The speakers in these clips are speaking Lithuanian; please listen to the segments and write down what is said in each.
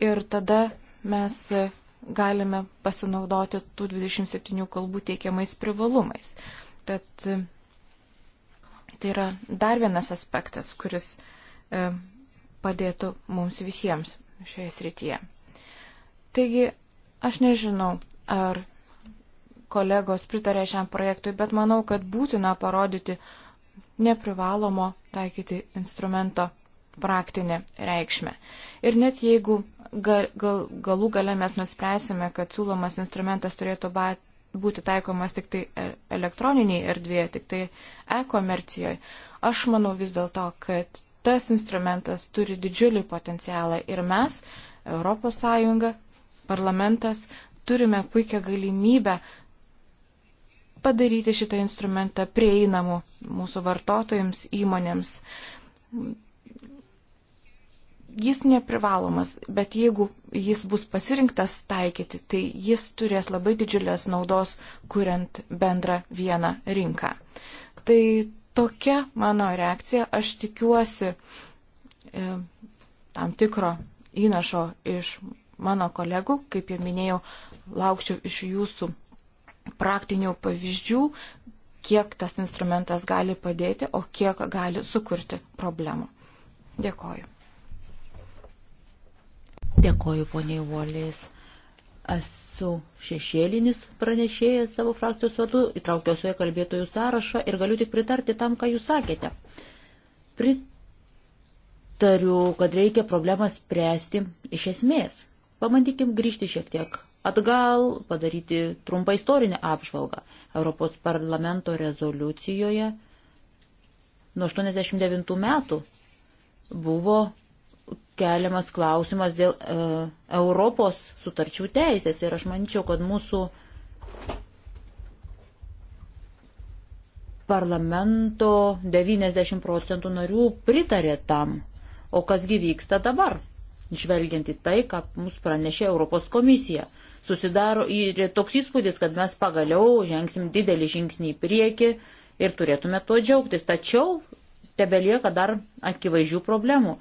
ir tada mes galime pasinaudoti tų 27 kalbų teikiamais privalumais. Tad e, tai yra dar vienas aspektas, kuris e, padėtų mums visiems šioje srityje. Taigi, aš nežinau, ar kolegos pritarė šiam projektui, bet manau, kad būtina parodyti neprivalomo taikyti instrumento praktinę reikšmę. Ir net jeigu gal, gal, galų gale mes nuspręsime, kad siūlomas instrumentas turėtų būti taikomas tik tai e, elektroniniai erdvėje, tik tai e-komercijoje, aš manau vis dėlto, kad tas instrumentas turi didžiulį potencialą ir mes, ES, parlamentas, turime puikią galimybę padaryti šitą instrumentą prieinamu mūsų vartotojams, įmonėms jis neprivalomas, bet jeigu jis bus pasirinktas taikyti, tai jis turės labai didžiulės naudos, kuriant bendrą vieną rinką. Tai tokia mano reakcija, aš tikiuosi e, tam tikro įnašo iš mano kolegų, kaip jau minėjau, laukčiau iš jūsų praktinių pavyzdžių, kiek tas instrumentas gali padėti, o kiek gali sukurti problemų. Dėkoju. Dėkoju, poniai Volės. Esu šešėlinis pranešėjas savo frakcijos vadu, įtraukiau su jie kalbėtojų sąrašą ir galiu tik pritarti tam, ką jūs sakėte. Pritariu, kad reikia problemą spręsti iš esmės. Pamandykim grįžti šiek tiek atgal, padaryti trumpą istorinę apžvalgą. Europos parlamento rezoliucijoje nuo 89 metų buvo keliamas klausimas dėl e, Europos sutarčių teisės ir aš manyčiau, kad mūsų parlamento 90 procentų narių pritarė tam. O kasgi vyksta dabar, žvelgiant į tai, ką mums pranešė Europos komisija. Susidaro ir toks įspūdis, kad mes pagaliau žengsim didelį žingsnį į priekį ir turėtume tuo džiaugtis. Tačiau tebelieka dar akivaizdžių problemų.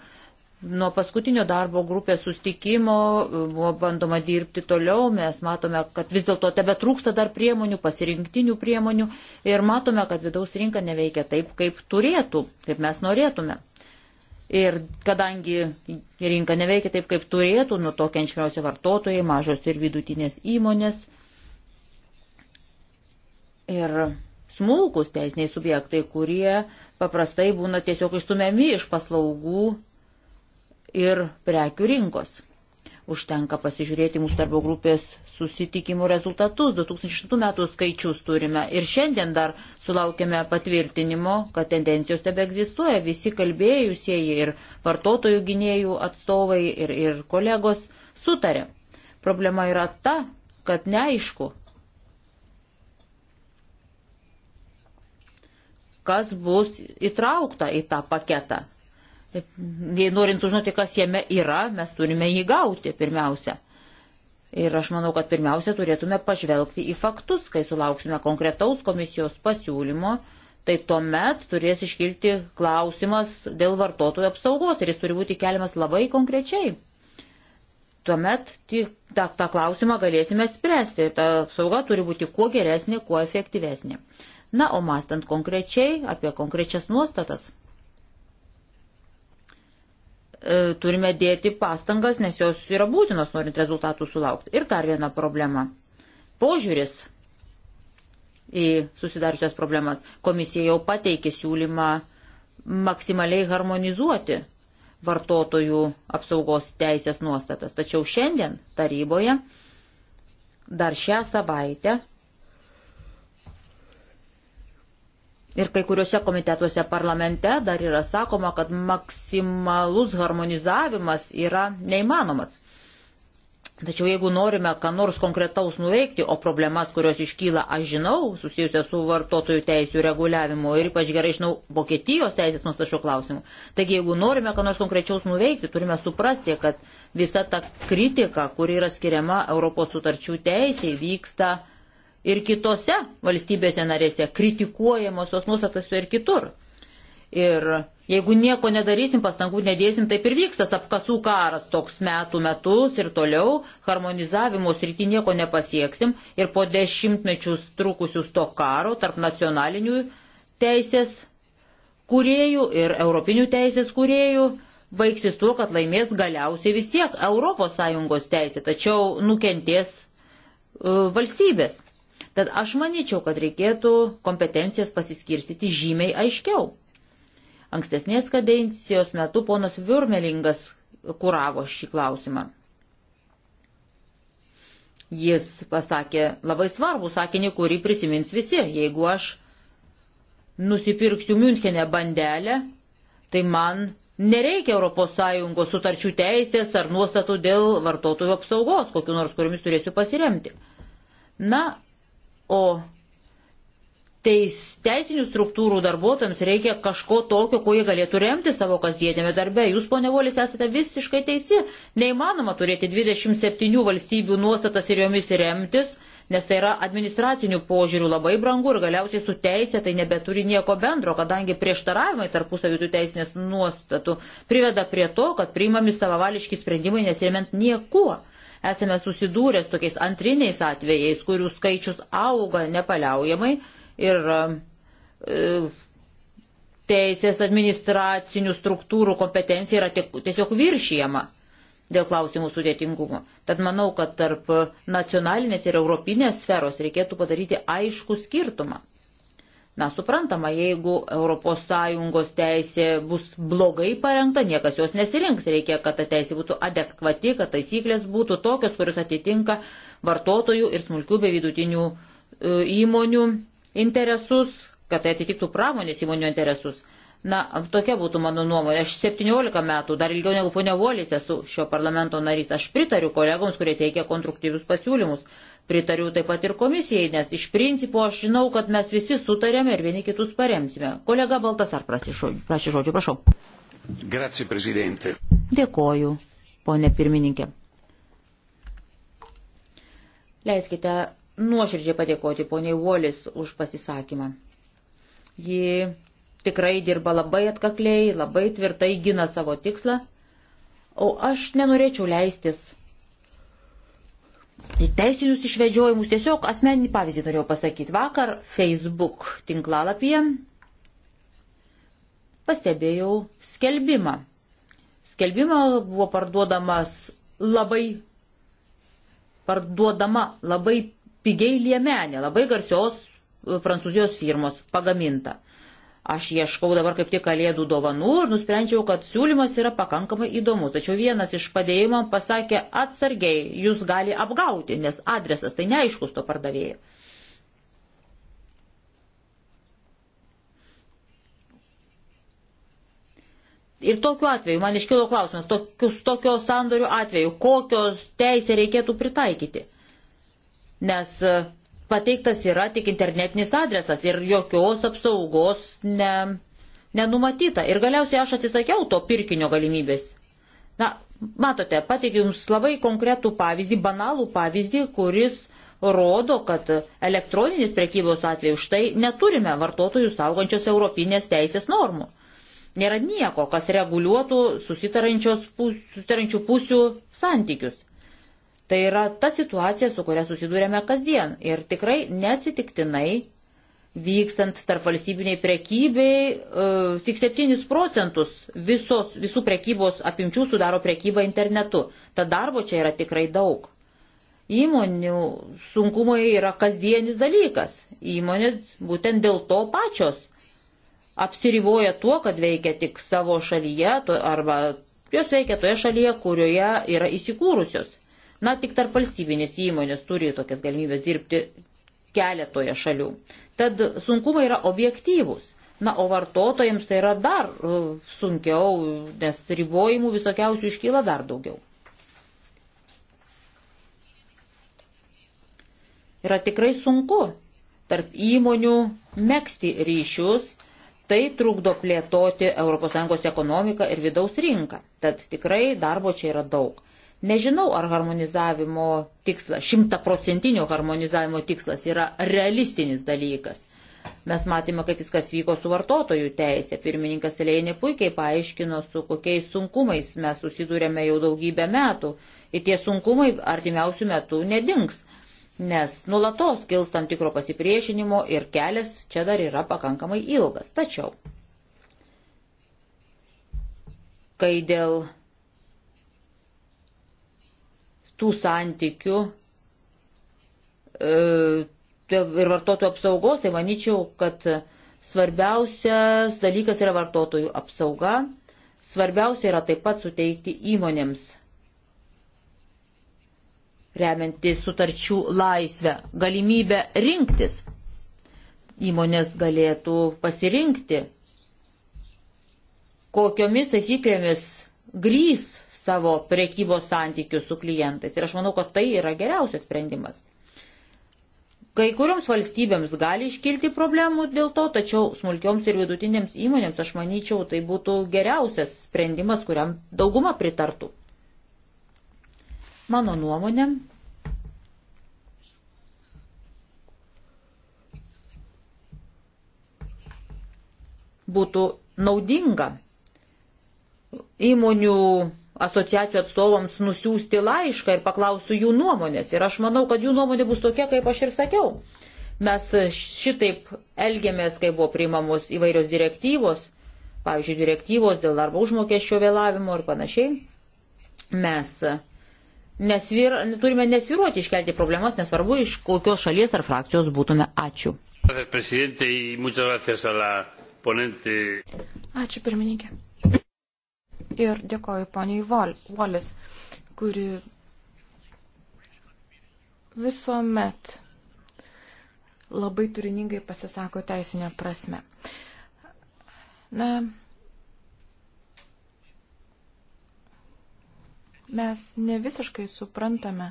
Nuo paskutinio darbo grupės sustikimo e, buvo bandoma dirbti toliau, mes matome, kad vis dėlto tebe trūksta dar priemonių, pasirinktinių priemonių ir matome, kad vidaus rinka neveikia taip, kaip turėtų, kaip mes norėtume. Ir kadangi rinka neveikia taip, kaip turėtų, nuo to kenčiausi vartotojai, mažos ir vidutinės įmonės ir smulkus teisiniai subjektai, kurie paprastai būna tiesiog išstumiami iš paslaugų ir prekių rinkos. Užtenka pasižiūrėti mūsų darbo grupės susitikimų rezultatus. 2006 metų skaičius turime ir šiandien dar sulaukėme patvirtinimo, kad tendencijos tebe egzistuoja. Visi kalbėjusieji ir vartotojų gynėjų atstovai ir, ir kolegos sutarė. Problema yra ta, kad neaišku, kas bus įtraukta į tą paketą jei norint sužinoti, kas jame yra, mes turime jį gauti pirmiausia. Ir aš manau, kad pirmiausia turėtume pažvelgti į faktus, kai sulauksime konkretaus komisijos pasiūlymo, tai tuomet turės iškilti klausimas dėl vartotojų apsaugos ir jis turi būti keliamas labai konkrečiai. Tuomet tą, tą klausimą galėsime spręsti ir ta apsauga turi būti kuo geresnė, kuo efektyvesnė. Na, o mastant konkrečiai apie konkrečias nuostatas E, turime dėti pastangas, nes jos yra būtinos, norint rezultatų sulaukti. Ir dar viena problema. Požiūris į susidariusias problemas. Komisija jau pateikė siūlymą maksimaliai harmonizuoti vartotojų apsaugos teisės nuostatas. Tačiau šiandien taryboje dar šią savaitę Ir kai kuriuose komitetuose parlamente dar yra sakoma, kad maksimalus harmonizavimas yra neįmanomas. Tačiau jeigu norime ką nors konkretaus nuveikti, o problemas, kurios iškyla, aš žinau, susijusias su vartotojų teisų reguliavimu ir ypač gerai žinau Vokietijos teisės nustašio klausimu. Taigi, jeigu norime ką nors konkrečiaus nuveikti, turime suprasti, kad visa ta kritika, kuri yra skiriama Europos sutarčių teisiai, vyksta ir kitose valstybėse narėse kritikuojamos tos nuostatos ir kitur. Ir jeigu nieko nedarysim, pastangų nedėsim, taip ir vyksta apkasų karas toks metų metus ir toliau harmonizavimo srity nieko nepasieksim ir po dešimtmečius trukusius to karo tarp nacionalinių teisės kuriejų ir europinių teisės kuriejų baigsis tuo, kad laimės galiausiai vis tiek ES teisė, tačiau nukentės e, valstybės. Tad aš manyčiau, kad reikėtų kompetencijas pasiskirstyti žymiai aiškiau. Ankstesnės kadencijos metu ponas Virmelingas kuravo šį klausimą. Jis pasakė labai svarbų sakinį, kurį prisimins visi. Jeigu aš nusipirksiu Münchenę bandelę, tai man nereikia ES sutarčių teisės ar nuostatų dėl vartotojų apsaugos, kokiu nors kuriomis turėsiu pasiremti. Na, O teis, teisinių struktūrų darbuotojams reikia kažko tokio, kuo jie galėtų remti savo kasdienėme darbe. Jūs, ponė Volis, esate visiškai teisi. Neįmanoma turėti 27 valstybių nuostatas ir jomis remtis, nes tai yra administracinių požiūrių labai brangu ir galiausiai su teisė tai nebeturi nieko bendro, kadangi prieštaravimai tarpusavitų teisinės nuostatų priveda prie to, kad priimami savavališki sprendimai nesiremiant niekuo. Esame susidūrę su tokiais antriniais atvejais, kurių skaičius auga nepaliaujamai ir e, teisės administracinių struktūrų kompetencija yra tiesiog viršijama dėl klausimų sudėtingumo. Tad manau, kad tarp nacionalinės ir europinės sferos reikėtų padaryti aišku skirtumą. Na, suprantama, jeigu ES teisė bus blogai parengta, niekas jos nesirinks. Reikia, kad ta teisė būtų adekvati, kad taisyklės būtų tokios, kuris atitinka vartotojų ir smulkių bei vidutinių e, įmonių interesus, kad tai atitiktų pramonės įmonių interesus. Na, tokia būtų mano nuomonė. Aš 17 metų, dar ilgiau negu ponia Volis, esu šio parlamento narys. Aš pritariu kolegoms, kurie teikia konstruktyvius pasiūlymus. Pritariu taip pat ir komisijai, nes iš principo aš žinau, kad mes visi sutarėme ir vieni kitus paremsime. Kolega Baltasar prašė žodžių, prašau. Grazie, prezidentė. Dėkoju, ponė pirmininkė. Leiskite nuoširdžiai padėkoti poniai Volis už pasisakymą. Ji tikrai dirba labai atkakliai, labai tvirtai gina savo tikslą, o aš nenorėčiau leistis į teisinius išvedžiojimus. Tiesiog asmeninį pavyzdį norėjau pasakyti. Vakar Facebook tinklalapyje pastebėjau skelbimą. Skelbimą buvo parduodamas labai, parduodama labai pigiai liemenė, labai garsios e, prancūzijos firmos pagaminta. Aš ieškau dabar kaip tik kalėdų dovanų ir nusprendžiau, kad siūlymas yra pakankamai įdomus. Tačiau vienas iš padėjimo pasakė atsargiai, jūs gali apgauti, nes adresas tai neaiškus to pardavėjo. Ir tokiu atveju, man iškilo klausimas, tokius, tokio sandorių atveju, kokios teisė reikėtų pritaikyti. Nes pateiktas yra tik internetinis adresas ir jokios apsaugos ne, nenumatyta. Ir galiausiai aš atsisakiau to pirkinio galimybės. Na, matote, pateikiu Jums labai konkretų pavyzdį, banalų pavyzdį, kuris rodo, kad elektroninės prekybos atveju štai neturime vartotojų saugančios europinės teisės normų. Nėra nieko, kas reguliuotų susitarančių pusių santykius. Tai yra ta situacija, su kuria susidūrėme kasdien. Ir tikrai neatsitiktinai vykstant tarp valstybiniai prekybiai, e, tik 7 procentus visos, visų prekybos apimčių sudaro prekyba internetu. Tad darbo čia yra tikrai daug. Įmonių sunkumai yra kasdienis dalykas. Įmonės būtent dėl to pačios apsiriboja tuo, kad veikia tik savo šalyje arba jos veikia toje šalyje, kurioje yra įsikūrusios. Na, tik tarp valstybinės įmonės turi tokias galimybės dirbti keletoje šalių. Tad sunkumai yra objektyvūs. Na, o vartotojams tai yra dar uh, sunkiau, nes ribojimų visokiausių iškyla dar daugiau. Yra tikrai sunku tarp įmonių mėgsti ryšius, tai trukdo plėtoti ES ekonomiką ir vidaus rinką. Tad tikrai darbo čia yra daug. Nežinau, ar harmonizavimo tikslas, šimtaprocentinio harmonizavimo tikslas yra realistinis dalykas. Mes matėme, kaip viskas vyko su vartotojų teisė. Pirmininkas Leinė puikiai paaiškino, su kokiais sunkumais mes susidūrėme jau daugybę metų. Ir tie sunkumai artimiausių metų nedings, nes nulatos kils tam tikro pasipriešinimo ir kelias čia dar yra pakankamai ilgas. Tačiau, kai dėl tų santykių e, ir vartotojų apsaugos, tai manyčiau, kad svarbiausias dalykas yra vartotojų apsauga, svarbiausia yra taip pat suteikti įmonėms remiantis sutarčių laisvę, galimybę rinktis. Įmonės galėtų pasirinkti, kokiomis taisyklėmis grys savo priekybos santykius su klientais. Ir aš manau, kad tai yra geriausias sprendimas. Kai kurioms valstybėms gali iškilti problemų dėl to, tačiau smulkioms ir vidutinėms įmonėms, aš manyčiau, tai būtų geriausias sprendimas, kuriam dauguma pritartų. Mano nuomonė, būtų naudinga įmonių asociacijų atstovams nusiųsti laišką ir paklausiu jų nuomonės. Ir aš manau, kad jų nuomonė bus tokia, kaip aš ir sakiau. Mes šitaip elgiamės, kai buvo priimamos įvairios direktyvos, pavyzdžiui, direktyvos dėl darbo užmokesčio vėlavimo ir panašiai. Mes nesvir, turime nesviruoti iškelti problemas, nesvarbu, iš kokios šalies ar frakcijos būtume. Ačiū. Ačiū pirmininkė. Ir dėkoju poniai Volis, kuri visuomet labai turiningai pasisako teisinę prasme. Na, mes ne visiškai suprantame,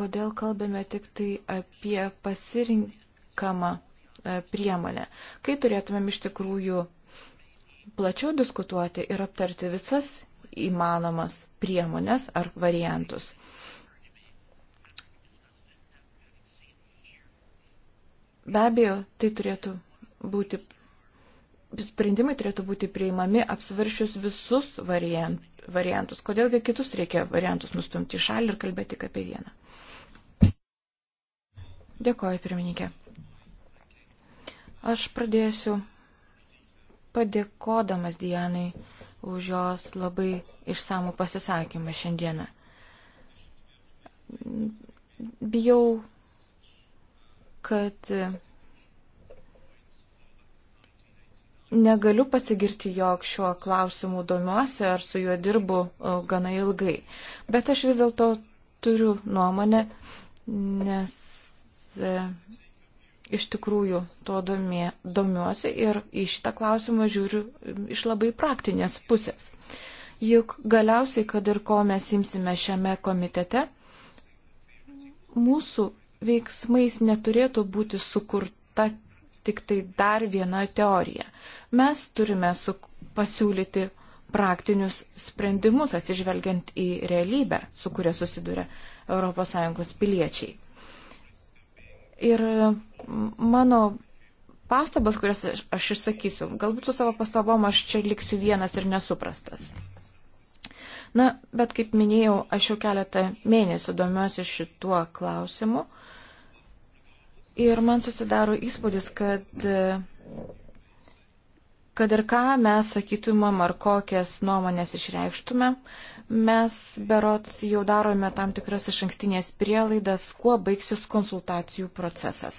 kodėl kalbame tik tai apie pasirinkamą e, priemonę, kai turėtumėm iš tikrųjų plačiau diskutuoti ir aptarti visas įmanomas priemonės ar variantus. Be abejo, tai turėtų būti, sprendimai turėtų būti priimami apsvaršius visus variant, variantus. Kodėlgi kitus reikia variantus nustumti į šalį ir kalbėti tik apie vieną. Dėkoju, pirmininkė. Aš pradėsiu padėkodamas Dianai už jos labai išsamų pasisakymą šiandieną. Bijau, kad negaliu pasigirti, jog šiuo klausimu domiuosi ar su juo dirbu gana ilgai. Bet aš vis dėlto turiu nuomonę, nes e, iš tikrųjų tuo domė, domiuosi ir į šitą klausimą žiūriu iš labai praktinės pusės. Juk galiausiai, kad ir ko mes imsime šiame komitete, mūsų veiksmais neturėtų būti sukurta tik tai dar viena teorija. Mes turime pasiūlyti praktinius sprendimus atsižvelgiant į realybę, su kuria susiduria ES piliečiai. Ir mano pastabas, kurias aš išsakysiu, galbūt su savo pastabom aš čia liksiu vienas ir nesuprastas. Na, bet kaip minėjau, aš jau keletą mėnesių domiuosi šituo klausimu ir man susidaro įspūdis, kad kad ir ką mes sakytumėm ar kokias nuomonės išreikštume, mes berots jau darome tam tikras iš ankstinės prielaidas, kuo baigsis konsultacijų procesas.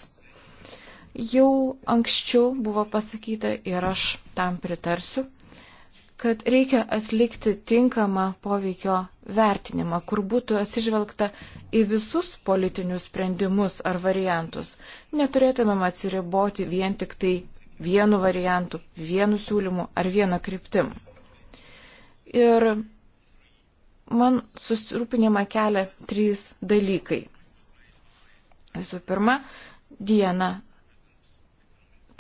Jau anksčiau buvo pasakyta ir aš tam pritarsiu, kad reikia atlikti tinkamą poveikio vertinimą, kur būtų atsižvelgta į visus politinius sprendimus ar variantus. Neturėtumėm atsiriboti vien tik tai vienu variantu, vienu siūlymu ar vieną kryptim. Ir man susirūpinimą kelia trys dalykai. Visų pirma, diena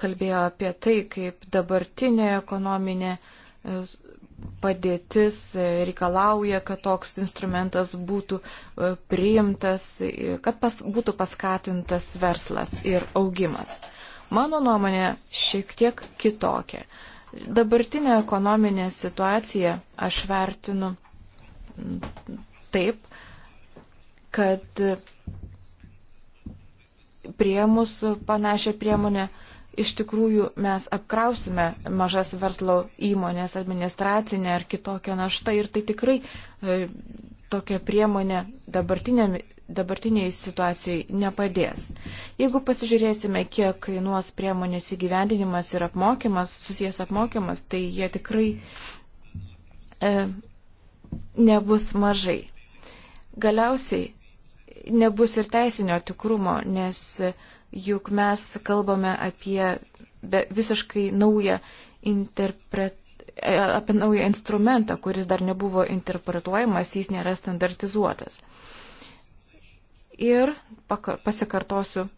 kalbėjo apie tai, kaip dabartinė ekonominė e, padėtis e, reikalauja, kad toks instrumentas būtų e, priimtas, kad pas, būtų paskatintas verslas ir augimas. Mano nuomonė šiek tiek kitokia. Dabartinė ekonominė situacija aš vertinu taip, kad prie mūsų panašią priemonę iš tikrųjų mes apkrausime mažas verslo įmonės administracinę ar kitokią naštą ir tai tikrai e, tokia priemonė dabartinėmis dabartiniai situacijai nepadės. Jeigu pasižiūrėsime, kiek kainuos priemonės įgyvendinimas ir apmokymas, susijęs apmokymas, tai jie tikrai e, nebus mažai. Galiausiai nebus ir teisinio tikrumo, nes juk mes kalbame apie be, visiškai naują interpretaciją e, apie naują instrumentą, kuris dar nebuvo interpretuojamas, jis nėra standartizuotas ir pasikartosiu,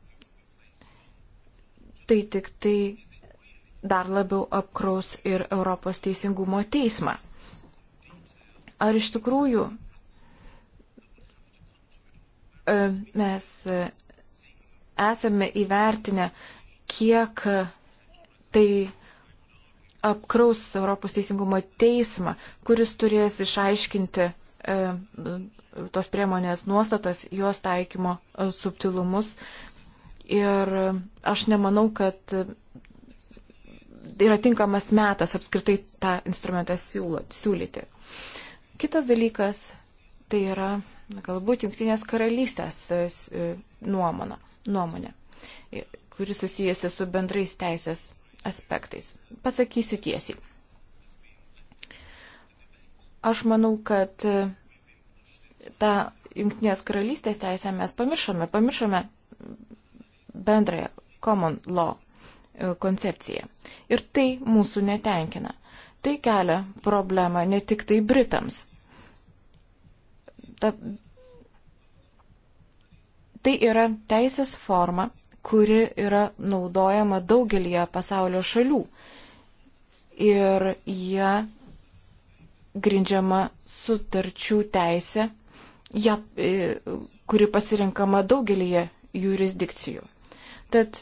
tai tik tai dar labiau apkraus ir Europos teisingumo teismą. Ar iš tikrųjų e, mes e, esame įvertinę, kiek tai apkraus Europos teisingumo teismą, kuris turės išaiškinti e, tos priemonės nuostatas, jos taikymo e, subtilumus. Ir aš nemanau, kad yra tinkamas metas apskritai tą instrumentą siūlyti. Kitas dalykas tai yra galbūt Junktinės karalystės e, e, nuomona, nuomonė, kuri susijęsi su bendrais teisės aspektais. Pasakysiu tiesiai. Aš manau, kad e, tą jungtinės karalystės teisę mes pamiršome, pamiršome bendrąją common law e, koncepciją. Ir tai mūsų netenkina. Tai kelia problemą ne tik tai Britams. Ta, tai yra teisės forma, kuri yra naudojama daugelie pasaulio šalių. Ir jie grindžiama sutarčių teisė, ja, e, kuri pasirinkama daugelie jurisdikcijų. Tad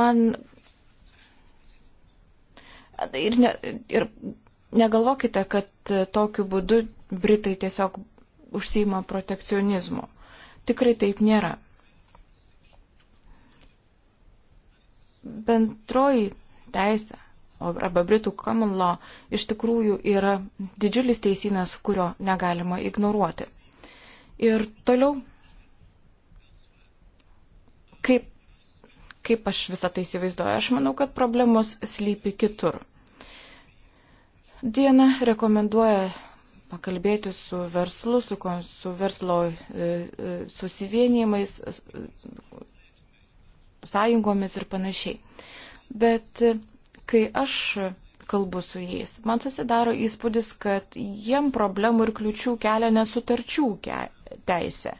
man ir, ne, ir negalvokite, kad tokiu būdu Britai tiesiog užsima protekcionizmu. Tikrai taip nėra. Bendroji teisė arba Britų common law iš tikrųjų yra didžiulis teisinas, kurio negalima ignoruoti. Ir toliau, kaip, kaip aš visą tai įsivaizduoju, aš manau, kad problemos slypi kitur. Diena rekomenduoja kalbėti su verslu, su, su verslo e, e, susivienijimais, e, sąjungomis ir panašiai. Bet kai aš kalbu su jais, man susidaro įspūdis, kad jiem problemų ir kliučių kelia nesutarčių teisė,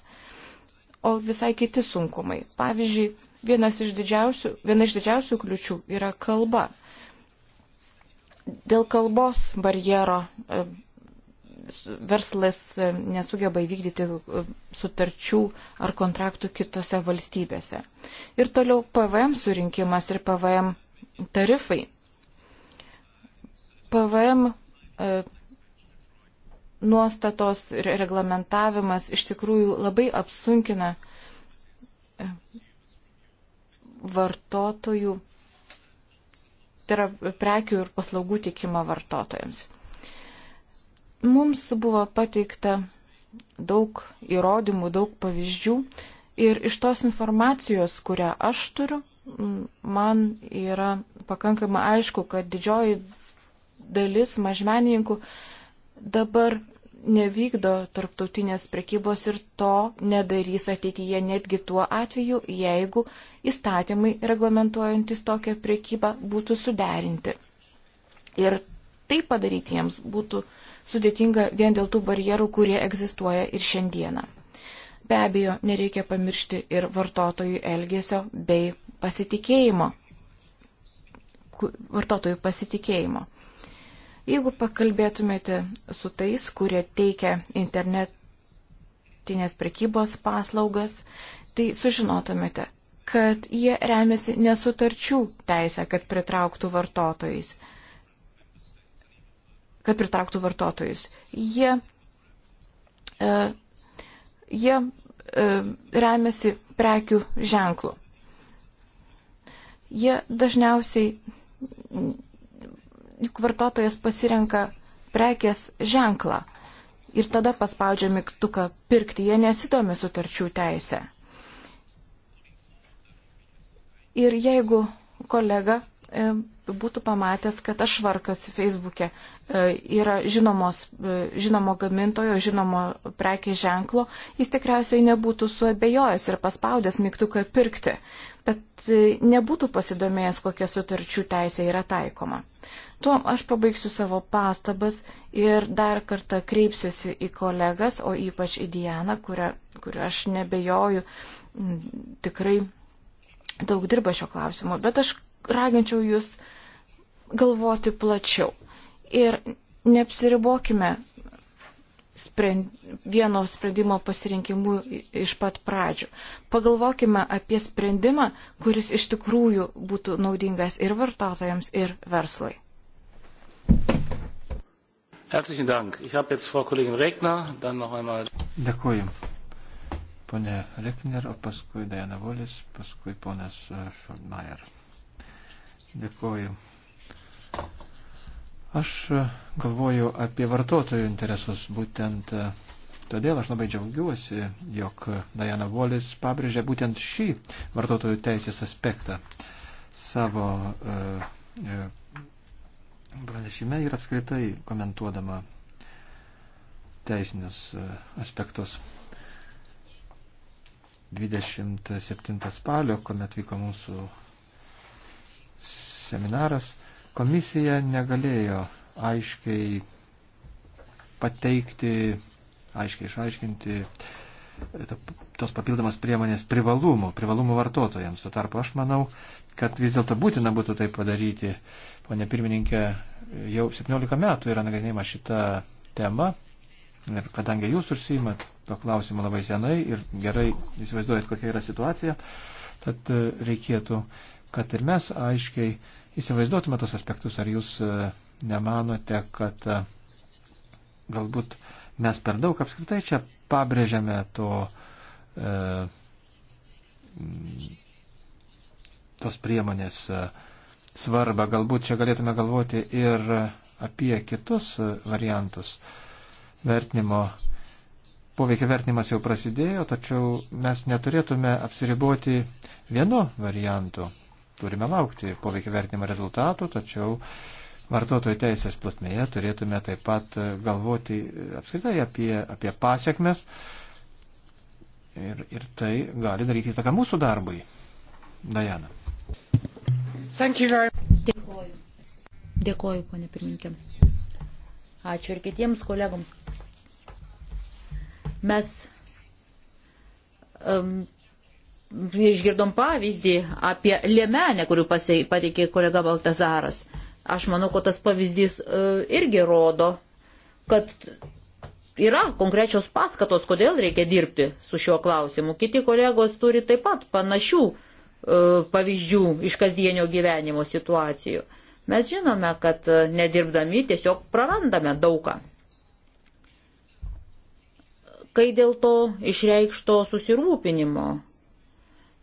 o visai kiti sunkumai. Pavyzdžiui, vienas iš didžiausių, viena iš didžiausių kliučių yra kalba. Dėl kalbos barjero verslas nesugeba įvykdyti e, sutarčių ar kontraktų kitose valstybėse. Ir toliau PVM surinkimas ir PVM tarifai. PVM e, nuostatos ir reglamentavimas iš tikrųjų labai apsunkina e, vartotojų, tai yra prekių ir paslaugų tikimą vartotojams. Mums buvo pateikta daug įrodymų, daug pavyzdžių ir iš tos informacijos, kurią aš turiu, man yra pakankamai aišku, kad didžioji dalis mažmenininkų dabar nevykdo tarptautinės prekybos ir to nedarys ateityje netgi tuo atveju, jeigu įstatymai reglamentuojantis tokią prekybą būtų suderinti. Ir tai padaryti jiems būtų uh, sudėtinga vien dėl tų barjerų, kurie egzistuoja ir šiandieną. Be abejo, nereikia pamiršti ir vartotojų elgesio bei pasitikėjimo. Vartotojų pasitikėjimo. Jeigu pakalbėtumėte su tais, kurie teikia internetinės prekybos paslaugas, tai sužinotumėte, kad jie remiasi nesutarčių teisę, kad pritrauktų vartotojais kad pritrauktų vartotojus. Jie, e, jie e, remiasi prekių ženklų. Jie dažniausiai, juk vartotojas pasirenka prekės ženklą ir tada paspaudžia mygtuką pirkti, jie nesidomi sutarčių teisę. Ir jeigu kolega E, būtų pamatęs, kad aš varkas Facebook'e e, yra žinomos, e, žinomo gamintojo, žinomo prekės ženklo, jis tikriausiai nebūtų suabejojęs ir paspaudęs mygtuką pirkti, bet nebūtų pasidomėjęs, kokia sutarčių teisė yra taikoma. Tuo aš pabaigsiu savo pastabas ir dar kartą kreipsiuosi į kolegas, o ypač į Dianą, kurią, kurią aš nebejoju tikrai daug dirba šio klausimu, bet aš raginčiau jūs galvoti plačiau. Ir neapsiribokime sprend, vieno sprendimo pasirinkimu iš pat pradžių. Pagalvokime apie sprendimą, kuris iš tikrųjų būtų naudingas ir vartotojams, ir verslai. Herzlichen Dank. Ich habe jetzt Frau Kollegin Regner, dann noch einmal. Dėkuoju. Pone Regner, o paskui Diana Volis, paskui ponas Šulmajer. Äh, uh, Dėkuoju. Aš e, galvoju apie vartotojų interesus. Būtent e, todėl aš labai džiaugiuosi, jog Diana Volis pabrėžė būtent šį vartotojų teisės aspektą savo e, pranešime ir apskritai komentuodama teisinius aspektus. 27 spalio, kuomet vyko mūsų seminaras, komisija negalėjo aiškiai pateikti, aiškiai išaiškinti e, tos papildomas priemonės privalumų, privalumų vartotojams. Tuo tarpu aš manau, kad vis dėlto būtina būtų tai padaryti. Pone pirmininkė, jau 17 metų yra nagrinėjama šita tema. Ir kadangi jūs užsiimat to klausimu labai senai ir gerai įsivaizduojat, kokia yra situacija, tad e, reikėtų kad ir mes aiškiai įsivaizduotume tos aspektus. Ar jūs e, nemanote, kad e, galbūt mes per daug apskritai čia pabrėžiame to, e, tos priemonės e, svarbą. Galbūt čia galėtume galvoti ir apie kitus variantus. Vertinimo, poveikio vertinimas jau prasidėjo, tačiau mes neturėtume apsiriboti vienu variantu turime laukti poveikio vertinimo rezultatų, tačiau vartotojų teisės plotmėje turėtume taip pat e, galvoti e, apskritai apie, apie pasiekmes ir, ir tai gali daryti įtaką mūsų darbui. Dajana. Dėkuoju. Dėkuoju, ponė pirmininkė. Ačiū ir kitiems kolegoms. Mes um, išgirdom pavyzdį apie liemenę, kurių pateikė kolega Baltazaras. Aš manau, kad tas pavyzdys e, irgi rodo, kad yra konkrečios paskatos, kodėl reikia dirbti su šiuo klausimu. Kiti kolegos turi taip pat panašių e, pavyzdžių iš kasdienio gyvenimo situacijų. Mes žinome, kad e, nedirbdami tiesiog prarandame daugą. Kai dėl to išreikšto susirūpinimo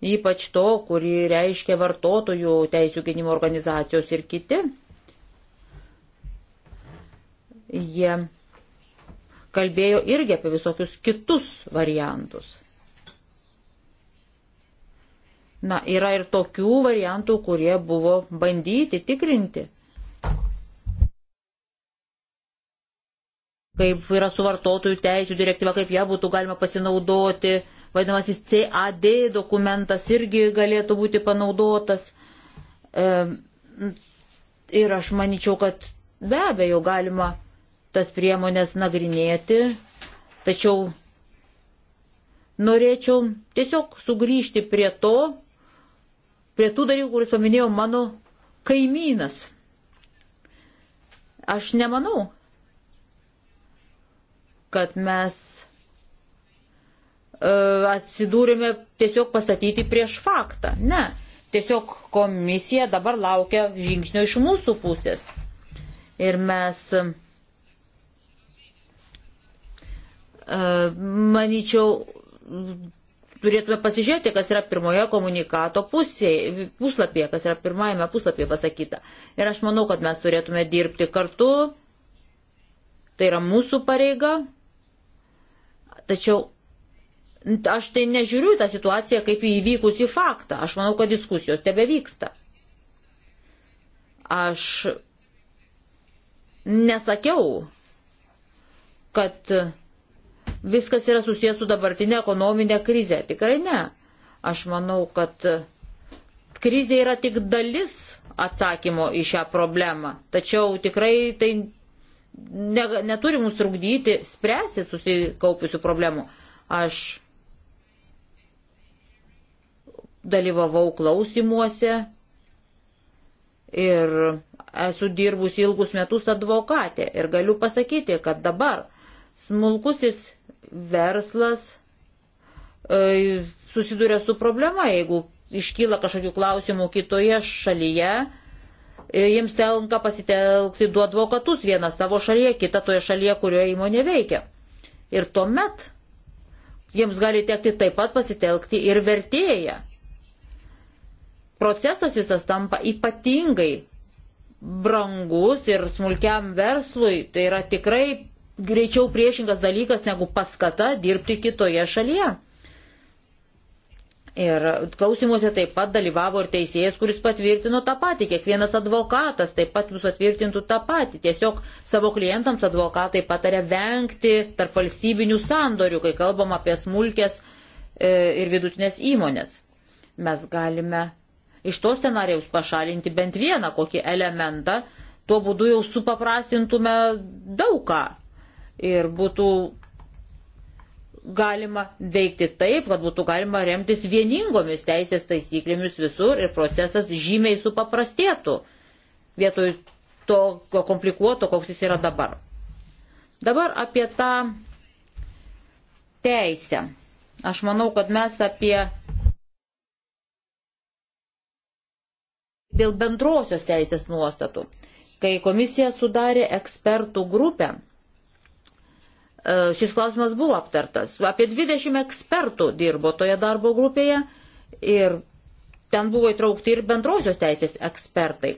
ypač to, kurį reiškia vartotojų teisų gynimo organizacijos ir kiti. Jie kalbėjo irgi apie visokius kitus variantus. Na, yra ir tokių variantų, kurie buvo bandyti tikrinti. Kaip yra su vartotojų teisų direktyva, kaip ją būtų galima pasinaudoti, uh, vadinamasis CAD dokumentas irgi galėtų būti panaudotas. E, ir aš manyčiau, kad be abejo galima tas priemonės nagrinėti, tačiau norėčiau tiesiog sugrįžti prie to, prie tų dalykų, kuris paminėjo mano kaimynas. Aš nemanau, kad mes E, atsidūrėme tiesiog pastatyti prieš faktą. Ne, tiesiog komisija dabar laukia žingsnio iš mūsų pusės. Ir mes, e, manyčiau, turėtume pasižiūrėti, kas yra pirmoje komunikato pusėje, puslapyje, kas yra pirmajame puslapyje pasakyta. Ir aš manau, kad mes turėtume dirbti kartu, tai yra mūsų pareiga, tačiau Aš tai nežiūriu tą situaciją kaip įvykusi faktą. Aš manau, kad diskusijos tebe vyksta. Aš nesakiau, kad viskas yra susijęs su dabartinė ekonominė krize. Tikrai ne. Aš manau, kad krizė yra tik dalis atsakymo į šią problemą. Tačiau tikrai tai ne, neturi mums trukdyti spręsti susikaupusių problemų. Aš dalyvavau klausimuose ir esu dirbusi ilgus metus advokatė ir galiu pasakyti, kad dabar smulkusis verslas e, susiduria su problema, jeigu iškyla kažkokių klausimų kitoje šalyje, e, jiems tenka pasitelkti du advokatus, vieną savo šalyje, kitą toje šalyje, kurioje įmonė veikia. Ir tuomet jiems gali tekti taip pat pasitelkti ir vertėją procesas visas tampa ypatingai brangus ir smulkiam verslui tai yra tikrai greičiau priešingas dalykas negu paskata dirbti kitoje šalyje. Ir klausimuose taip pat dalyvavo ir teisėjas, kuris patvirtino tą patį, kiekvienas advokatas taip pat jūs patvirtintų tą patį. Tiesiog savo klientams advokatai patarė vengti tarp valstybinių sandorių, kai kalbam apie smulkės e, ir vidutinės įmonės. Mes galime iš to scenarijaus pašalinti bent vieną kokį elementą, tuo būdu jau supaprastintume daugą ir būtų galima veikti taip, kad būtų galima remtis vieningomis teisės taisyklėmis visur ir procesas žymiai supaprastėtų vietoj to komplikuoto, koks jis yra dabar. Dabar apie tą teisę. Aš manau, kad mes apie dėl bendrosios teisės nuostatų. Kai komisija sudarė ekspertų grupę, e, šis klausimas buvo aptartas. Apie 20 ekspertų dirbo toje darbo grupėje ir ten buvo įtraukti ir bendrosios teisės ekspertai.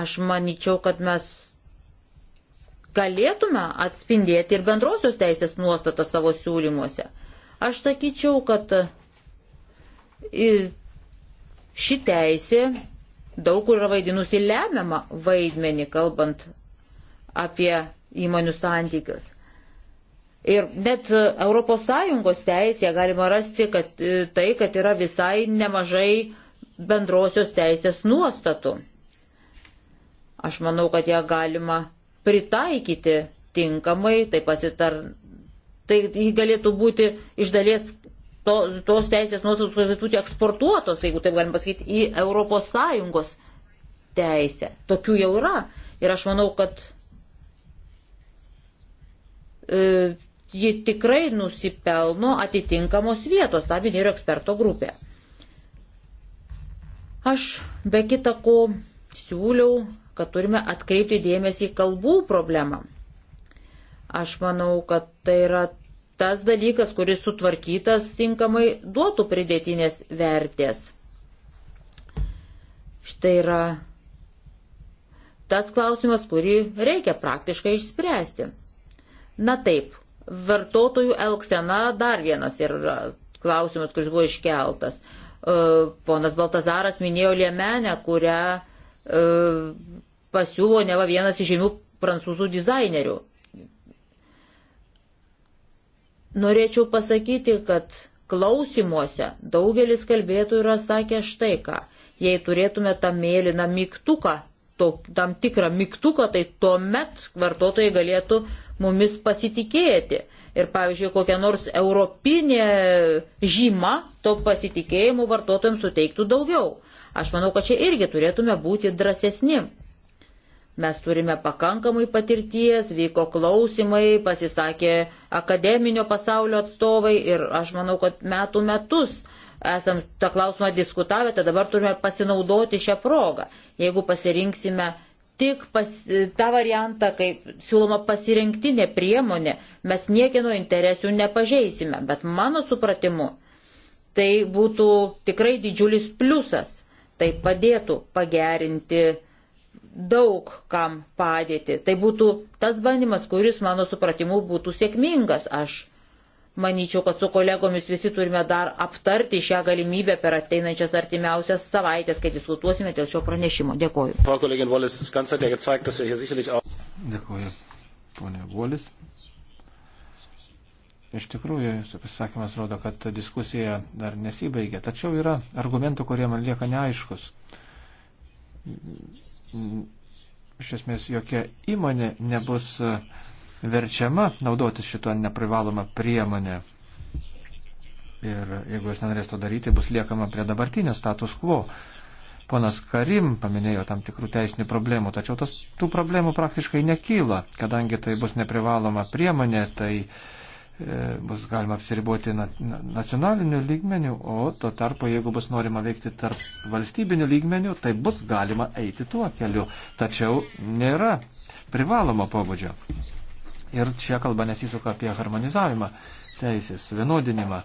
Aš manyčiau, kad mes galėtume atspindėti ir bendrosios teisės nuostatą savo siūlymuose. Aš sakyčiau, kad Ši teisė daug kur yra vaidinusi lemiamą vaidmenį, kalbant apie įmonių santykius. Ir net ES teisėje galima rasti, kad e, tai, kad yra visai nemažai bendrosios teisės nuostatų. Aš manau, kad ją galima pritaikyti tinkamai, tai pasitar. Tai galėtų būti iš dalies to, tos teisės nuostatos turėtų būti eksportuotos, jeigu taip galim pasakyti, į ES teisę. Tokių jau yra. Ir aš manau, kad e, ji tikrai nusipelno atitinkamos vietos, tą minėjo eksperto grupė. Aš be kita ko siūliau, kad turime atkreipti dėmesį į kalbų problemą. Aš manau, kad tai yra tas dalykas, kuris sutvarkytas tinkamai, duotų pridėtinės vertės. Štai yra tas klausimas, kurį reikia praktiškai išspręsti. Na taip, vartotojų elksena dar vienas yra klausimas, kuris buvo iškeltas. E, ponas Baltazaras minėjo liemenę, kurią e, pasiūlo ne va vienas iš žymių prancūzų dizainerių. Norėčiau pasakyti, kad klausimuose daugelis kalbėtų yra sakę štai ką. Jei turėtume tą mėlyną mygtuką, to, tam tikrą mygtuką, tai tuomet vartotojai galėtų mumis pasitikėti. Ir pavyzdžiui, kokia nors europinė žyma to pasitikėjimų vartotojams suteiktų daugiau. Aš manau, kad čia irgi turėtume būti drąsesni. Mes turime pakankamai patirties, vyko klausimai, pasisakė akademinio pasaulio atstovai ir aš manau, kad metų metus esam tą klausimą diskutavę, tai dabar turime pasinaudoti šią progą. Jeigu pasirinksime tik pas, tą variantą, kai siūloma pasirinktinė priemonė, mes niekino interesų nepažeisime. Bet mano supratimu, tai būtų tikrai didžiulis pliusas. Tai padėtų pagerinti daug kam padėti. Tai būtų tas bandymas, kuris mano supratimu būtų sėkmingas. Aš manyčiau, kad su kolegomis visi turime dar aptarti šią galimybę per ateinančias artimiausias savaitės, kai diskutuosime dėl šio pranešimo. Dėkoju. Dėkoju, ponė Volis. Iš tikrųjų, jūsų pasisakymas rodo, kad diskusija dar nesibaigė, tačiau yra argumentų, kurie man lieka neaiškus iš esmės jokia įmonė nebus e, verčiama naudotis šituo neprivaloma priemonė. Ir jeigu jis nenorės to daryti, bus liekama prie dabartinio status quo. Ponas Karim paminėjo tam tikrų teisinių problemų, tačiau tos, tų problemų praktiškai nekyla, kadangi tai bus neprivaloma priemonė, tai uh, E, bus galima apsiriboti nacionaliniu lygmeniu, o tuo tarpu, jeigu bus norima veikti tarp valstybinių lygmenių, tai bus galima eiti tuo keliu. Tačiau nėra privalomo pobūdžio. Ir čia kalba nesisuka apie harmonizavimą teisės, vienodinimą.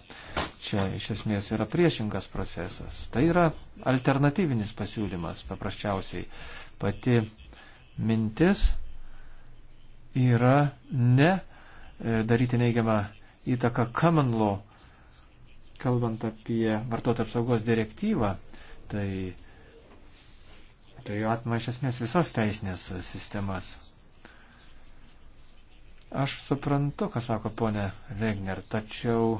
Čia iš esmės yra priešingas procesas. Tai yra alternatyvinis pasiūlymas, paprasčiausiai. Pati mintis yra ne E, daryti neigiamą įtaką common law, kalbant apie vartotojų apsaugos direktyvą, tai, tai atma iš esmės visas teisinės sistemas. Aš suprantu, ką sako ponė Regner, tačiau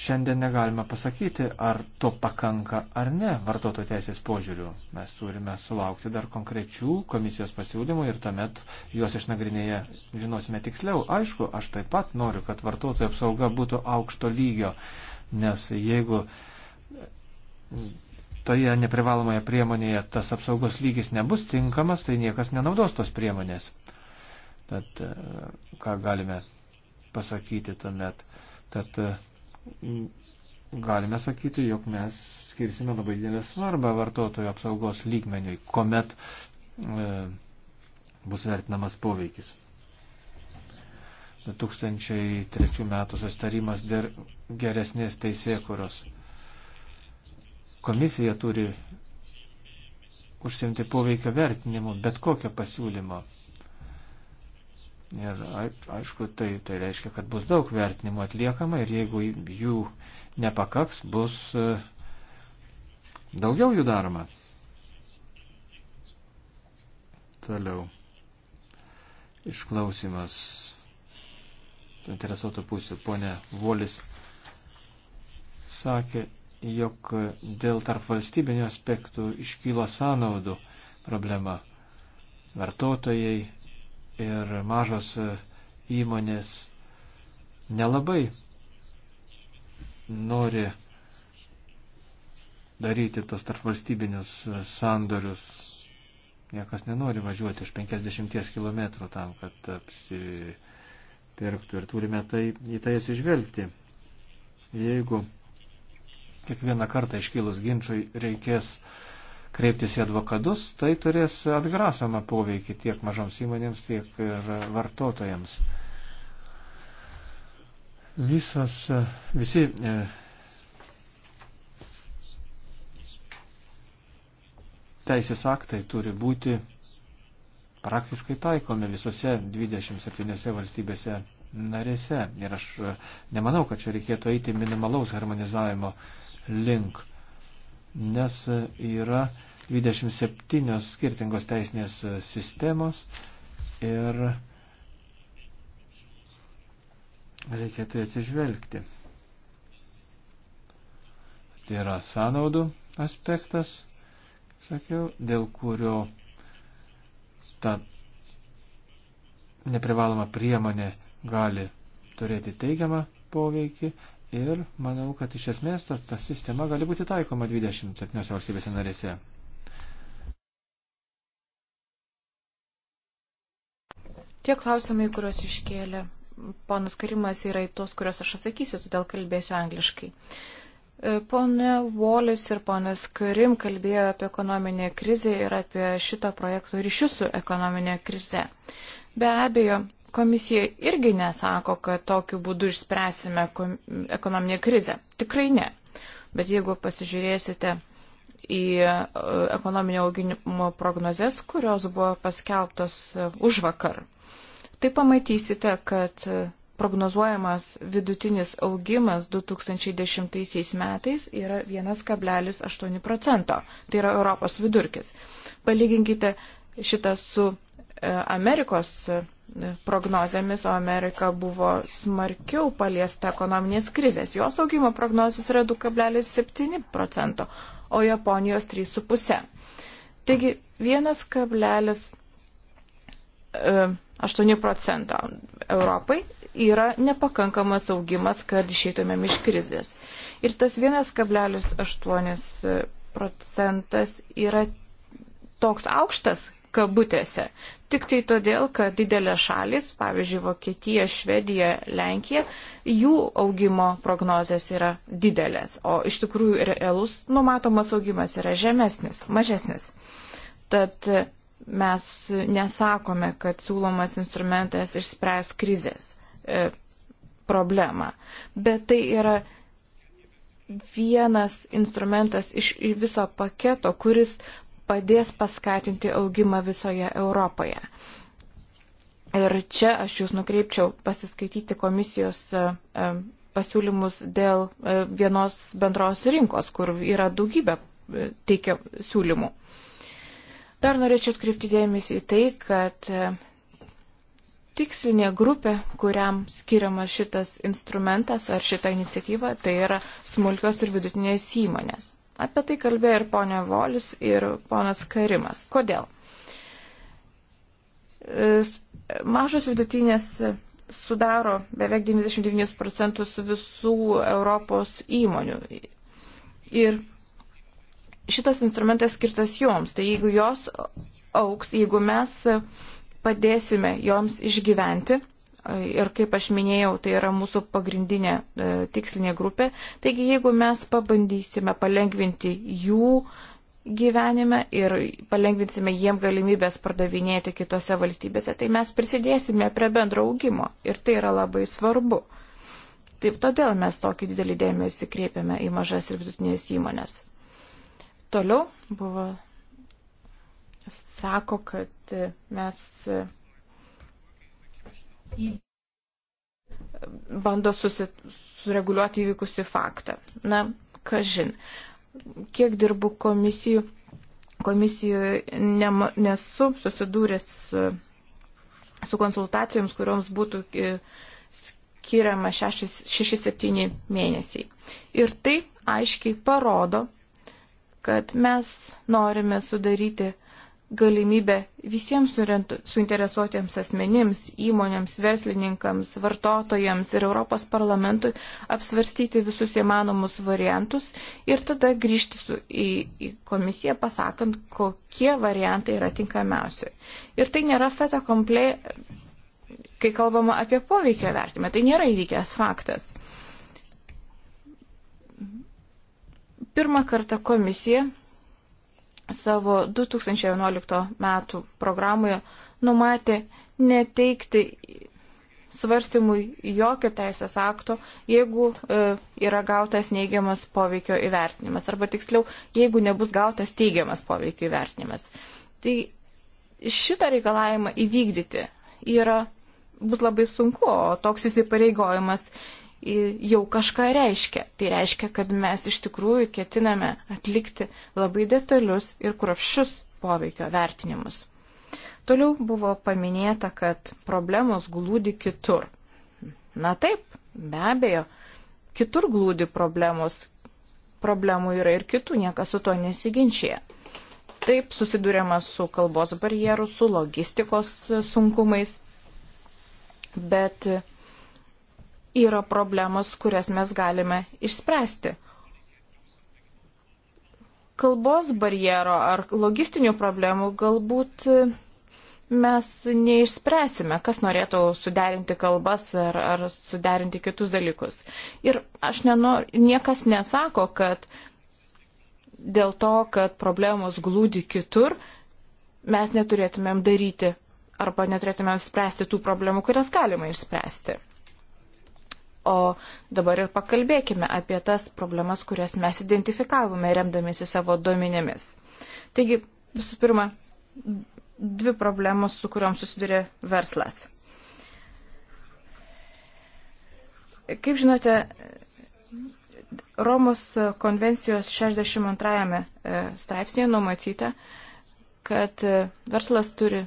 šiandien negalime pasakyti, ar to pakanka ar ne vartotojų teisės požiūrių. Mes turime sulaukti dar konkrečių komisijos pasiūlymų ir tuomet juos išnagrinėję žinosime tiksliau. Aišku, aš taip pat noriu, kad vartotojų apsauga būtų aukšto lygio, nes jeigu toje neprivalomoje priemonėje tas apsaugos lygis nebus tinkamas, tai niekas nenaudos tos priemonės. Tad e, ką galime pasakyti tuomet? Tad e, galime sakyti, jog mes skirsime labai didelę svarbą vartotojų apsaugos lygmeniui, kuomet e, bus vertinamas poveikis. 2003 metų sustarimas dėl geresnės teisėkuros. Komisija turi užsimti poveikio vertinimu bet kokio pasiūlymo. Ir aišku, tai, tai reiškia, kad bus daug vertinimų atliekama ir jeigu jų nepakaks, bus e, daugiau jų daroma. Toliau. Išklausimas interesuotų pusių. Pone Volis sakė, jog dėl tarp valstybinio aspektų iškyla sąnaudų problema. Vartotojai ir mažos e, įmonės nelabai nori daryti tos tarpvalstybinius e, sandorius. Niekas nenori važiuoti už 50 km tam, kad apsipirktų ir turime tai, į tai atsižvelgti. Jeigu kiekvieną kartą iškilus ginčiui reikės uh, kreiptis į advokatus, tai turės atgrasomą poveikį tiek mažoms įmonėms, tiek ir vartotojams. Visas, visi e, teisės aktai turi būti praktiškai taikomi visose 27 valstybėse narėse. Ir aš e, nemanau, kad čia reikėtų eiti minimalaus harmonizavimo link nes yra 27 skirtingos teisinės sistemos ir reikia tai atsižvelgti. Tai yra sąnaudų aspektas, sakiau, dėl kurio ta neprivaloma priemonė gali turėti teigiamą poveikį, Ir manau, kad iš esmės ta, ta sistema gali būti taikoma 27 valstybėse narėse. Tie klausimai, kuriuos iškėlė ponas Karimas, yra į tos, kuriuos aš atsakysiu, todėl kalbėsiu angliškai. E, pone Volis ir ponas Karim kalbėjo apie ekonominę krizę ir apie šito projekto ryšius su ekonominė krize. Be abejo, komisija irgi nesako, kad tokiu būdu išspręsime ekonominę krizę. Tikrai ne. Bet jeigu pasižiūrėsite į e, ekonominio auginimo prognozes, kurios buvo paskelbtos e, už vakar, tai pamatysite, kad e, prognozuojamas vidutinis augimas 2010 metais yra 1,8 procento. Tai yra Europos vidurkis. Palyginkite šitą su Amerikos vidurkiu prognozėmis, o Amerika buvo smarkiau paliesta ekonominės krizės. Jos augimo prognozijas yra 2,7 procento, o Japonijos 3,5. Taigi 1,8 e, procento Europai yra nepakankamas augimas, kad išeitumėm iš krizės. Ir tas 1,8 procentas yra toks aukštas, kabutėse. Tik tai todėl, kad didelės šalis, pavyzdžiui, Vokietija, Švedija, Lenkija, jų augimo prognozijas yra didelės, o iš tikrųjų realus numatomas augimas yra žemesnis, mažesnis. Tad mes nesakome, kad siūlomas instrumentas išspręs krizės e, problemą, bet tai yra vienas instrumentas iš viso paketo, kuris padės paskatinti augimą visoje Europoje. Ir čia aš jūs nukreipčiau pasiskaityti komisijos e, e, pasiūlymus dėl e, vienos bendros rinkos, kur yra daugybė teikia siūlymų. Dar norėčiau atkreipti dėmesį į tai, kad tikslinė grupė, kuriam skiriamas šitas instrumentas ar šita iniciatyva, tai yra smulkios ir vidutinės įmonės. Apie tai kalbėjo ir ponė Volis, ir ponas Karimas. Kodėl? E, mažos vidutinės sudaro beveik 99 procentus visų Europos įmonių. Ir šitas instrumentas skirtas joms. Tai jeigu jos auks, jeigu mes padėsime joms išgyventi, ir kaip aš minėjau, tai yra mūsų pagrindinė e, tikslinė grupė. Taigi, jeigu mes pabandysime palengvinti jų gyvenime ir palengvinsime jiem galimybės pardavinėti kitose valstybėse, tai mes prisidėsime prie bendro augimo ir tai yra labai svarbu. Taip todėl mes tokį didelį dėmesį kreipiame į mažas ir vidutinės įmonės. Toliau buvo, sako, kad mes bando susi, sureguliuoti įvykusi faktą. Na, kažin, kiek dirbu komisijų, komisijoje ne, nesu susidūręs su, su konsultacijoms, kurioms būtų e, skiriama 6-7 mėnesiai. Ir tai aiškiai parodo, kad mes norime sudaryti galimybę visiems suinteresuotiems asmenims, įmonėms, verslininkams, vartotojams ir Europos parlamentui apsvarstyti visus įmanomus variantus ir tada grįžti su, į, į komisiją pasakant, kokie variantai yra tinkamiausi. Ir tai nėra feta komplė, kai kalbama apie poveikio vertimą, tai nėra įvykęs faktas. Pirmą kartą komisija savo 2011 metų programoje numatė neteikti svarstymui jokio teisės akto, jeigu e, yra gautas neigiamas poveikio įvertinimas, arba tiksliau, jeigu nebus gautas teigiamas poveikio įvertinimas. Tai šitą reikalavimą įvykdyti yra, bus labai sunku, o toks įsipareigojimas jau kažką reiškia. Tai reiškia, kad mes iš tikrųjų ketiname atlikti labai detalius ir kruopščius poveikio vertinimus. Toliau buvo paminėta, kad problemos glūdi kitur. Na taip, be abejo, kitur glūdi problemos. Problemų yra ir kitų, niekas su to nesiginčia. Taip susidurėma su kalbos barjeru, su logistikos sunkumais, bet yra problemos, kurias mes galime išspręsti. Kalbos barjero ar logistinių problemų galbūt mes neišspręsime, kas norėtų suderinti kalbas ar, ar suderinti kitus dalykus. Ir aš nenor, niekas nesako, kad dėl to, kad problemos glūdi kitur, mes neturėtumėm daryti arba neturėtumėm spręsti tų problemų, kurias galima išspręsti. O dabar ir pakalbėkime apie tas problemas, kurias mes identifikavome remdamėsi savo duomenėmis. Taigi, visų pirma, dvi problemos, su kuriuom susiduria verslas. Kaip žinote, Romos konvencijos 62 e, straipsnėje numatyta, kad e, verslas turi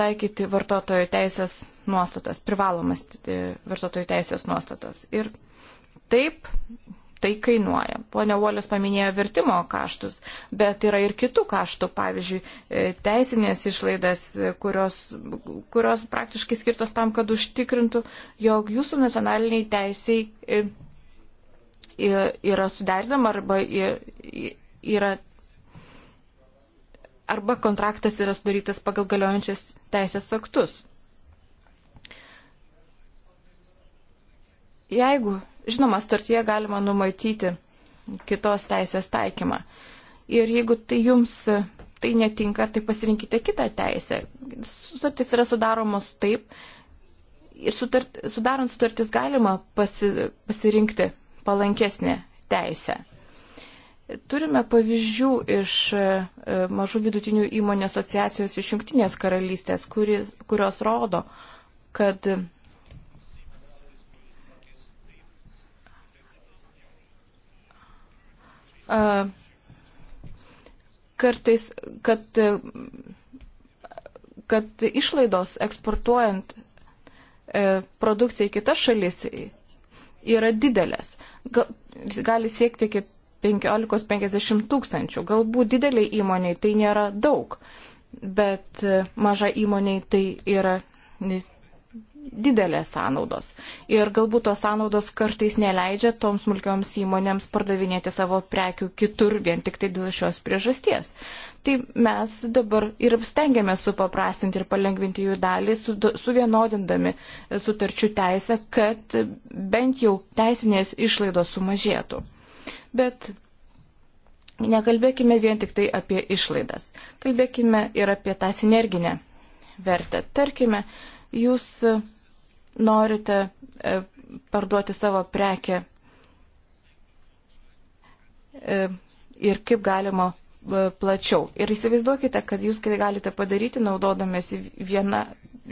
taikyti vartotojo teisės nuostatas, privalomas e, vartotojų teisės nuostatas. Ir taip tai kainuoja. Pone Uolės paminėjo vertimo kaštus, bet yra ir kitų kaštų, pavyzdžiui, e, teisinės išlaidas, e, kurios, kurios praktiškai skirtos tam, kad užtikrintų, jog jūsų nacionaliniai teisiai yra suderinama arba yra arba kontraktas yra sudarytas pagal galiojančias teisės aktus. Jeigu, žinoma, startyje galima numatyti kitos teisės taikymą. Ir jeigu tai jums e, tai netinka, tai pasirinkite kitą teisę. Sutartys yra sudaromos taip. Ir sutart, sudarant sutartys galima pasi, pasirinkti palankesnę teisę. Turime pavyzdžių iš e, e, mažų vidutinių įmonių asociacijos iš Junktinės karalystės, kuris, kurios rodo, kad kartais, kad, kad išlaidos eksportuojant e, produkciją į kitas šalis yra didelės. Gali siekti iki 15-50 tūkstančių. Galbūt dideliai įmoniai tai nėra daug, bet e, maža įmoniai tai yra didelės sąnaudos. Ir galbūt tos sąnaudos kartais neleidžia toms smulkioms įmonėms pardavinėti savo prekių kitur vien tik tai dėl šios priežasties. Tai mes dabar ir stengiamės supaprastinti ir palengvinti jų dalį, su, suvienodindami sutarčių teisę, kad bent jau teisinės išlaidos sumažėtų. Bet nekalbėkime vien tik tai apie išlaidas, kalbėkime ir apie tą sinerginę vertę. Tarkime, Jūs e, norite e, parduoti savo prekę e, ir kaip galima plačiau. Ir įsivaizduokite, kad jūs tai galite padaryti naudodamėsi viena,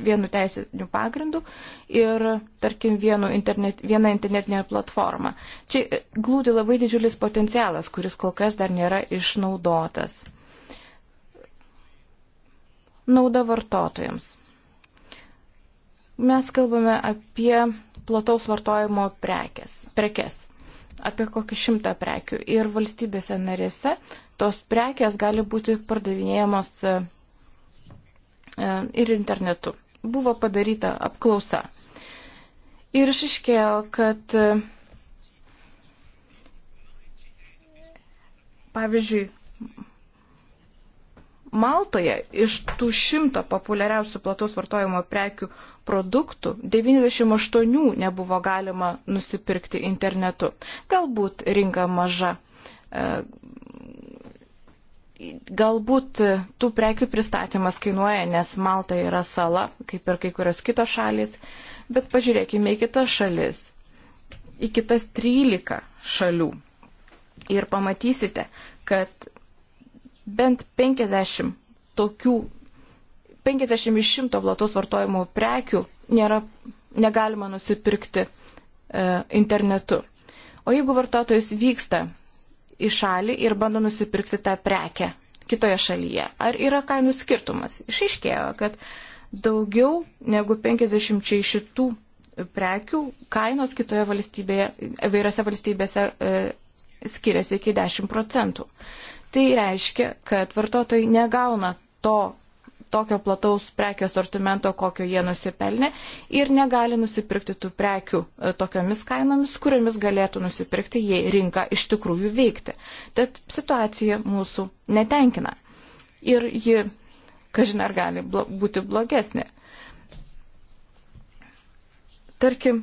vienu teisiniu pagrindu ir, tarkim, internet, viena internetinė platforma. Čia glūdi labai didžiulis potencialas, kuris kol kas dar nėra išnaudotas. Nauda vartotojams. Mes kalbame apie plataus vartojimo prekes, prekes apie kokį šimtą prekių. Ir valstybėse narėse tos prekės gali būti pardavinėjamos e, e, ir internetu. Buvo padaryta apklausa. Ir išiškėjo, kad e, pavyzdžiui, Maltoje iš tų šimto populiariausių plataus vartojimo prekių produktų 98 nebuvo galima nusipirkti internetu. Galbūt rinka maža. E, galbūt tų prekių pristatymas kainuoja, nes Malta yra sala, kaip ir kai kurios kitos šalis, bet pažiūrėkime į kitas šalis, į kitas 13 šalių ir pamatysite, kad bent 50 tokių 50 iš 100 plataus vartojimo prekių nėra, negalima nusipirkti e, internetu. O jeigu vartotojas vyksta į šalį ir bando nusipirkti tą prekę kitoje šalyje, ar yra kainų skirtumas? Išaiškėjo, kad daugiau negu 50 iš šitų prekių kainos kitoje valstybėje, įvairiose valstybėse e, skiriasi iki 10 procentų. Tai reiškia, kad vartotojai negauna to tokio plataus prekių asortimento, kokio jie nusipelnė ir negali nusipirkti tų prekių e, tokiomis kainomis, kuriomis galėtų nusipirkti, jei rinka iš tikrųjų veikti. Tad situacija mūsų netenkina. Ir ji, kažin ar gali būti blogesnė. Tarkim,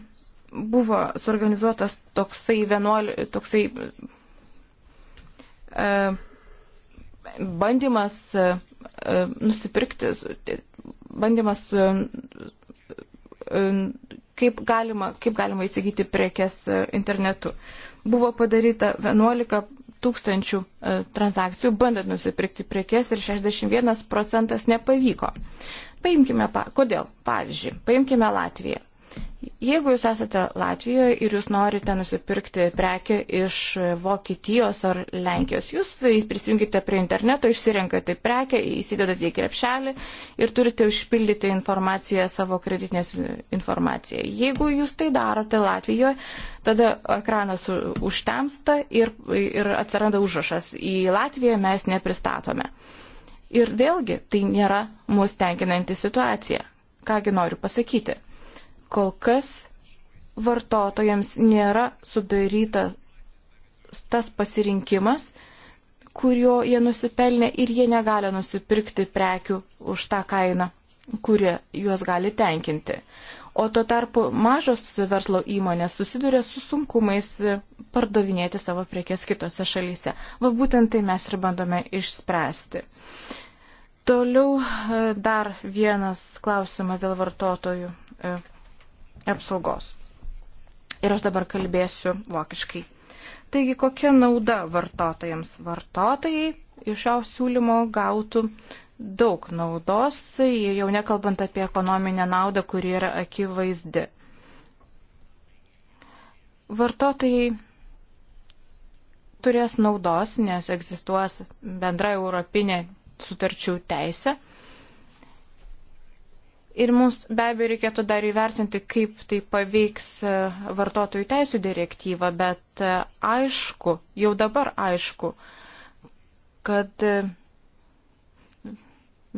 buvo suorganizuotas toksai, 11, toksai e, bandymas e, E, nusipirkti, bandymas, e, e, kaip galima, kaip galima įsigyti prekes internetu. Buvo padaryta 11 tūkstančių transakcijų, bandant nusipirkti prekes ir 61 procentas nepavyko. Paimkime, pa, kodėl? Pavyzdžiui, paimkime Latviją. Jeigu jūs esate Latvijoje ir jūs norite nusipirkti prekę iš Vokietijos ar Lenkijos, jūs prisijungite prie interneto, išsirenkate prekę, įsidedate į krepšelį ir turite užpildyti informaciją savo kreditinės informaciją. Jeigu jūs tai darote Latvijoje, tada ekranas užtemsta ir, ir atsiranda užrašas. Į Latviją mes nepristatome. Ir vėlgi tai nėra mūsų tenkinanti situacija. Kągi noriu pasakyti Kol kas vartotojams nėra sudaryta tas pasirinkimas, kurio jie nusipelnė ir jie negali nusipirkti prekių už tą kainą, kuri juos gali tenkinti. O tuo tarpu mažos verslo įmonės susiduria su sunkumais pardavinėti savo prekes kitose šalyse. Va būtent tai mes ir bandome išspręsti. Toliau e, dar vienas klausimas dėl vartotojų e, apsaugos. Ir aš dabar kalbėsiu vokiškai. Taigi, kokia nauda vartotojams? Vartotojai iš šio siūlymo gautų daug naudos, jau nekalbant apie ekonominę naudą, kuri yra akivaizdi. Vartotojai turės naudos, nes egzistuos bendra europinė sutarčių teisė. Ir mums be abejo reikėtų dar įvertinti, kaip tai paveiks e, vartotojų teisų direktyvą, bet e, aišku, jau dabar aišku, kad e,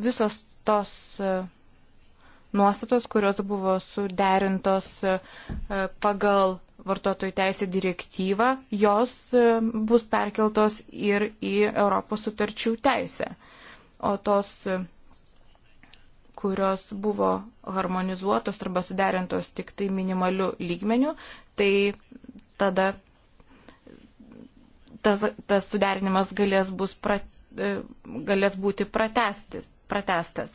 visos tos nuostatos, kurios buvo suderintos pagal vartotojų teisė direktyvą, jos bus perkeltos ir į Europos sutarčių teisę. O tos kurios buvo harmonizuotos arba suderintos tik tai minimaliu lygmeniu, tai tada tas, tas suderinimas galės, bus pra, e, galės būti pratestas.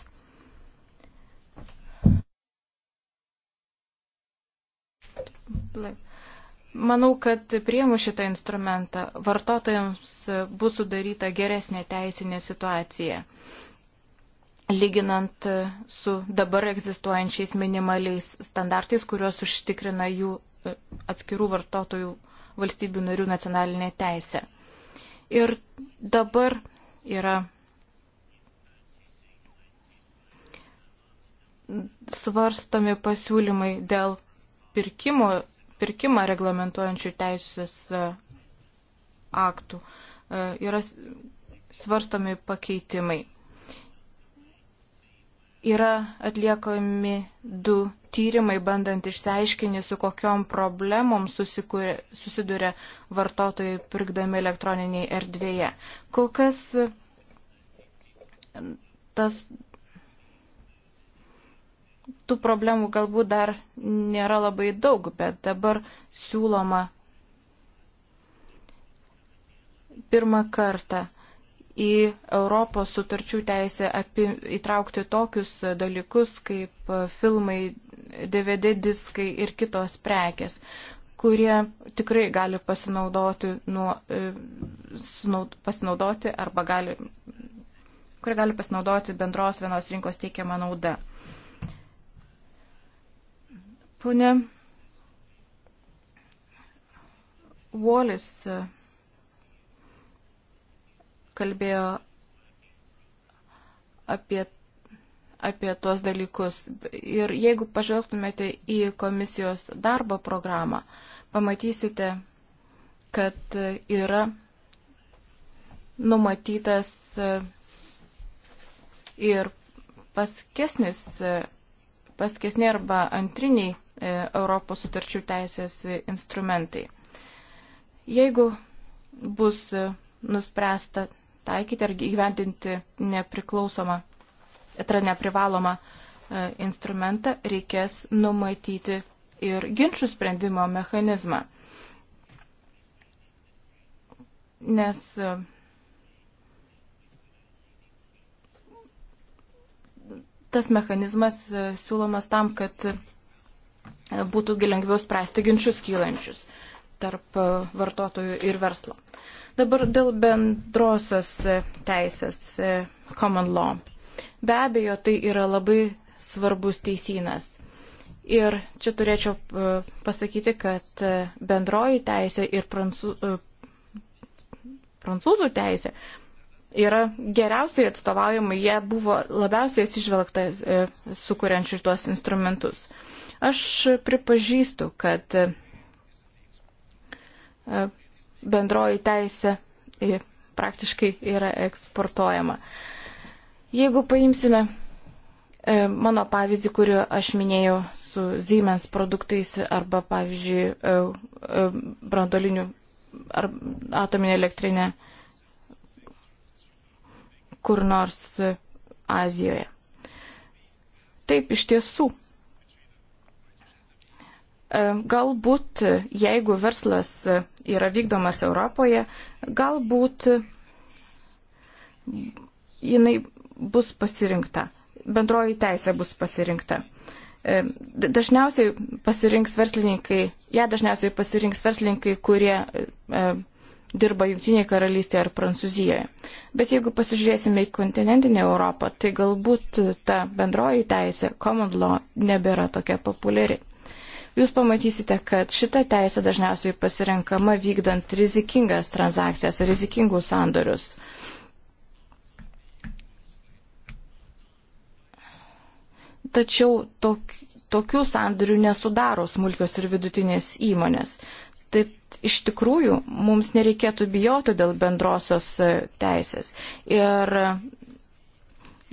Manau, kad prieimu šitą instrumentą vartotojams bus sudaryta geresnė teisinė situacija lyginant e, su dabar egzistuojančiais minimaliais standartais, kuriuos užtikrina jų e, atskirų vartotojų valstybių narių nacionalinė teisė. Ir dabar yra svarstomi pasiūlymai dėl pirkimo, pirkimą reglamentuojančių teisės e, aktų. Yra svarstomi pakeitimai. Yra atliekami du tyrimai, bandant išsiaiškinti, su kokiom problemom susiduria vartotojai pirkdami elektroniniai erdvėje. Kol kas tas tų problemų galbūt dar nėra labai daug, bet dabar siūloma pirmą kartą į Europos sutarčių teisę api, įtraukti tokius dalykus kaip filmai, DVD diskai ir kitos prekės, kurie tikrai gali pasinaudoti, nuo, e, pasinaudoti arba gali, kurie gali pasinaudoti bendros vienos rinkos teikiamą naudą. Pone Wallis kalbėjo apie, apie tuos dalykus. Ir jeigu pažvelgtumėte į komisijos darbo programą, pamatysite, kad yra numatytas e, ir paskesnis, e, paskesni arba antriniai e, Europos sutarčių teisės instrumentai. Jeigu bus nuspręsta taikyti ar gyventinti nepriklausomą, tai yra neprivalomą e, instrumentą, reikės numatyti ir ginčių sprendimo mechanizmą. Nes e, tas mechanizmas e, siūlomas tam, kad būtų lengviau spręsti ginčius kylančius tarp vartotojų ir verslo. Dabar dėl bendrosios teisės, common law. Be abejo, tai yra labai svarbus teisynas. Ir čia turėčiau e, pasakyti, kad e, bendroji teisė ir prancū, e, prancūzų teisė yra geriausiai atstovaujama, jie buvo labiausiai atsižvelgta sukuriant šitos instrumentus. Aš pripažįstu, kad bendroji teisė praktiškai yra eksportuojama. Jeigu paimsime e, mano pavyzdį, kurį aš minėjau su Siemens produktais arba, pavyzdžiui, e, e, brandoliniu ar atominė elektrinė kur nors Azijoje. Taip, iš tiesų, E, galbūt, e, jeigu verslas e, yra vykdomas Europoje, galbūt jinai bus pasirinkta, bendroji teisė bus pasirinkta. Dažniausiai pasirinks verslininkai, ją ja, dažniausiai pasirinks verslininkai, kurie dirba Junktinėje karalystėje ar Prancūzijoje. Bet jeigu pasižiūrėsime į kontinentinę Europą, tai galbūt ta bendroji teisė, common law, nebėra tokia populiari jūs pamatysite, kad šita teisė dažniausiai pasirenkama vykdant rizikingas transakcijas, rizikingus sandorius. Tačiau tokių tokių sandorių nesudaro smulkios ir vidutinės įmonės. Taip iš tikrųjų mums nereikėtų bijoti dėl bendrosios e, teisės. Ir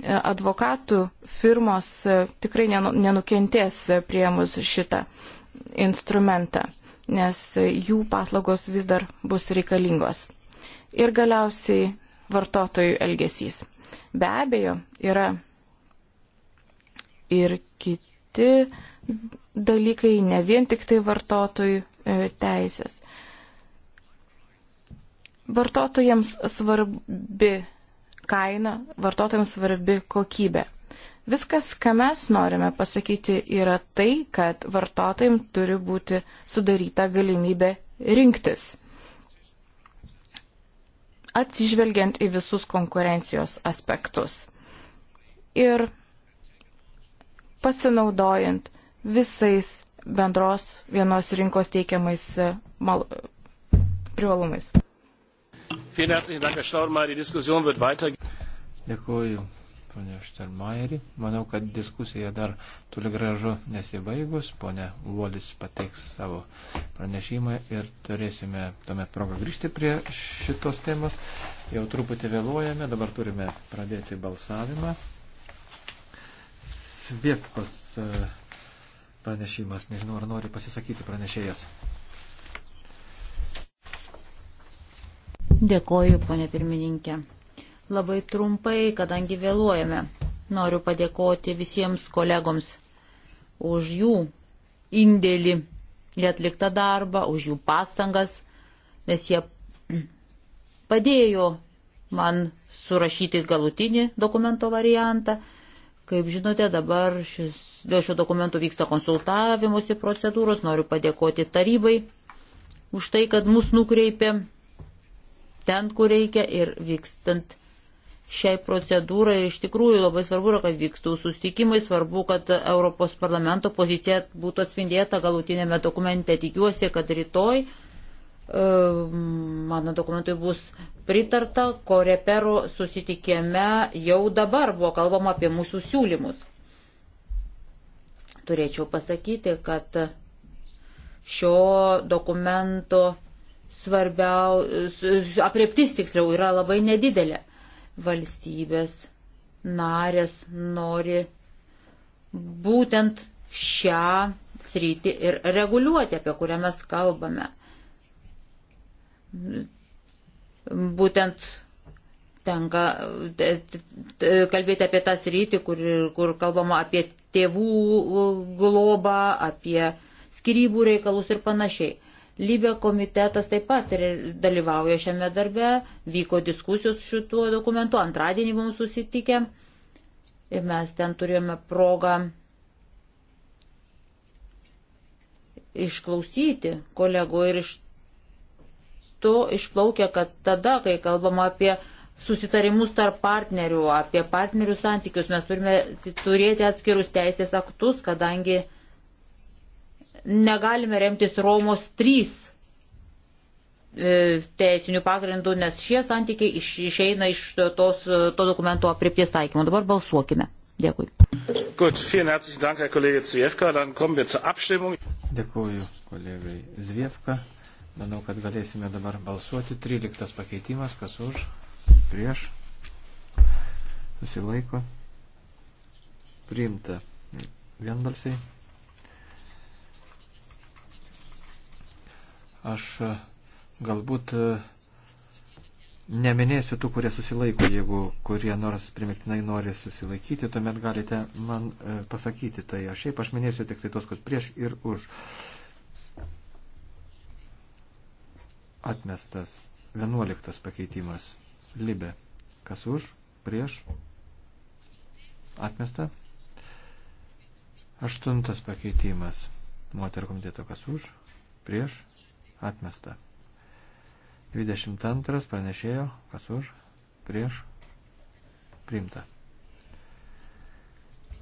advokatų firmos e, tikrai nenukentės e, prieimus šitą instrumentą, nes e, jų paslaugos vis dar bus reikalingos. Ir galiausiai vartotojų elgesys. Be abejo, yra ir kiti dalykai, ne vien tik tai vartotojų teisės. Vartotojams svarbi kaina, vartotojams svarbi kokybė. Viskas, ką mes norime pasakyti, yra tai, kad vartotojams turi būti sudaryta galimybė rinktis. Atsižvelgiant į visus konkurencijos aspektus. Ir pasinaudojant visais bendros vienos rinkos teikiamais mal... privalumais. Vielen herzlichen Dank, Herr Staudenmaier. Die Diskussion wird weitergehen. Dėkuoju, ponė Štermajerį. Manau, kad diskusija dar toli gražu nesibaigus. Pone Volis pateiks savo pranešimą ir turėsime tuomet progą grįžti prie šitos temos. Jau truputį vėluojame, dabar turime pradėti balsavimą. Svietkos e, pranešimas, nežinau, ar nori pasisakyti pranešėjas. Dėkoju, ponė pirmininkė. Labai trumpai, kadangi vėluojame, noriu padėkoti visiems kolegoms už jų indėlį į atliktą darbą, už jų pastangas, nes jie padėjo man surašyti galutinį dokumento variantą. Kaip žinote, dabar šis, dėl šio dokumento vyksta konsultavimusi procedūros. Noriu padėkoti tarybai už tai, kad mus nukreipė ten, kur reikia ir vykstant šiai procedūrai. Iš tikrųjų labai svarbu yra, kad vyktų sustikimai, svarbu, kad Europos parlamento pozicija būtų atspindėta galutinėme dokumente. Tikiuosi, kad rytoj ehm, mano dokumentui bus pritarta, ko reperų susitikėme jau dabar buvo kalbama apie mūsų siūlymus. Turėčiau pasakyti, kad šio dokumento svarbiau, apreptis tiksliau yra labai nedidelė. Valstybės narės nori būtent šią sritį ir reguliuoti, apie kurią mes kalbame. Būtent tenka kalbėti apie tą sritį, kur, kur kalbama apie tėvų globą, apie skirybų reikalus ir panašiai. Lybė komitetas taip pat dalyvauja šiame darbe, vyko diskusijos šituo dokumentu, antradienį mums susitikė ir mes ten turėjome progą išklausyti kolegų ir iš to išplaukia, kad tada, kai kalbama apie susitarimus tarp partnerių, apie partnerių santykius, mes turime turėti atskirus teisės aktus, kadangi negalime remtis Romos 3 e, teisinių pagrindų, nes šie santykiai iš, išeina iš tos, e, to dokumento apriepties taikymo. Dabar balsuokime. Dėkui. Gut, vielen herzlichen Dank, Herr Kollege Zwiefka. Dann kommen wir zur Abstimmung. Dėkuoju, kolegai Zviefka. Manau, kad galėsime dabar balsuoti. 13 pakeitimas, kas už, prieš, susilaiko, priimta vienbalsiai. Aš e, galbūt e, neminėsiu tų, kurie susilaiko. Jeigu kurie nors primiktinai nori susilaikyti, tuomet galite man e, pasakyti. Tai aš šiaip aš minėsiu tik tai tos, kas prieš ir už. Atmestas. Vienuoliktas pakeitimas. Libė. Kas už? Prieš? Atmesta. Aštuntas pakeitimas. Moterų komiteto kas už? Prieš? atmesta. 22 pranešėjo, kas už, prieš, priimta.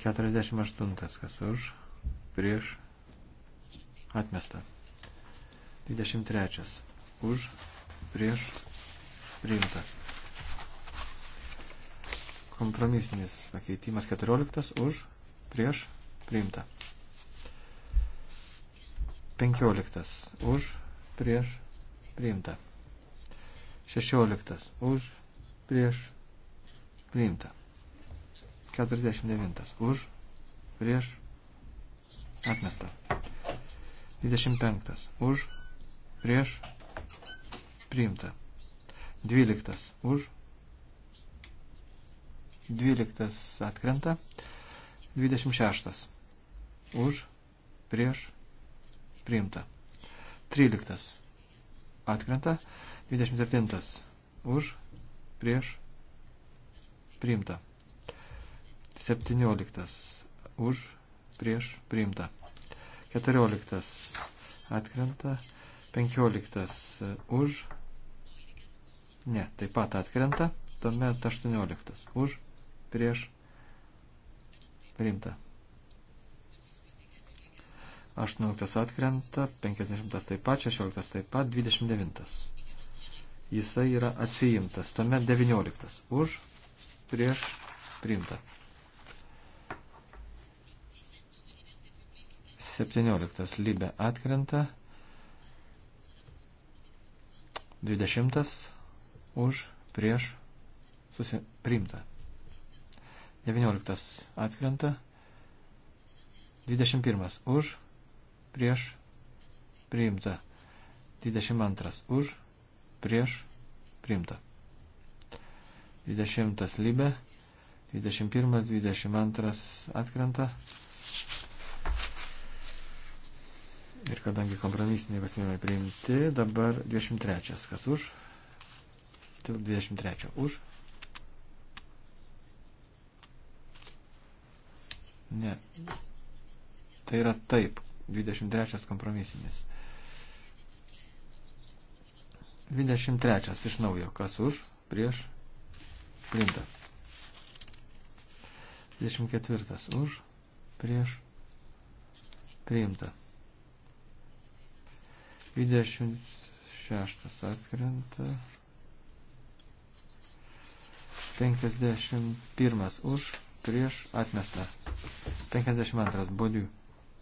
48 kas už, prieš, atmesta. 23 už, prieš, priimta. Kompromisinis pakeitimas 14 už, prieš, priimta. 15 už, prieš priimta. 16 už prieš priimta. 49 už prieš atmesta. 25 už prieš priimta. 12 už 12 atkrenta. 26 už prieš priimta. 13 atkrenta, 27 už, prieš, priimta. 17 už, prieš, priimta. 14 atkrenta, 15 už, ne, taip pat atkrenta, tuomet 18 už, prieš, priimta. 18 atkrenta, 50 taip pat, 16 taip pat, 29. Jisai yra atsiimtas. Tuomet 19. Už, prieš, priimta. 17. Libė atkrenta. 20. Už, prieš, susi, priimta. 19. Atkrenta. 21. Už, prieš priimta. 22 už prieš priimta. 20 lybė, 21, 22 atkrenta. Ir kadangi kompromisiniai pasiūlymai priimti, dabar 23. Kas už? 23. Už. Ne. Tai yra taip. 23 kompromisinis. 23 iš naujo, kas už, prieš, priimta. 24 už, prieš, priimta. 26 atkrenta. 51 už, prieš, atmesta. 52 bodių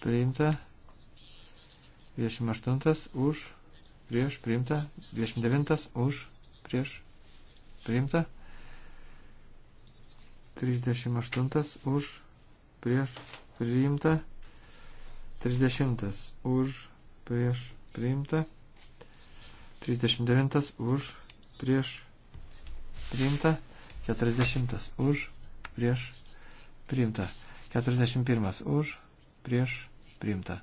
priimta, 28 už, prieš priimta, 29 už, prieš priimta, 38 už, prieš priimta, 30 už, prieš priimta, 39 už, prieš priimta, 40 už, prieš priimta, 41 už, prieš priimta priimta.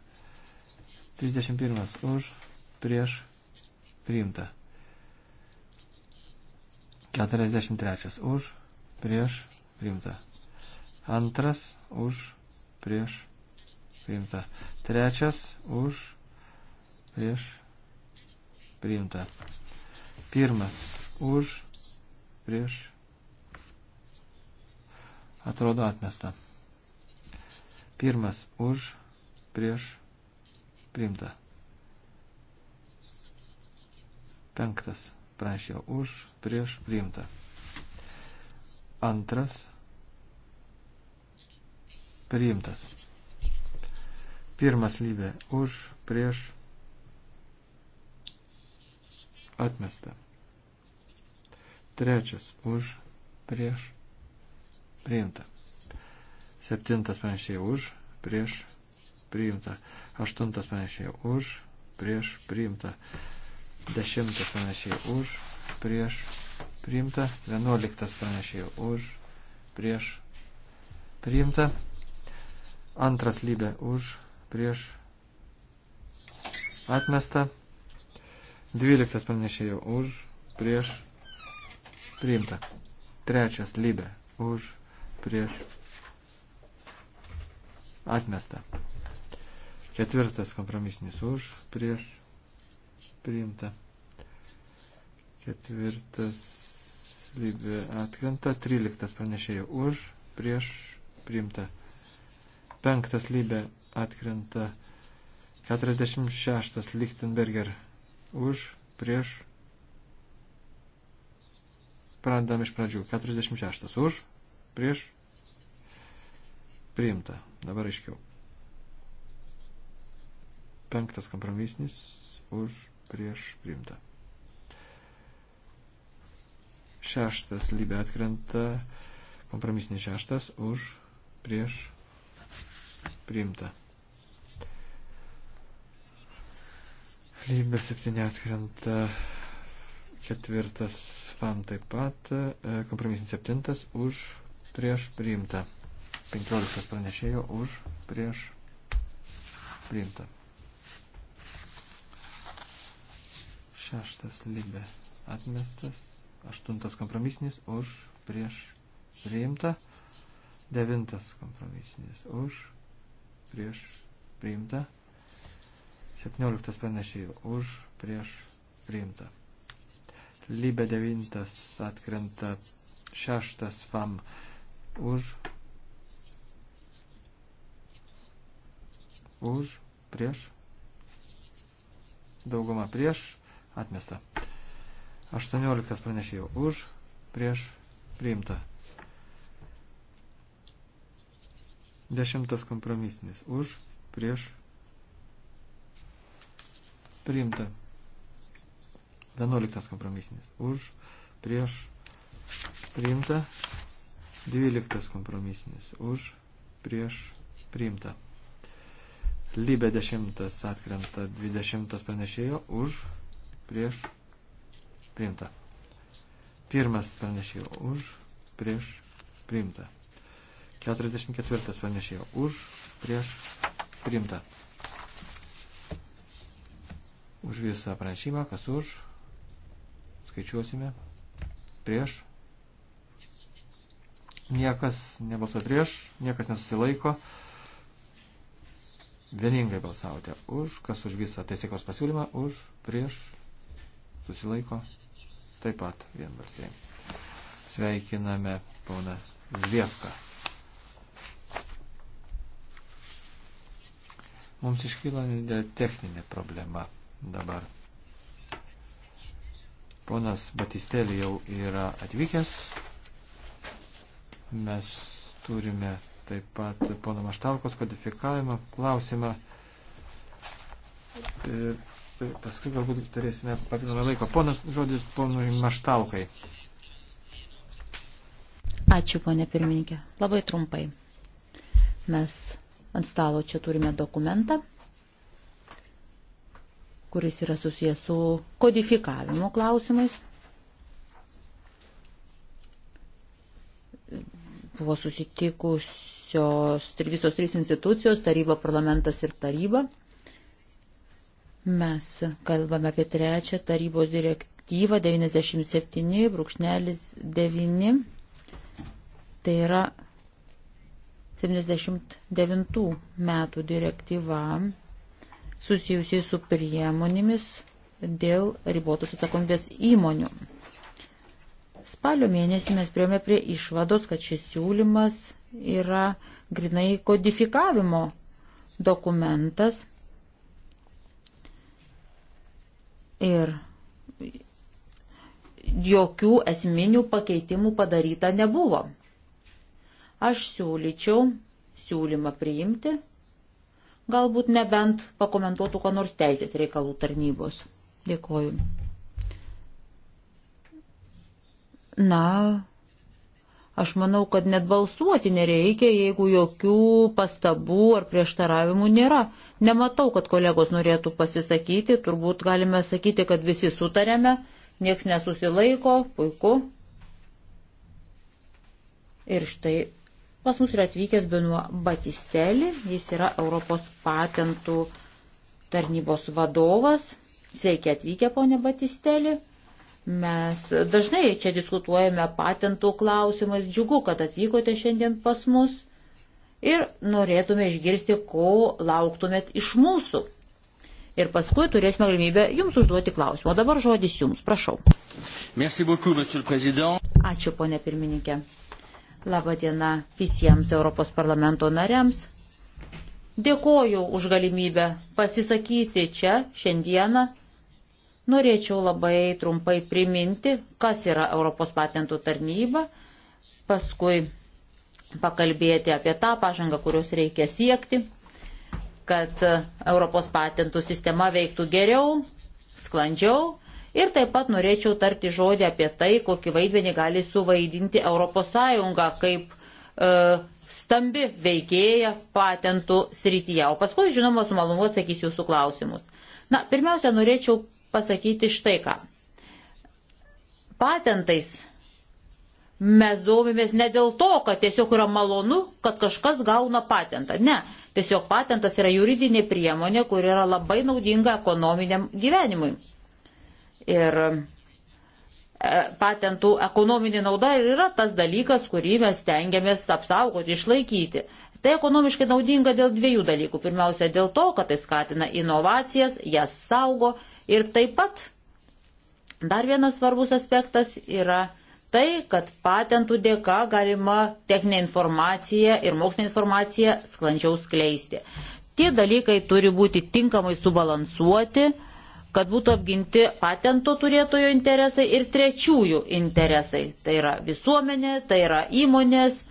31 už, prieš, priimta. 43 už, prieš, priimta. Antras už, prieš, priimta. Trečias už, prieš, priimta. Pirmas už, prieš, atrodo atmesta. Pirmas už, prieš prieš priimta. Penktas prašė už prieš priimta. Antras priimtas. Pirmas lybė už prieš atmesta. Trečias už prieš priimta. Septintas panašiai už prieš priimta. Aštuntas panašiai už, prieš priimta. Dešimtas panašiai už, prieš priimta. Vienuoliktas panašiai už, prieš priimta. Antras lybė už, prieš atmesta. Dvyliktas pranešėjo už, prieš, priimta. Trečias lybė už, prieš, atmesta. Ketvirtas kompromisinis už, prieš, priimta. Ketvirtas lygį atkrenta, tryliktas pranešėjo už, prieš, priimta. Penktas lygį atkrenta, 46 Lichtenberger už, prieš, pradedam iš pradžių, 46 už, prieš, priimta, dabar aiškiau. Penktas kompromisnis už prieš priimta. Šeštas lybė atkrenta. Kompromisnis šeštas už prieš priimta. Lybė septyni atkrenta. Ketvirtas FAM taip pat. E, Kompromisinis septintas už prieš priimta. Penkioliktas pranešėjo už prieš priimta. Šeštas libė atmestas. Aštuntas kompromisinis už prieš priimta. Devintas kompromisinis už prieš priimta. Septynioliktas panašiai už prieš priimta. Libė devintas atkrenta. Šeštas fam už už prieš daugumą prieš atmesta. 18 pranešėjo už, prieš, priimta. 10 kompromisinis už, prieš, priimta. 11 kompromisinis už, prieš, priimta. 12 kompromisinis už, prieš, priimta. Lybė 10 atkrenta 20 pranešėjo už, prieš priimta. Pirmas pranešėjo už, prieš priimta. 44 pranešėjo už, prieš priimta. Už visą pranešimą, kas už, skaičiuosime, prieš. Niekas nebalsuoja prieš, niekas nesusilaiko vieningai balsavote už, kas už visą teisėkos pasiūlymą, už, prieš, susilaiko taip pat vienbalsiai. Sveikiname poną Zviefką. Mums iškyla techninė problema dabar. Ponas Batistelį jau yra atvykęs. Mes turime taip pat pono Maštalkos kodifikavimo klausimą. E, paskui galbūt turėsime papildomą laiko. Ponas žodis ponui Maštaukai. Ačiū, ponė pirmininkė. Labai trumpai. Mes ant stalo čia turime dokumentą, kuris yra susijęs su kodifikavimo klausimais. Buvo susitikusios visos trys institucijos - taryba, parlamentas ir taryba. Mes kalbame apie trečią tarybos direktyvą 97.9. Tai yra 79 metų direktyva susijusiai su priemonėmis dėl ribotos atsakomybės įmonių. Spalio mėnesį mes priėmė prie išvados, kad šis siūlymas yra grinai kodifikavimo dokumentas Ir jokių esminių pakeitimų padaryta nebuvo. Aš siūlyčiau siūlymą priimti, galbūt nebent pakomentuotų, ko nors teisės reikalų tarnybos. Dėkoju. Na, Aš manau, kad net balsuoti nereikia, jeigu jokių pastabų ar prieštaravimų nėra. Nematau, kad kolegos norėtų pasisakyti, turbūt galime sakyti, kad visi sutarėme, nieks nesusilaiko, puiku. Ir štai pas mus yra atvykęs Benuo Batistelį, jis yra Europos patentų tarnybos vadovas. Sveiki atvykę, ponė Batistelį. Mes dažnai čia diskutuojame patentų klausimais. Džiugu, kad atvykote šiandien pas mus ir norėtume išgirsti, ko lauktumėt iš mūsų. Ir paskui turėsime galimybę jums užduoti klausimą. O dabar žodis jums, prašau. Beaucoup, Ačiū, ponė pirmininkė. Labadiena visiems Europos parlamento nariams. Dėkoju už galimybę pasisakyti čia šiandieną Norėčiau labai trumpai priminti, kas yra Europos patentų tarnyba, paskui pakalbėti apie tą pažangą, kurios reikia siekti, kad Europos patentų sistema veiktų geriau, sklandžiau ir taip pat norėčiau tarti žodį apie tai, kokį vaidmenį gali suvaidinti ES kaip e, stambi veikėja patentų srityje. O paskui, žinoma, su malumu atsakysiu jūsų klausimus. Na, pirmiausia, norėčiau pasakyti štai ką. Patentais mes domimės ne dėl to, kad tiesiog yra malonu, kad kažkas gauna patentą. Ne, tiesiog patentas yra juridinė priemonė, kur yra labai naudinga ekonominiam gyvenimui. Ir e, patentų ekonominė nauda ir yra tas dalykas, kurį mes tengiamės apsaugoti, išlaikyti. Tai ekonomiškai naudinga dėl dviejų dalykų. Pirmiausia, dėl to, kad tai skatina inovacijas, jas saugo Ir taip pat dar vienas svarbus aspektas yra tai, kad patentų dėka galima techninę informaciją ir mokslinę informaciją sklandžiau skleisti. Tie dalykai turi būti tinkamai subalansuoti, kad būtų apginti patento turėtojo interesai ir trečiųjų interesai. Tai yra visuomenė, tai yra įmonės,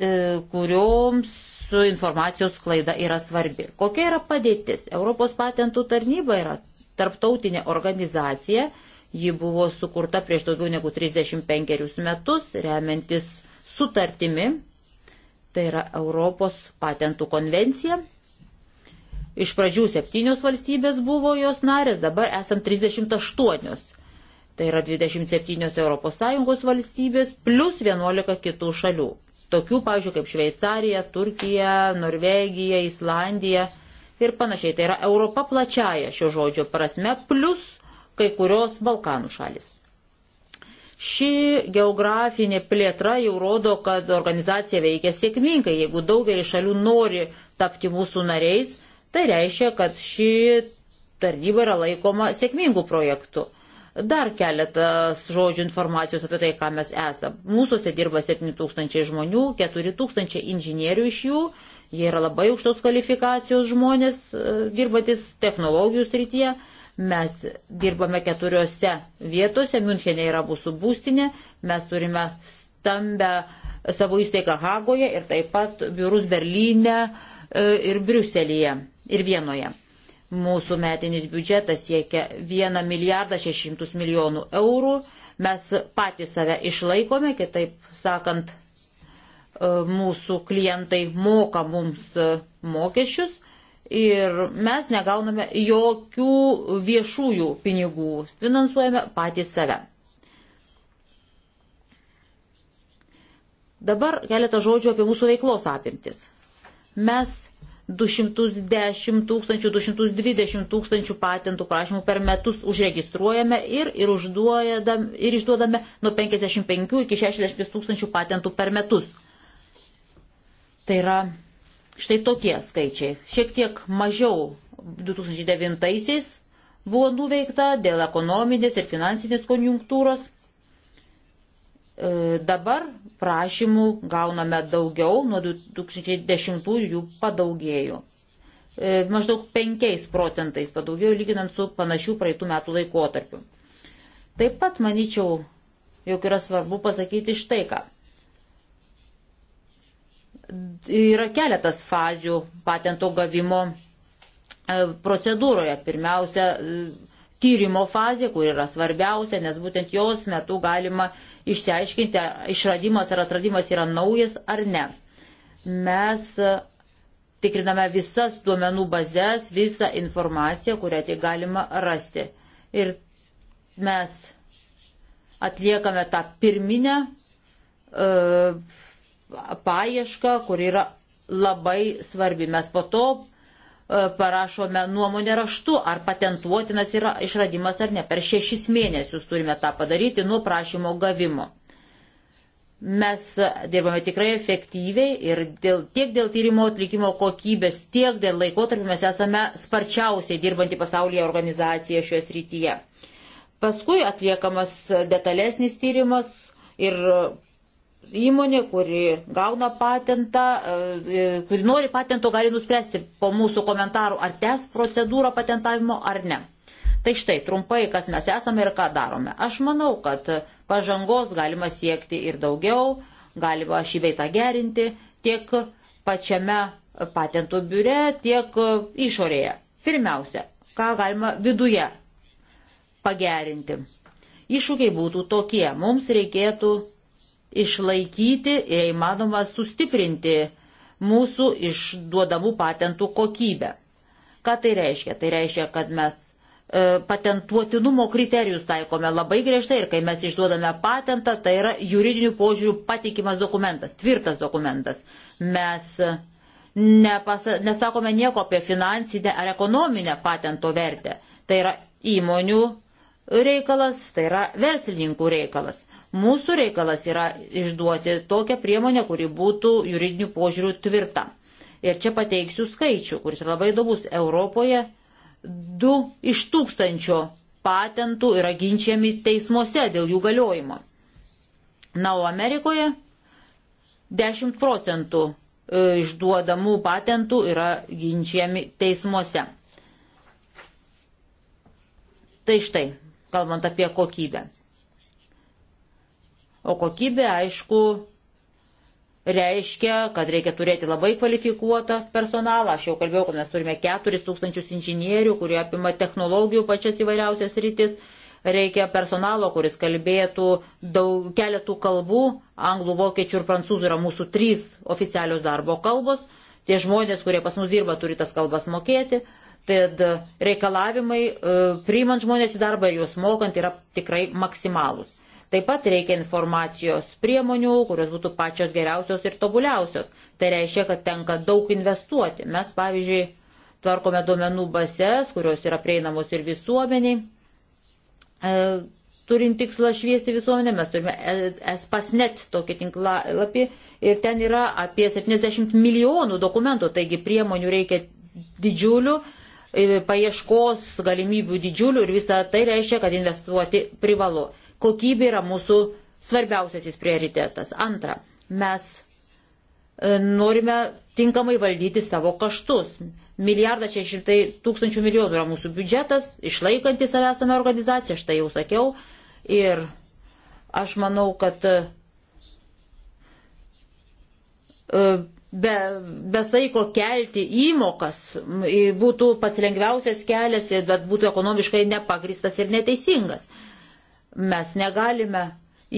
E, kurioms su informacijos klaida yra svarbi. Kokia yra padėtis? Europos patentų tarnyba yra tarptautinė organizacija, ji buvo sukurta prieš daugiau negu 35 metus, remiantis sutartimi, tai yra Europos patentų konvencija. Iš pradžių septynios valstybės buvo jos narės, dabar esam 38. Tai yra 27 ES valstybės plus 11 kitų šalių tokių, pavyzdžiui, kaip Šveicarija, Turkija, Norvegija, Islandija ir panašiai. Tai yra Europa plačiaja šio žodžio prasme, plus kai kurios Balkanų šalis. Ši geografinė plėtra jau rodo, kad organizacija veikia sėkmingai. Jeigu daugelis šalių nori tapti mūsų nariais, tai reiškia, kad ši tarnyba yra laikoma sėkmingų projektų dar keletas žodžių informacijos apie tai, ką mes esame. Mūsųse dirba 7000 žmonių, 4000 inžinierių iš jų, jie yra labai aukštos kvalifikacijos žmonės, e, dirbantis technologijų srityje. Mes dirbame keturiose vietose, Münchenė yra mūsų būstinė, mes turime stambę savo įsteigą Hagoje ir taip pat biurus Berlyne e, ir Briuselėje ir Vienoje. Mūsų metinis biudžetas siekia 1 milijardą 600 milijonų eurų. Mes patys save išlaikome, kitaip sakant, e, mūsų klientai moka mums e, mokesčius ir mes negauname jokių viešųjų pinigų, finansuojame patys save. Dabar keletą žodžių apie mūsų veiklos apimtis. Mes 210 tūkstančių, 220 tūkstančių patentų prašymų per metus užregistruojame ir, ir, užduodam, ir išduodame nuo 55 iki 60 tūkstančių patentų per metus. Tai yra štai tokie skaičiai. Šiek tiek mažiau 2009-aisiais buvo nuveikta dėl ekonominės ir finansinės konjunktūros. E, dabar prašymų gauname daugiau, nuo 2010 jų padaugėjo. E, maždaug 5 procentais padaugėjo lyginant su panašių praeitų metų laikotarpiu. Taip pat manyčiau, jog yra svarbu pasakyti štai ką. Yra keletas fazių patento gavimo e, procedūroje. Pirmiausia, e, tyrimo fazė, kur yra svarbiausia, nes būtent jos metu galima išsiaiškinti, ar išradimas ar atradimas yra naujas ar ne. Mes e, tikriname visas duomenų bazės, visą informaciją, kurią tik galima rasti. Ir mes atliekame tą pirminę e, paiešką, kur yra labai svarbi. Mes po to E, parašome nuomonę raštu, ar patentuotinas yra išradimas ar ne. Per šešis mėnesius turime tą padaryti nuo prašymo gavimo. Mes dirbame tikrai efektyviai ir dėl, tiek dėl tyrimo atlikimo kokybės, tiek dėl laikotarpio mes esame sparčiausiai dirbanti pasaulyje organizacija šioje srityje. Paskui atliekamas detalesnis tyrimas ir įmonė, kuri gauna patentą, e, e, kuri nori patento, gali nuspręsti po mūsų komentarų, ar tęs procedūrą patentavimo ar ne. Tai štai trumpai, kas mes esame ir ką darome. Aš manau, kad pažangos galima siekti ir daugiau, galima šį veitą gerinti tiek pačiame patentų biure, tiek išorėje. Pirmiausia, ką galima viduje pagerinti. Iššūkiai būtų tokie. Mums reikėtų išlaikyti ir įmanoma sustiprinti mūsų išduodamų patentų kokybę. Ką tai reiškia? Tai reiškia, kad mes e, patentuotinumo kriterijus taikome labai griežtai ir kai mes išduodame patentą, tai yra juridinių požiūrių patikimas dokumentas, tvirtas dokumentas. Mes e, nepasa, nesakome nieko apie finansinę ar ekonominę patento vertę. Tai yra įmonių reikalas, tai yra verslininkų reikalas. Mūsų reikalas yra išduoti tokią priemonę, kuri būtų juridinių požiūrių tvirta. Ir čia pateiksiu skaičių, kuris yra labai įdomus. Europoje 2 iš tūkstančio patentų yra ginčiami teismuose dėl jų galiojimo. Na, o Amerikoje 10 procentų e, išduodamų patentų yra ginčiami teismuose. Tai štai, kalbant apie kokybę. O kokybė, aišku, reiškia, kad reikia turėti labai kvalifikuotą personalą. Aš jau kalbėjau, kad mes turime 4000 inžinierių, kurie apima technologijų pačias įvairiausias rytis. Reikia personalo, kuris kalbėtų daug, keletų kalbų. Anglų, vokiečių ir prancūzų yra mūsų trys oficialios darbo kalbos. Tie žmonės, kurie pas mus dirba, turi tas kalbas mokėti. Tad reikalavimai, e, priimant žmonės į darbą ir juos mokant, yra tikrai maksimalūs. Taip pat reikia informacijos priemonių, kurios būtų pačios geriausios ir tobuliausios. Tai reiškia, kad tenka daug investuoti. Mes, pavyzdžiui, tvarkome duomenų bases, kurios yra prieinamos ir visuomeniai. E, turim tikslą šviesti visuomenę, mes turime espasnet tokį tinklalapį ir ten yra apie 70 milijonų dokumentų, taigi priemonių reikia didžiulių, e, paieškos galimybių didžiulių ir visą tai reiškia, kad investuoti privalu kokybė yra mūsų svarbiausiasis prioritetas. Antra, mes e, norime tinkamai valdyti savo kaštus. Milijardas šešimtai tūkstančių milijonų yra mūsų biudžetas, išlaikanti save esame organizacija, štai jau sakiau. Ir aš manau, kad e, be, be saiko kelti įmokas būtų pasilengviausias kelias, bet būtų ekonomiškai nepagristas ir neteisingas. Mes negalime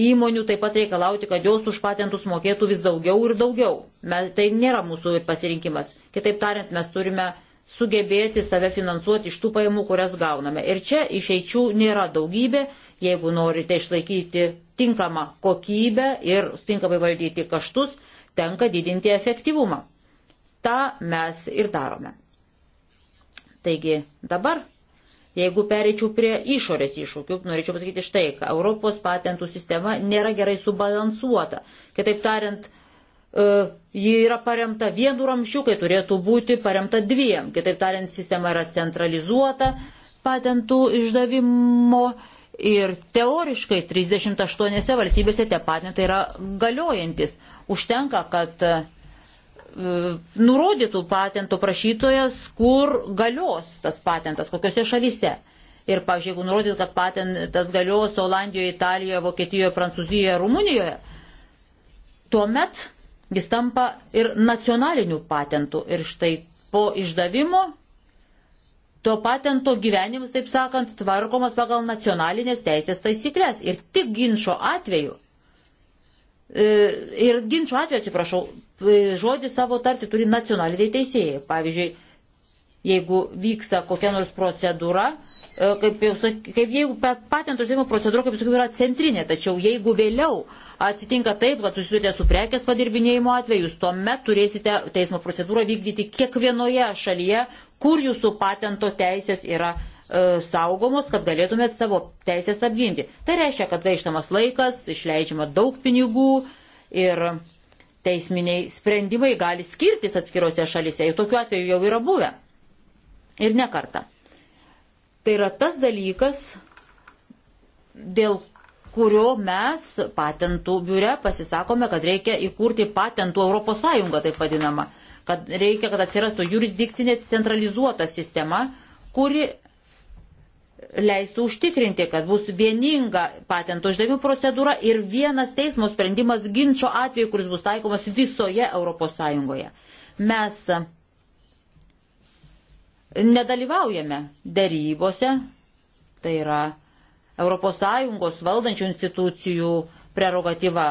įmonių taip pat reikalauti, kad jos už patentus mokėtų vis daugiau ir daugiau. Mes, tai nėra mūsų pasirinkimas. Kitaip tariant, mes turime sugebėti save finansuoti iš tų pajamų, kurias gauname. Ir čia išeičių nėra daugybė, jeigu norite išlaikyti tinkamą kokybę ir tinkamai valdyti kaštus, tenka didinti efektyvumą. Ta mes ir darome. Taigi dabar Jeigu pereičiau prie išorės iššūkių, norėčiau pasakyti štai, kad Europos patentų sistema nėra gerai subalansuota. Kitaip tariant, e, ji yra paremta vienu ramščiu, kai turėtų būti paremta dviem. Kitaip tariant, sistema yra centralizuota patentų išdavimo ir teoriškai 38 valstybėse tie patentai yra galiojantis. Užtenka, kad E, nurodytų patento prašytojas, kur galios tas patentas, kokiuose šalyse. Ir, pavyzdžiui, jeigu nurodyt, kad patentas galios Olandijoje, Italijoje, Vokietijoje, Prancūzijoje, Rumunijoje, tuomet jis tampa ir nacionaliniu patentu. Ir štai po išdavimo to patento gyvenimas, taip sakant, tvarkomas pagal nacionalinės teisės taisyklės. Ir tik ginčio atveju, e, ir ginčio atveju, atsiprašau, E, žodį savo tarti turi nacionaliniai teisėjai. Pavyzdžiui, jeigu vyksta kokia nors procedūra, e, kaip jau sakiau, kaip jeigu patentų išdavimo procedūra, kaip sakiau, yra centrinė, tačiau jeigu vėliau atsitinka taip, kad susidurite su prekės padirbinėjimo atveju, jūs tuomet turėsite teismo procedūrą vykdyti kiekvienoje šalyje, kur jūsų patento teisės yra e, saugomos, kad galėtumėt savo teisės apginti. Tai reiškia, kad gaištamas laikas, išleidžiama daug pinigų ir teisminiai sprendimai gali skirtis atskirose šalise. Jau tokiu atveju jau yra buvę. Ir nekarta. Tai yra tas dalykas, dėl kurio mes patentų biure pasisakome, kad reikia įkurti patentų Europos Sąjungą, taip vadinama, kad reikia, kad atsirastų jurisdikcinė centralizuota sistema, kuri leistų užtikrinti, kad bus vieninga patentų išdavimo procedūra ir vienas teismo sprendimas ginčio atveju, kuris bus taikomas visoje ES. Mes nedalyvaujame darybose, tai yra ES valdančių institucijų prerogatyva.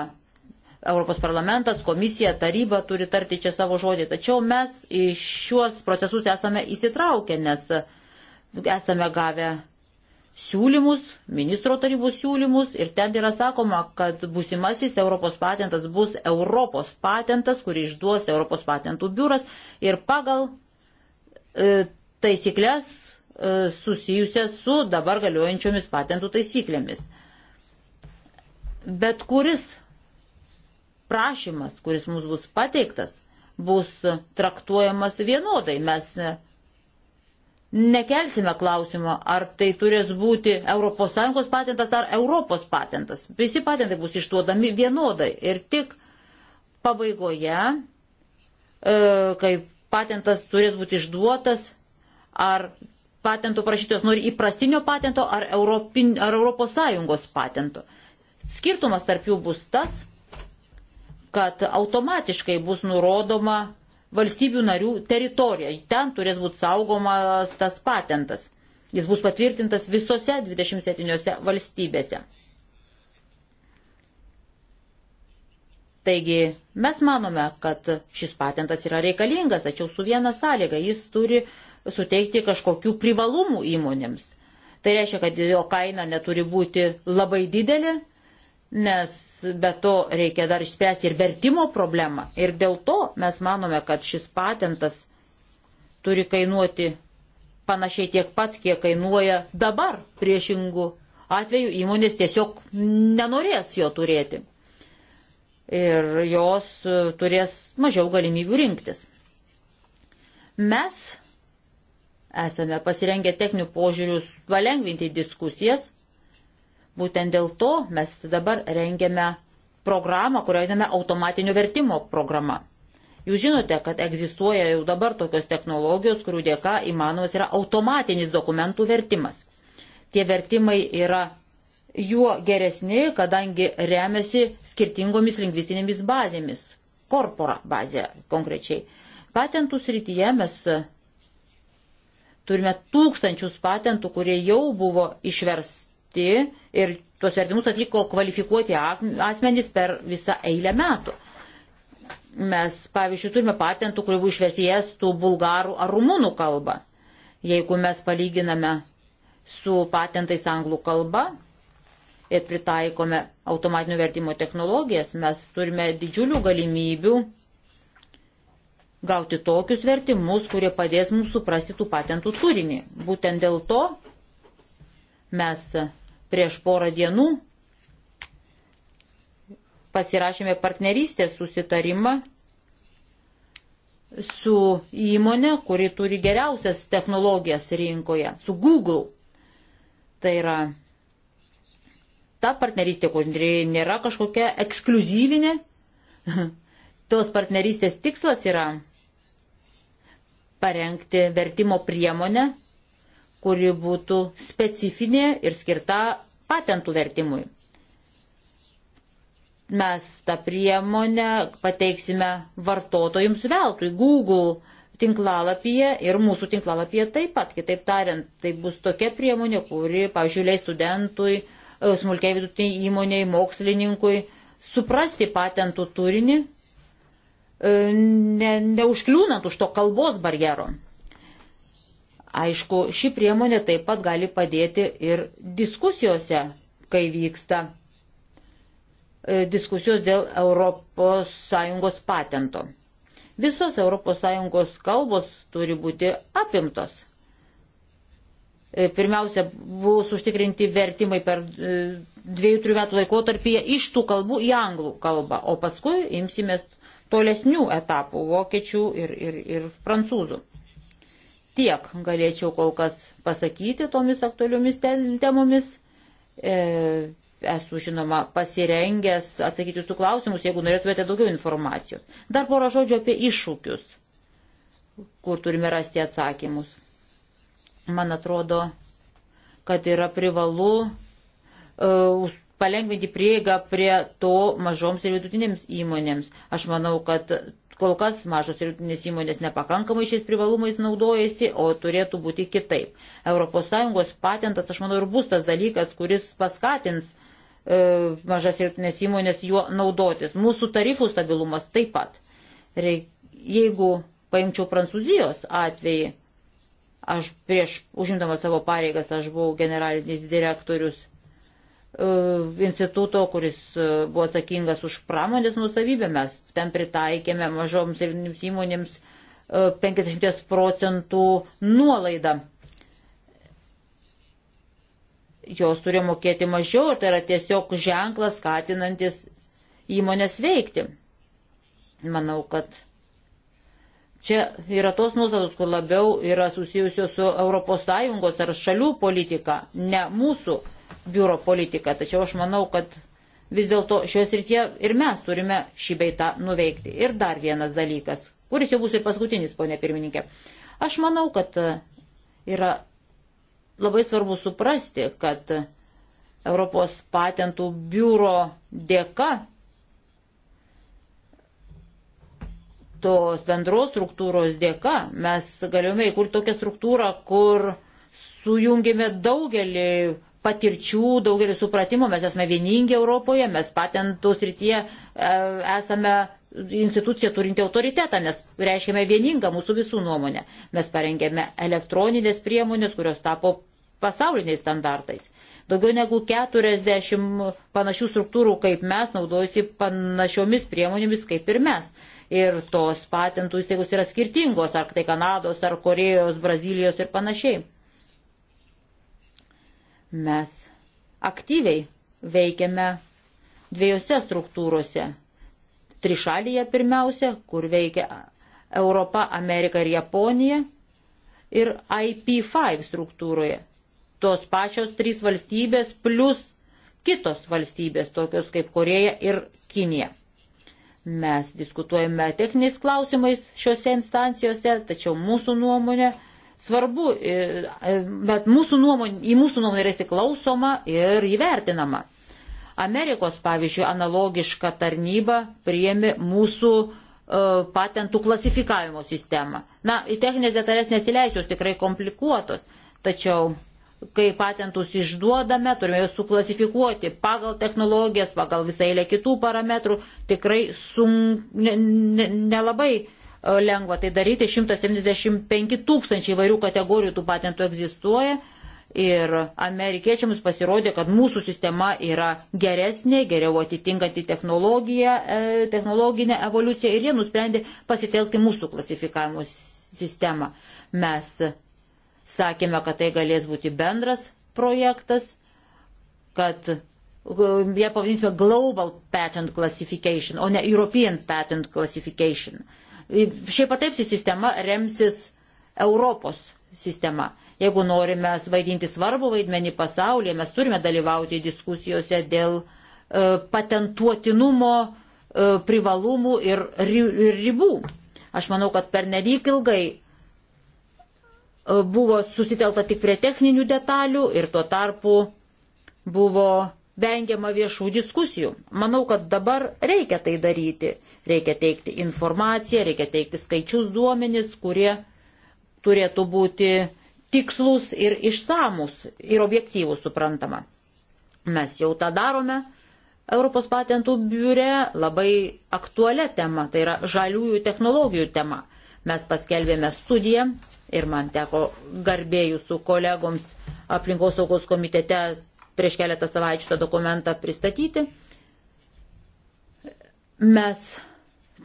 Europos parlamentas, komisija, taryba turi tarti čia savo žodį, tačiau mes į šiuos procesus esame įsitraukę, nes esame gavę siūlymus, ministro tarybos siūlymus ir ten yra sakoma, kad būsimasis Europos patentas bus Europos patentas, kurį išduos Europos patentų biuras ir pagal e, taisyklės e, susijusias su dabar galiojančiomis patentų taisyklėmis. Bet kuris prašymas, kuris mums bus pateiktas, bus traktuojamas vienodai. Mes nekelsime klausimo, ar tai turės būti ES patentas ar Europos patentas. Visi patentai bus išduodami vienodai ir tik pabaigoje, e, kai patentas turės būti išduotas, ar patentų prašytojas nori įprastinio patento ar, Europin, ar ES patento. Skirtumas tarp jų bus tas, kad automatiškai bus nurodoma valstybių narių teritoriją. Ten turės būti saugomas tas patentas. Jis bus patvirtintas visose 27 valstybėse. Taigi mes manome, kad šis patentas yra reikalingas, tačiau su viena sąlyga jis turi suteikti kažkokių privalumų įmonėms. Tai reiškia, kad jo kaina neturi būti labai didelė, nes be to reikia dar išspręsti ir vertimo problemą. Ir dėl to mes manome, kad šis patentas turi kainuoti panašiai tiek pat, kiek kainuoja dabar. Priešingų atveju įmonės tiesiog nenorės jo turėti. Ir jos turės mažiau galimybių rinktis. Mes esame pasirengę techninių požiūrius palengvinti diskusijas Būtent dėl to mes dabar rengiame programą, kurią einame automatinio vertimo programą. Jūs žinote, kad egzistuoja jau dabar tokios technologijos, kurių dėka įmanomas yra automatinis dokumentų vertimas. Tie vertimai yra juo geresni, kadangi remiasi skirtingomis lingvistinėmis bazėmis. Korpora bazė konkrečiai. Patentų srityje mes turime tūkstančius patentų, kurie jau buvo išversti Ir tuos vertimus atliko kvalifikuoti asmenys per visą eilę metų. Mes, pavyzdžiui, turime patentų, kurių išversi estų, bulgarų ar rumunų kalbą. Jeigu mes palyginame su patentais anglų kalba ir pritaikome automatinio vertimo technologijas, mes turime didžiulių galimybių gauti tokius vertimus, kurie padės mums suprasti tų patentų turinį. Būtent dėl to mes Prieš porą dienų pasirašėme partnerystės susitarimą su įmonė, kuri turi geriausias technologijas rinkoje, su Google. Tai yra ta partnerystė, kuri nėra kažkokia ekskluzyvinė. Tos partnerystės tikslas yra parengti vertimo priemonę kuri būtų specifinė ir skirta patentų vertimui. Mes tą priemonę pateiksime vartotojams veltui Google tinklalapyje ir mūsų tinklalapyje taip pat. Kitaip tariant, tai bus tokia priemonė, kuri, pavyzdžiui, leis studentui, e, smulkiai vidutiniai įmoniai, mokslininkui suprasti patentų turinį, e, ne, neužkliūnant už to kalbos barjero. Aišku, ši priemonė taip pat gali padėti ir diskusijose, kai vyksta e, diskusijos dėl ES patento. Visos ES kalbos turi būti apimtos. E, pirmiausia, bus užtikrinti vertimai per e, dviejų, trijų metų laikotarpyje iš tų kalbų į anglų kalbą, o paskui imsimės tolesnių etapų vokiečių ir, ir, ir prancūzų. Tiek galėčiau kol kas pasakyti tomis aktualiomis temomis. E, esu, žinoma, pasirengęs atsakyti jūsų klausimus, jeigu norėtumėte daugiau informacijos. Dar porą žodžių apie iššūkius, kur turime rasti atsakymus. Man atrodo, kad yra privalu uh, palengvinti prieigą prie to mažoms ir vidutinėms įmonėms. Aš manau, kad Kol kas mažos ir vidutinės įmonės nepakankamai šiais privalumais naudojasi, o turėtų būti kitaip. ES patentas, aš manau, ir bus tas dalykas, kuris paskatins e, mažas ir vidutinės įmonės juo naudotis. Mūsų tarifų stabilumas taip pat. Reik, jeigu paimčiau Prancūzijos atvejį, aš prieš užimdamas savo pareigas, aš buvau generalinis direktorius E, instituto, kuris e, buvo atsakingas už pramonės nusavybę, mes ten pritaikėme mažoms ir įmonėms 50 e, procentų nuolaidą. Jos turi mokėti mažiau ir tai yra tiesiog ženklas skatinantis įmonės veikti. Manau, kad čia yra tos nuostatos, kur labiau yra susijusios su ES ar šalių politika, ne mūsų biuro politiką, tačiau aš manau, kad vis dėlto šios rytie ir mes turime šį beitą nuveikti. Ir dar vienas dalykas, kuris jau bus ir paskutinis, ponė pirmininkė. Aš manau, kad e, yra labai svarbu suprasti, kad Europos patentų biuro dėka tos bendros struktūros dėka mes galėjome įkurti tokią struktūrą, kur sujungėme daugelį patirčių, daugelį supratimų, mes esame vieningi Europoje, mes patentų srityje e, esame institucija turinti autoritetą, nes reiškiame vieningą mūsų visų nuomonę. Mes parengėme elektroninės priemonės, kurios tapo pasauliniais standartais. Daugiau negu 40 panašių struktūrų kaip mes naudojasi panašiomis priemonėmis kaip ir mes. Ir tos patentų įstaigos yra skirtingos, ar tai Kanados, ar Korejos, Brazilijos ir panašiai. Mes aktyviai veikiame dviejose struktūrose. Trišalyje pirmiausia, kur veikia Europa, Amerika ir Japonija, ir IP5 struktūroje. Tos pačios trys valstybės plus kitos valstybės, tokios kaip Koreja ir Kinija. Mes diskutuojame techniniais klausimais šiuose instancijose, tačiau mūsų nuomonė svarbu, e, e, bet mūsų nuomonė, į mūsų nuomonę yra įsiklausoma ir įvertinama. Amerikos, pavyzdžiui, analogiška tarnyba priemi mūsų uh, patentų klasifikavimo sistemą. Na, į techninės detalės nesileisiu, tikrai komplikuotos, tačiau kai patentus išduodame, turime juos suklasifikuoti pagal technologijas, pagal visą eilę kitų parametrų, tikrai sun... nelabai ne, ne E, lengva tai daryti. 175 tūkstančiai įvairių kategorijų tų patentų egzistuoja. Ir amerikiečiams pasirodė, kad mūsų sistema yra geresnė, geriau atitinkanti technologiją, e, technologinę evoliuciją ir jie nusprendė pasitelkti mūsų klasifikavimo sistemą. Mes sakėme, kad tai galės būti bendras projektas, kad e, ją pavadinsime Global Patent Classification, o ne European Patent Classification. Uh, Šiaip pataip ši sistema remsis Europos sistema. Jeigu norime vaidinti svarbų vaidmenį pasaulyje, mes turime dalyvauti diskusijose dėl e, patentuotinumo e, privalumų ir ribų. Aš manau, kad per nedyk ilgai e, buvo susitelta tik prie techninių detalių ir tuo tarpu buvo vengiama viešų diskusijų. Manau, kad dabar reikia tai daryti. Reikia teikti informaciją, reikia teikti skaičius duomenis, kurie turėtų būti tikslus ir išsamus ir objektyvus suprantama. Mes jau tą darome Europos patentų biure labai aktualią temą, tai yra žaliųjų technologijų tema. Mes paskelbėme studiją ir man teko garbėjų su kolegoms aplinkosaugos komitete prieš keletą savaičių tą dokumentą pristatyti. Mes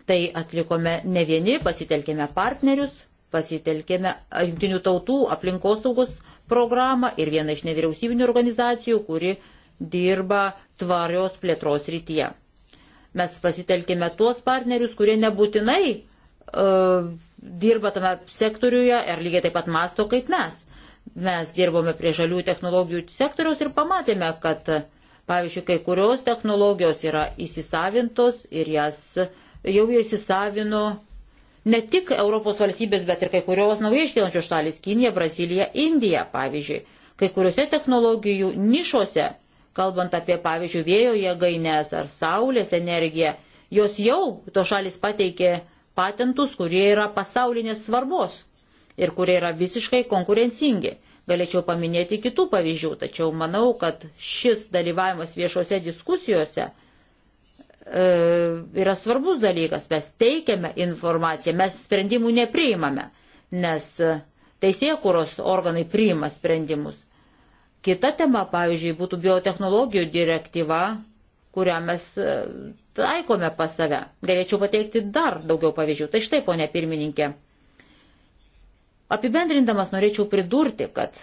tai atlikome ne vieni, pasitelkėme partnerius, pasitelkėme jungtinių tautų aplinkosaugos programą ir vieną iš nevyriausybinių organizacijų, kuri dirba tvarios plėtros rytyje. Mes pasitelkėme tuos partnerius, kurie nebūtinai uh, dirba tame sektoriuje ir lygiai taip pat masto kaip mes. Mes dirbome prie žalių technologijų sektoriaus ir pamatėme, kad, pavyzdžiui, kai kurios technologijos yra įsisavintos ir jas jau įsisavino ne tik Europos valstybės, bet ir kai kurios naujai iškilančios šalis - Kinija, Brazilija, Indija, pavyzdžiui. Kai kuriuose technologijų nišuose, kalbant apie, pavyzdžiui, vėjo jėgainės ar saulės energiją, jos jau to šalis pateikė patentus, kurie yra pasaulinės svarbos ir kurie yra visiškai konkurencingi. Galėčiau paminėti kitų pavyzdžių, tačiau manau, kad šis dalyvavimas viešose diskusijose e, yra svarbus dalykas. Mes teikiame informaciją, mes sprendimų nepriimame, nes teisėkuros organai priima sprendimus. Kita tema, pavyzdžiui, būtų biotehnologijų direktyva, kurią mes e, taikome pas save. Galėčiau pateikti dar daugiau pavyzdžių. Tai štai, ponė pirmininkė, Apibendrindamas norėčiau pridurti, kad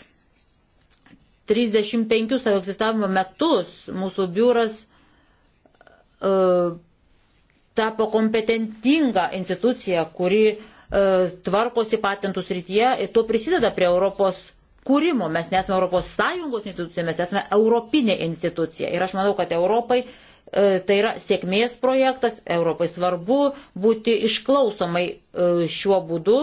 35 savo egzistavimo metus mūsų biuras uh, tapo kompetentinga institucija, kuri uh, tvarkosi patentų srityje ir tuo prisideda prie Europos kūrimo. Mes nesame Europos Sąjungos institucija, mes esame Europinė institucija. Ir aš manau, kad Europai e, tai yra sėkmės projektas, Europai svarbu būti išklausomai e, šiuo būdu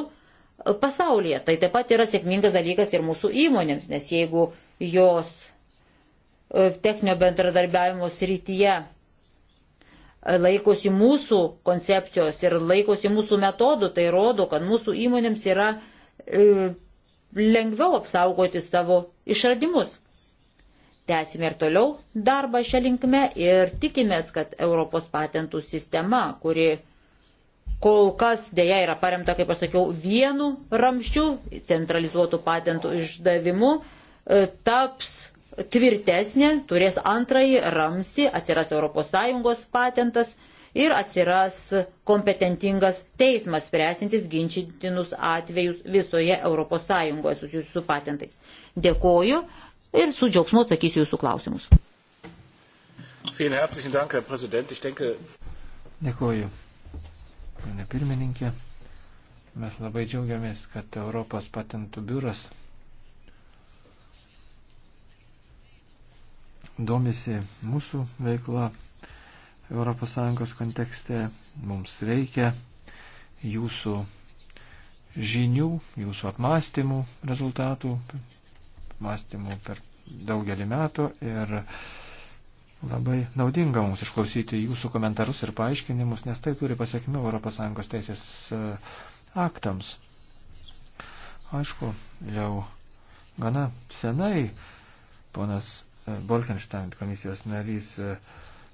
pasaulyje. Tai taip pat yra sėkmingas dalykas ir mūsų įmonėms, nes jeigu jos e, techninio bendradarbiavimo srityje e, laikosi mūsų koncepcijos ir laikosi mūsų metodų, tai rodo, kad mūsų įmonėms yra e, lengviau apsaugoti savo išradimus. Tęsime ir toliau darbą šią linkmę ir tikimės, kad Europos patentų sistema, kuri kol kas dėja yra paremta, kaip aš sakiau, vienu ramščiu, centralizuotų patentų išdavimu, e, taps tvirtesnė, turės antrąjį ramstį, atsiras ES patentas ir atsiras kompetentingas teismas spręsintis ginčytinus atvejus visoje ES susijusius su patentais. Dėkoju ir su džiaugsmu atsakysiu jūsų klausimus. Dėkoju. Pane pirmininkė, mes labai džiaugiamės, kad Europos patentų biuras domisi mūsų veikla ES kontekste. Mums reikia jūsų žinių, jūsų apmąstymų rezultatų, apmąstymų per daugelį metų ir uh, Labai naudinga mums išklausyti jūsų komentarus ir paaiškinimus, nes tai turi pasiekmių ES teisės e, aktams. Aišku, jau gana senai ponas e, Bolkenstein komisijos narys e,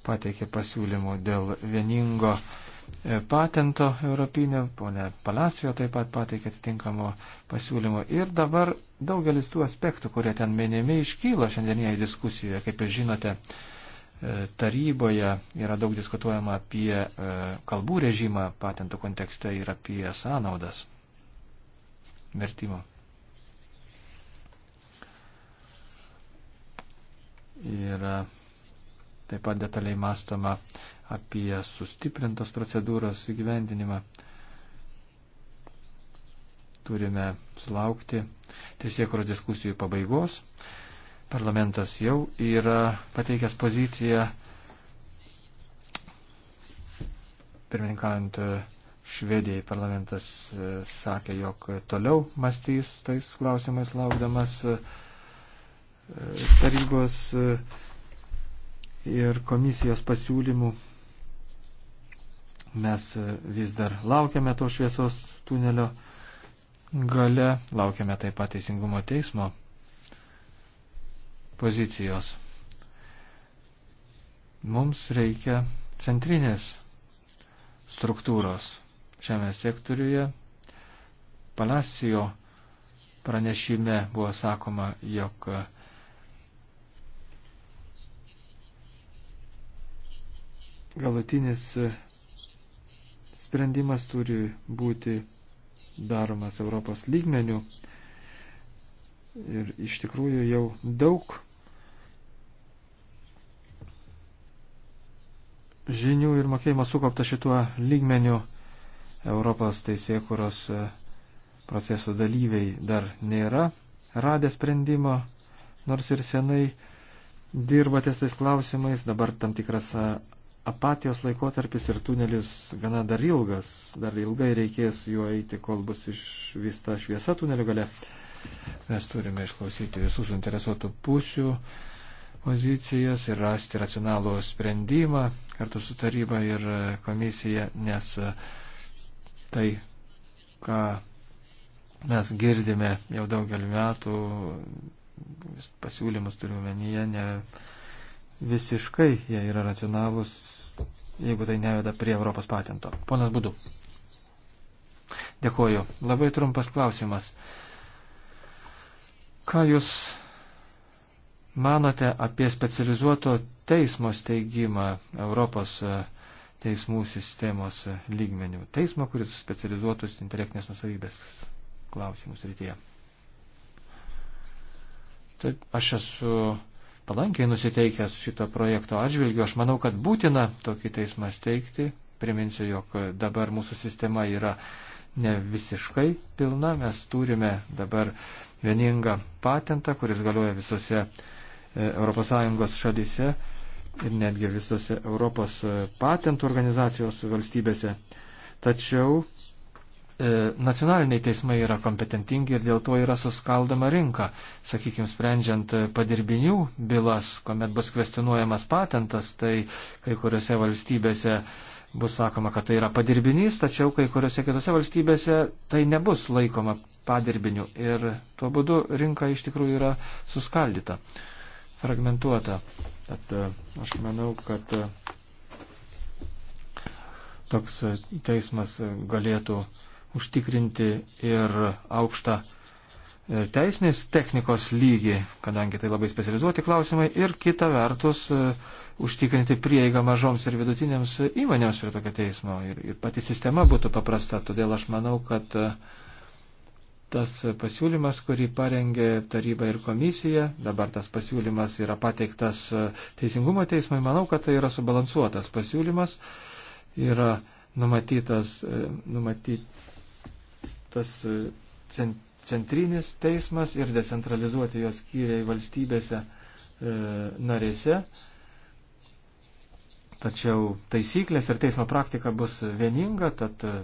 pateikė pasiūlymų dėl vieningo patento europinio, ponė Palacijo taip pat pateikė atitinkamo pasiūlymo. Ir dabar daugelis tų aspektų, kurie ten minimi, iškyla šiandienėje diskusijoje, kaip ir žinote, E, taryboje yra daug diskutuojama apie e, kalbų režimą patentų kontekste ir apie sąnaudas vertimo. Ir e, taip pat detaliai mastoma apie sustiprintos procedūros įgyvendinimą. Turime sulaukti teisėkuros diskusijų pabaigos Parlamentas jau yra pateikęs poziciją pirmininkant Švedijai parlamentas e, sakė, jog toliau mąstys tais klausimais laukdamas e, tarybos e, ir komisijos pasiūlymų. Mes vis dar laukiame to šviesos tunelio gale, laukiame taip pat teisingumo teismo pozicijos. Mums reikia centrinės struktūros šiame sektoriuje. Palacijo pranešime buvo sakoma, jog galutinis sprendimas turi būti daromas Europos lygmenių. Ir iš tikrųjų jau daug žinių ir mokėjimo sukaupta šituo lygmeniu Europos teisėkuros e, proceso dalyviai dar nėra radę sprendimo, nors ir senai dirba ties tais klausimais, dabar tam tikras e, apatijos laikotarpis ir tunelis gana dar ilgas, dar ilgai reikės juo eiti, kol bus išvysta šviesa tunelio gale. Mes turime išklausyti visų suinteresuotų pusių, pozicijas ir rasti racionalų sprendimą kartu su taryba ir komisija, nes e, tai, ką mes girdime jau daugelį metų, pasiūlymus turiu menyje, ne visiškai jie yra racionalūs, jeigu tai neveda prie Europos patento. Ponas Budu. Dėkuoju. Labai trumpas klausimas. Ką jūs manote apie specializuoto teismo steigimą Europos e, teismų sistemos e, lygmenių? Teismo, kuris specializuotus intelektinės nusavybės klausimus rytyje. Taip, aš esu palankiai nusiteikęs šito projekto atžvilgiu. Aš manau, kad būtina tokį teismą steigti. Priminsiu, jog dabar mūsų sistema yra ne visiškai pilna. Mes turime dabar vieningą patentą, kuris galioja visose ES šalyse ir netgi visose Europos e, patentų organizacijos valstybėse. Tačiau e, nacionaliniai teismai yra kompetentingi ir dėl to yra suskaldama rinka. Sakykime, sprendžiant e, padirbinių bylas, kuomet bus kvestionuojamas patentas, tai kai kuriuose valstybėse bus sakoma, kad tai yra padirbinys, tačiau kai kuriuose kitose valstybėse tai nebus laikoma padirbiniu. Ir tuo būdu rinka iš tikrųjų yra suskaldyta. Uh, fragmentuota. Tad e, aš manau, kad e, toks e, teismas galėtų užtikrinti ir aukštą teisinės technikos lygį, kadangi tai labai specializuoti klausimai, ir kita vertus užtikrinti prieigą mažoms ir vidutinėms įmonėms prie tokio teismo. Ir, ir pati sistema būtų paprasta, todėl aš manau, kad uh, tas pasiūlymas, kurį parengė taryba ir komisija, dabar tas pasiūlymas yra pateiktas Teisingumo teismui, manau, kad tai yra subalansuotas pasiūlymas, yra numatytas, numatytas e, centrinis teismas ir decentralizuoti jos skyriai valstybėse e, narėse. Tačiau taisyklės ir teismo praktika bus vieninga, tad e,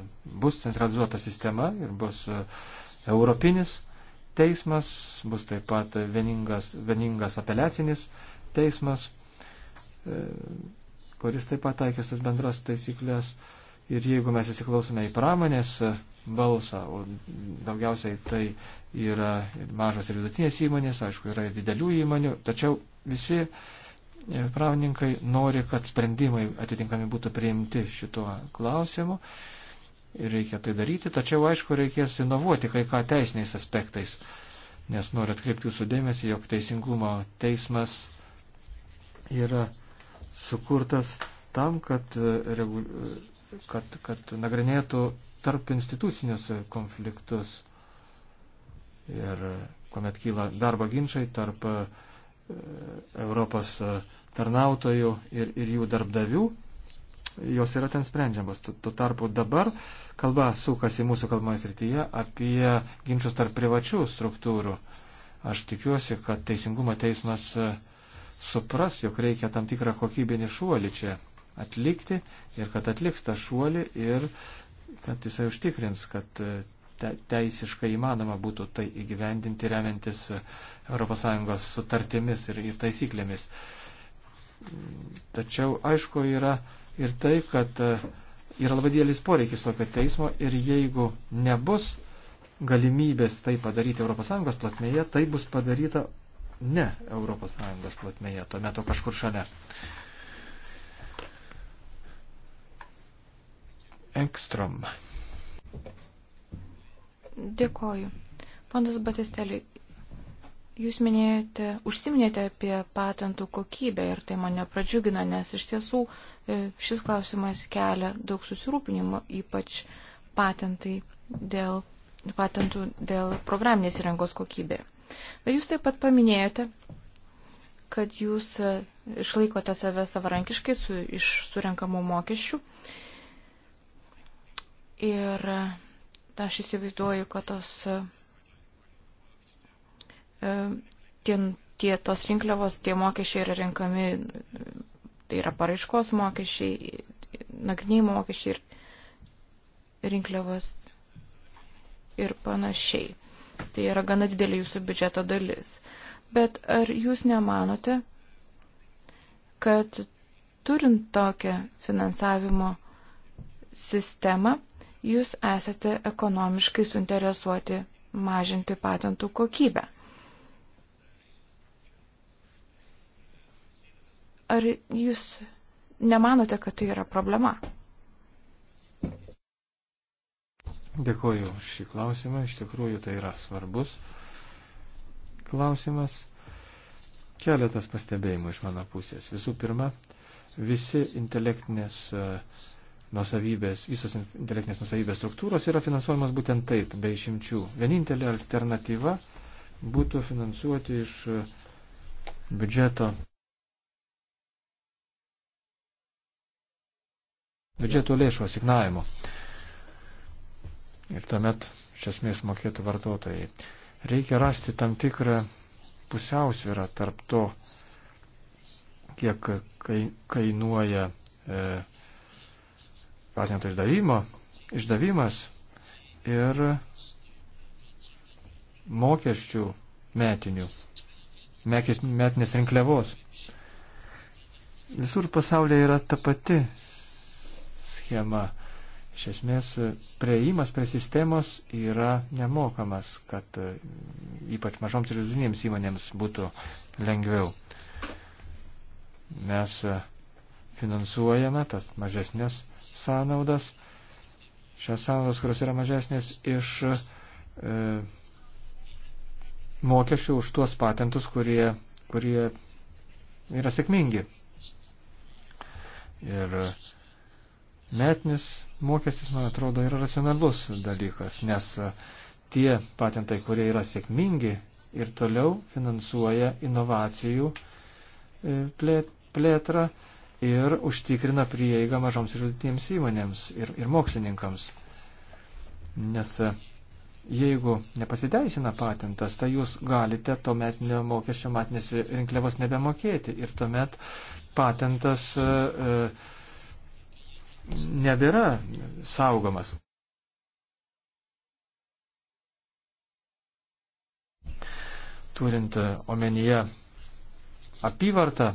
bus centralizuota sistema ir bus uh, Europinis teismas, bus taip pat vieningas, vieningas apeliacinis teismas, e, kuris taip pat taikys tas bendras taisyklės. Ir jeigu mes įsiklausome į pramonės balsą, o daugiausiai tai yra ir mažos ir vidutinės įmonės, aišku, yra ir didelių įmonių, tačiau visi e, pravininkai nori, kad sprendimai atitinkami būtų priimti šituo klausimu reikia tai daryti, tačiau aišku reikės inovuoti kai ką teisiniais aspektais, nes noriu atkreipti jūsų dėmesį, jog teisingumo teismas yra sukurtas tam, kad, e, e, kad, kad nagrinėtų tarp institucinius konfliktus ir e, kuomet kyla darbo ginčiai tarp Europos tarnautojų ir, ir jų darbdavių, jos yra ten sprendžiamos. Tuo tarpu dabar kalba sukasi mūsų kalbos rytyje apie ginčius tarp privačių struktūrų. Aš tikiuosi, kad Teisingumo teismas e, supras, jog reikia tam tikrą kokybinį šuolį čia atlikti ir kad atliks tą šuolį ir kad jisai užtikrins, kad e, te, teisiškai įmanoma būtų tai įgyvendinti remiantis e, ES sutartimis ir, ir taisyklėmis. Tačiau, aišku, yra ir tai, kad e, yra labai didelis poreikis tokio teismo ir jeigu nebus galimybės tai padaryti ES platmėje, tai bus padaryta ne ES platmėje, tuo metu kažkur šalia. Engstrom. Dėkoju. Ponas Batisteliui, jūs minėjote, užsiminėte apie patentų kokybę ir tai mane pradžiugina, nes iš tiesų uh, E, šis klausimas kelia daug susirūpinimo, ypač patentai dėl, patentų dėl programinės įrangos kokybė. Bet jūs taip pat paminėjote, kad jūs e, išlaikote save savarankiškai su, iš surinkamų mokesčių. Ir e, aš įsivaizduoju, kad tos, tie, tie, tos rinkliavos, tie mokesčiai yra renkami Tai yra paraiškos mokesčiai, nagrinėjimo mokesčiai ir rinkliavas ir panašiai. Tai yra gana didelė jūsų biudžeto dalis. Bet ar jūs nemanote, kad turint tokią finansavimo sistemą, jūs esate ekonomiškai suinteresuoti mažinti patentų kokybę? Ar jūs nemanote, kad tai yra problema? Dėkuoju už šį klausimą. Iš tikrųjų tai yra svarbus klausimas. Keletas pastebėjimų iš mano pusės. Visų pirma, visi intelektinės e, nusavybės, visos intelektinės nusavybės struktūros yra finansuojamas būtent taip, be išimčių. Vienintelė alternatyva būtų finansuoti iš e, biudžeto biudžeto lėšų asignavimo. Ir tuomet iš esmės mokėtų vartotojai. Reikia rasti tam tikrą pusiausvyrą tarp to, kiek kainuoja e, patento išdavimo, išdavimas ir mokesčių metinių, metinės rinkliavos. Visur pasaulyje yra ta pati schema. Iš esmės, prieimas prie sistemos yra nemokamas, kad e, ypač mažoms ir vidutinėms įmonėms būtų lengviau. Mes e, finansuojame tas mažesnės sąnaudas, šias sąnaudas, kurios yra mažesnės iš e, mokesčių už tuos patentus, kurie, kurie yra sėkmingi. Ir e, Metinis mokestis, man atrodo, yra racionalus dalykas, nes e, tie patentai, kurie yra sėkmingi ir toliau finansuoja inovacijų e, plėtrą ir užtikrina prieigą mažoms ir vidutinėms įmonėms ir, ir mokslininkams. Nes e, jeigu nepasiteisina patentas, tai jūs galite to metinio mokesčio matinės rinkliavos nebemokėti ir tuomet patentas e, e, nebėra saugomas. Turint omenyje apyvartą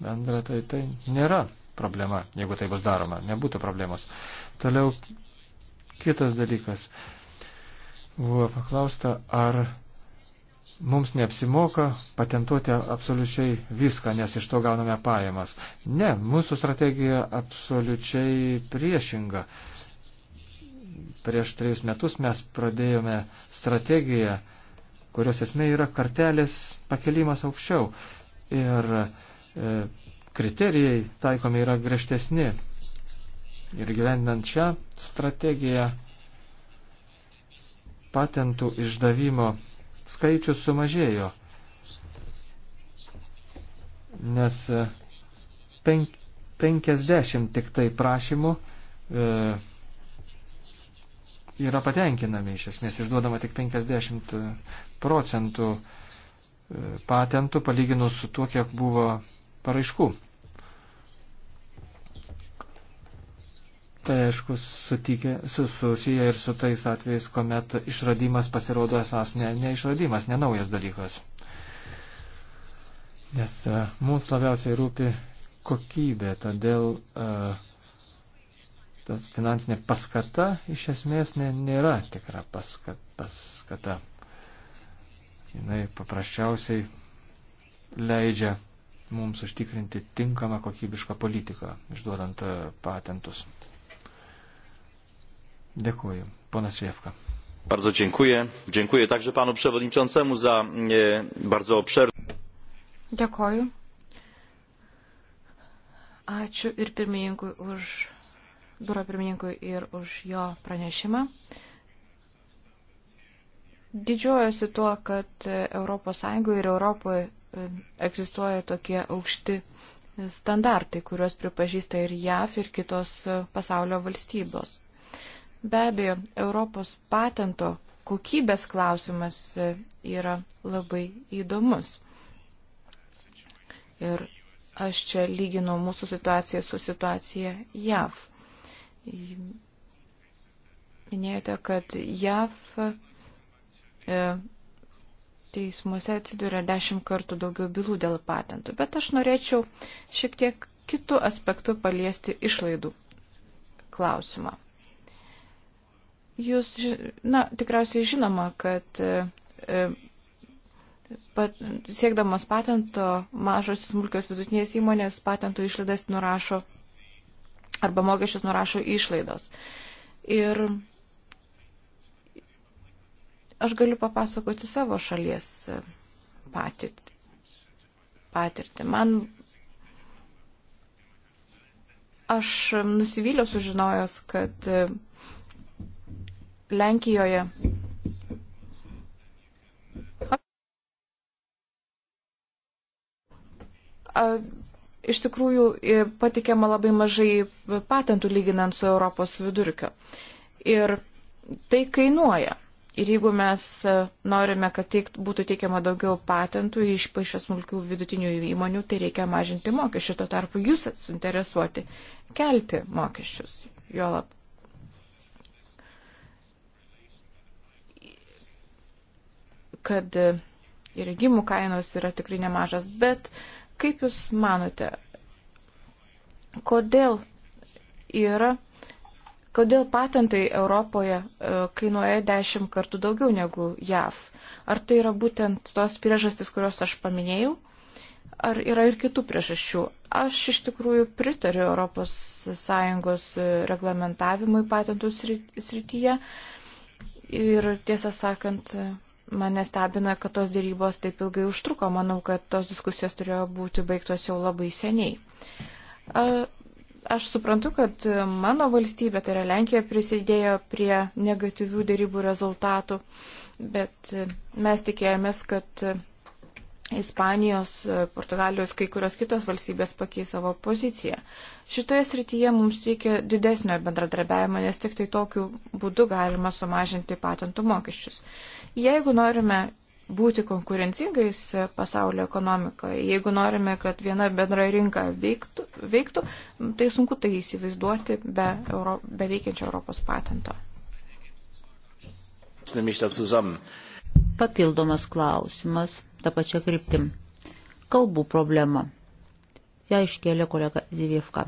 bendrą, tai tai nėra problema, jeigu tai bus daroma, nebūtų problemos. Toliau kitas dalykas. Buvo paklausta, ar mums neapsimoka patentuoti absoliučiai viską, nes iš to gauname pajamas. Ne, mūsų strategija absoliučiai priešinga. Prieš trejus metus mes pradėjome strategiją, kurios esmė yra kartelės pakelimas aukščiau. Ir e, kriterijai taikomi yra griežtesni. Ir gyvendant šią strategiją, patentų išdavimo skaičius sumažėjo, nes 50 e, tik tai prašymų e, yra patenkinami, iš esmės išduodama tik 50 e, procentų e, patentų palyginus su tuo, kiek buvo paraiškų. Tai aišku, sutikė, susiję ir su tais atvejais, kuomet išradimas pasirodo esas ne, ne išradimas, ne naujas dalykas. Nes uh, mums labiausiai rūpi kokybė, todėl uh, ta finansinė paskata iš esmės ne, nėra tikra paskat, paskata. Jis paprasčiausiai leidžia mums užtikrinti tinkamą kokybišką politiką, išduodant e, patentus. Dėkuoju. Ponas Vievka. Bardzo dziękuję. Dziękuję także panu przewodniczącemu za e, bardzo obszerny. Dėkuoju. Ačiū ir pirmininkui už, biuro pirmininkui ir už jo pranešimą. Didžiuojasi tuo, kad ES ir Europoje e, egzistuoja tokie aukšti standartai, kuriuos pripažįsta ir JAF, ir kitos e, pasaulio valstybos. Be abejo, Europos patento kokybės klausimas yra labai įdomus. Ir aš čia lyginau mūsų situaciją su situacija JAV. Minėjote, kad JAV e, teismuose atsiduria dešimt kartų daugiau bylų dėl patentų, bet aš norėčiau šiek tiek kitų aspektų paliesti išlaidų klausimą. Jūs, na, tikriausiai žinoma, kad e, e, pat, siekdamas patento mažos smulkios vidutinės įmonės patentų išlaidas nurašo arba mokesčius nurašo išlaidos. Ir aš galiu papasakoti savo šalies e, patirtį. patirtį. Man aš nusivyliau sužinojęs, kad Lenkijoje. Iš tikrųjų patikėma labai mažai patentų lyginant su Europos vidurkiu. Ir tai kainuoja. Ir jeigu mes norime, kad teik, būtų teikiama daugiau patentų iš paaišės smulkių vidutinių įmonių, tai reikia mažinti mokesčių. Tuo tarpu jūs suinteresuoti kelti mokesčius. Juolab kad e, įrengimų kainos yra tikrai nemažas, bet kaip Jūs manote, kodėl yra, kodėl patentai Europoje e, kainuoja dešimt kartų daugiau negu JAV? Ar tai yra būtent tos priežastys, kurios aš paminėjau? Ar yra ir kitų priežasčių? Aš iš tikrųjų pritariu ES e, reglamentavimui patentų srityje. Ir tiesą sakant, mane stebina, kad tos dėrybos taip ilgai užtruko. Manau, kad tos diskusijos turėjo būti baigtos jau labai seniai. Aš suprantu, kad mano valstybė, tai yra Lenkija, prisidėjo prie negatyvių dėrybų rezultatų, bet mes tikėjomės, kad Ispanijos, Portugalijos, kai kurios kitos valstybės pakeis savo poziciją. Šitoje srityje mums reikia didesnio bendradarbiavimo, nes tik tai tokiu būdu galima sumažinti patentų mokesčius. Jeigu norime būti konkurencingais pasaulio ekonomikoje, jeigu norime, kad viena bendra rinka veiktų, veiktų tai sunku tai įsivaizduoti be, Euro, be veikiančio Europos patento. Papildomas klausimas, ta pačia kryptim. Kalbų problema. Ja iškėlė kolega Zivivka.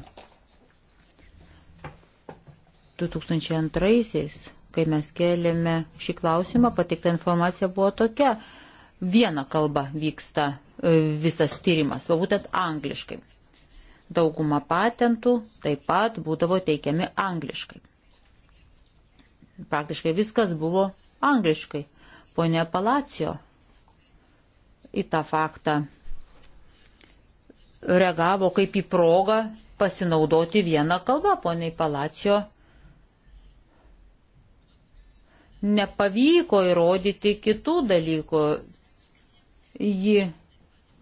2002 kai mes kėlėme šį klausimą, pateikta informacija buvo tokia. Viena kalba vyksta e, visas tyrimas, o būtent angliškai. Dauguma patentų taip pat būdavo teikiami angliškai. Praktiškai viskas buvo angliškai. Pone Palacijo į tą faktą reagavo kaip į progą pasinaudoti vieną kalbą. Pone Palacijo nepavyko įrodyti kitų dalykų. Ji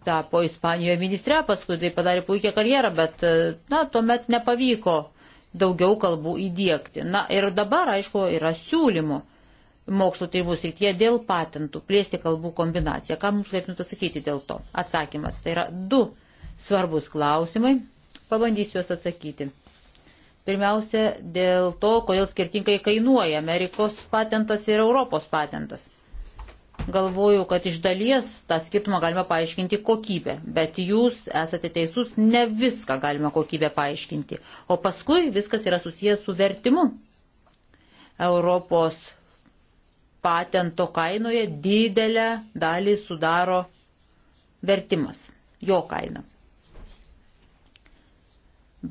tapo Ispanijoje ministre, paskui tai padarė puikią karjerą, bet, na, tuomet nepavyko daugiau kalbų įdėkti. Na ir dabar, aišku, yra siūlymų mokslo tyrimų srityje dėl patentų plėsti kalbų kombinaciją. Ką mums galėtumėte pasakyti dėl to? Atsakymas. Tai yra du svarbus klausimai. Pabandysiu juos atsakyti. Pirmiausia, dėl to, kodėl skirtingai kainuoja Amerikos patentas ir Europos patentas. Galvoju, kad iš dalies tą skirtumą galima paaiškinti kokybę, bet jūs esate teisus, ne viską galima kokybę paaiškinti. O paskui viskas yra susijęs su vertimu. Europos patento kainoje didelę dalį sudaro vertimas, jo kaina.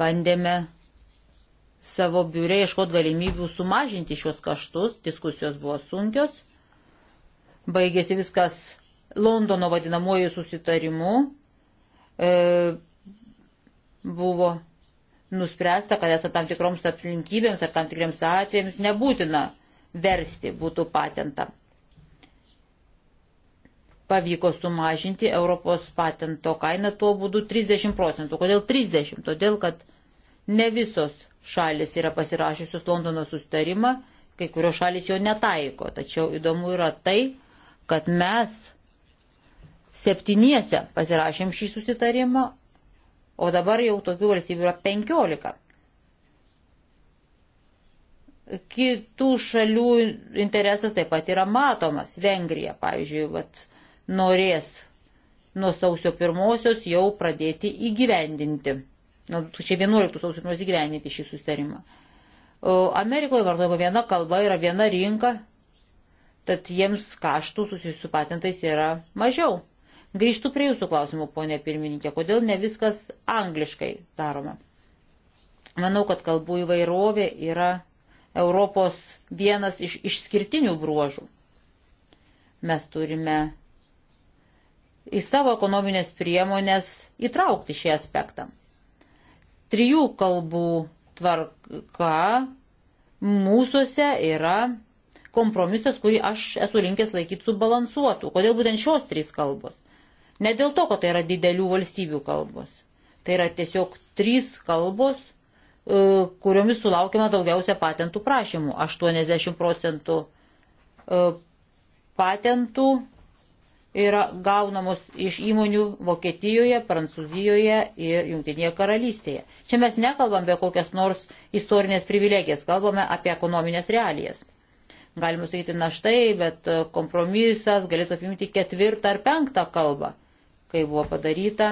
Bandėme savo biure ieškot galimybių sumažinti šios kaštus, diskusijos buvo sunkios, baigėsi viskas Londono vadinamuoju susitarimu, e, buvo nuspręsta, kad esant tam tikroms aplinkybėms ar tam tikriams atvejams nebūtina versti būtų patentą. Pavyko sumažinti Europos patento kainą tuo būdu 30 procentų. Kodėl 30? Todėl, kad ne visos šalis yra pasirašysius Londono sustarimą, kai kurios šalis jo netaiko. Tačiau įdomu yra tai, kad mes septyniese pasirašėm šį susitarimą, o dabar jau tokių valstybių yra penkiolika. Kitų šalių interesas taip pat yra matomas. Vengrija, pavyzdžiui, vat, norės nuo sausio pirmosios jau pradėti įgyvendinti nuo 2011 sausio pirmos įgyveninti šį sustarimą. Amerikoje vartojama viena kalba, yra viena rinka, tad jiems kaštų susijusių su patentais yra mažiau. Grįžtų prie jūsų klausimų, ponė pirmininkė, kodėl ne viskas angliškai daroma. Manau, kad kalbų įvairovė yra Europos vienas iš išskirtinių bruožų. Mes turime į savo ekonominės priemonės įtraukti šį aspektą. Trijų kalbų tvarka mūsųse yra kompromisas, kurį aš esu linkęs laikyti subalansuotų. Kodėl būtent šios trys kalbos? Ne dėl to, kad tai yra didelių valstybių kalbos. Tai yra tiesiog trys kalbos, e, kuriomis sulaukime daugiausia patentų prašymų. 80 procentų e, patentų yra gaunamos iš įmonių Vokietijoje, Prancūzijoje ir Junktinėje karalystėje. Čia mes nekalbam apie kokias nors istorinės privilegijas, kalbame apie ekonominės realijas. Galima sakyti, na štai, bet kompromisas galėtų apimti ketvirtą ar penktą kalbą, kai buvo padaryta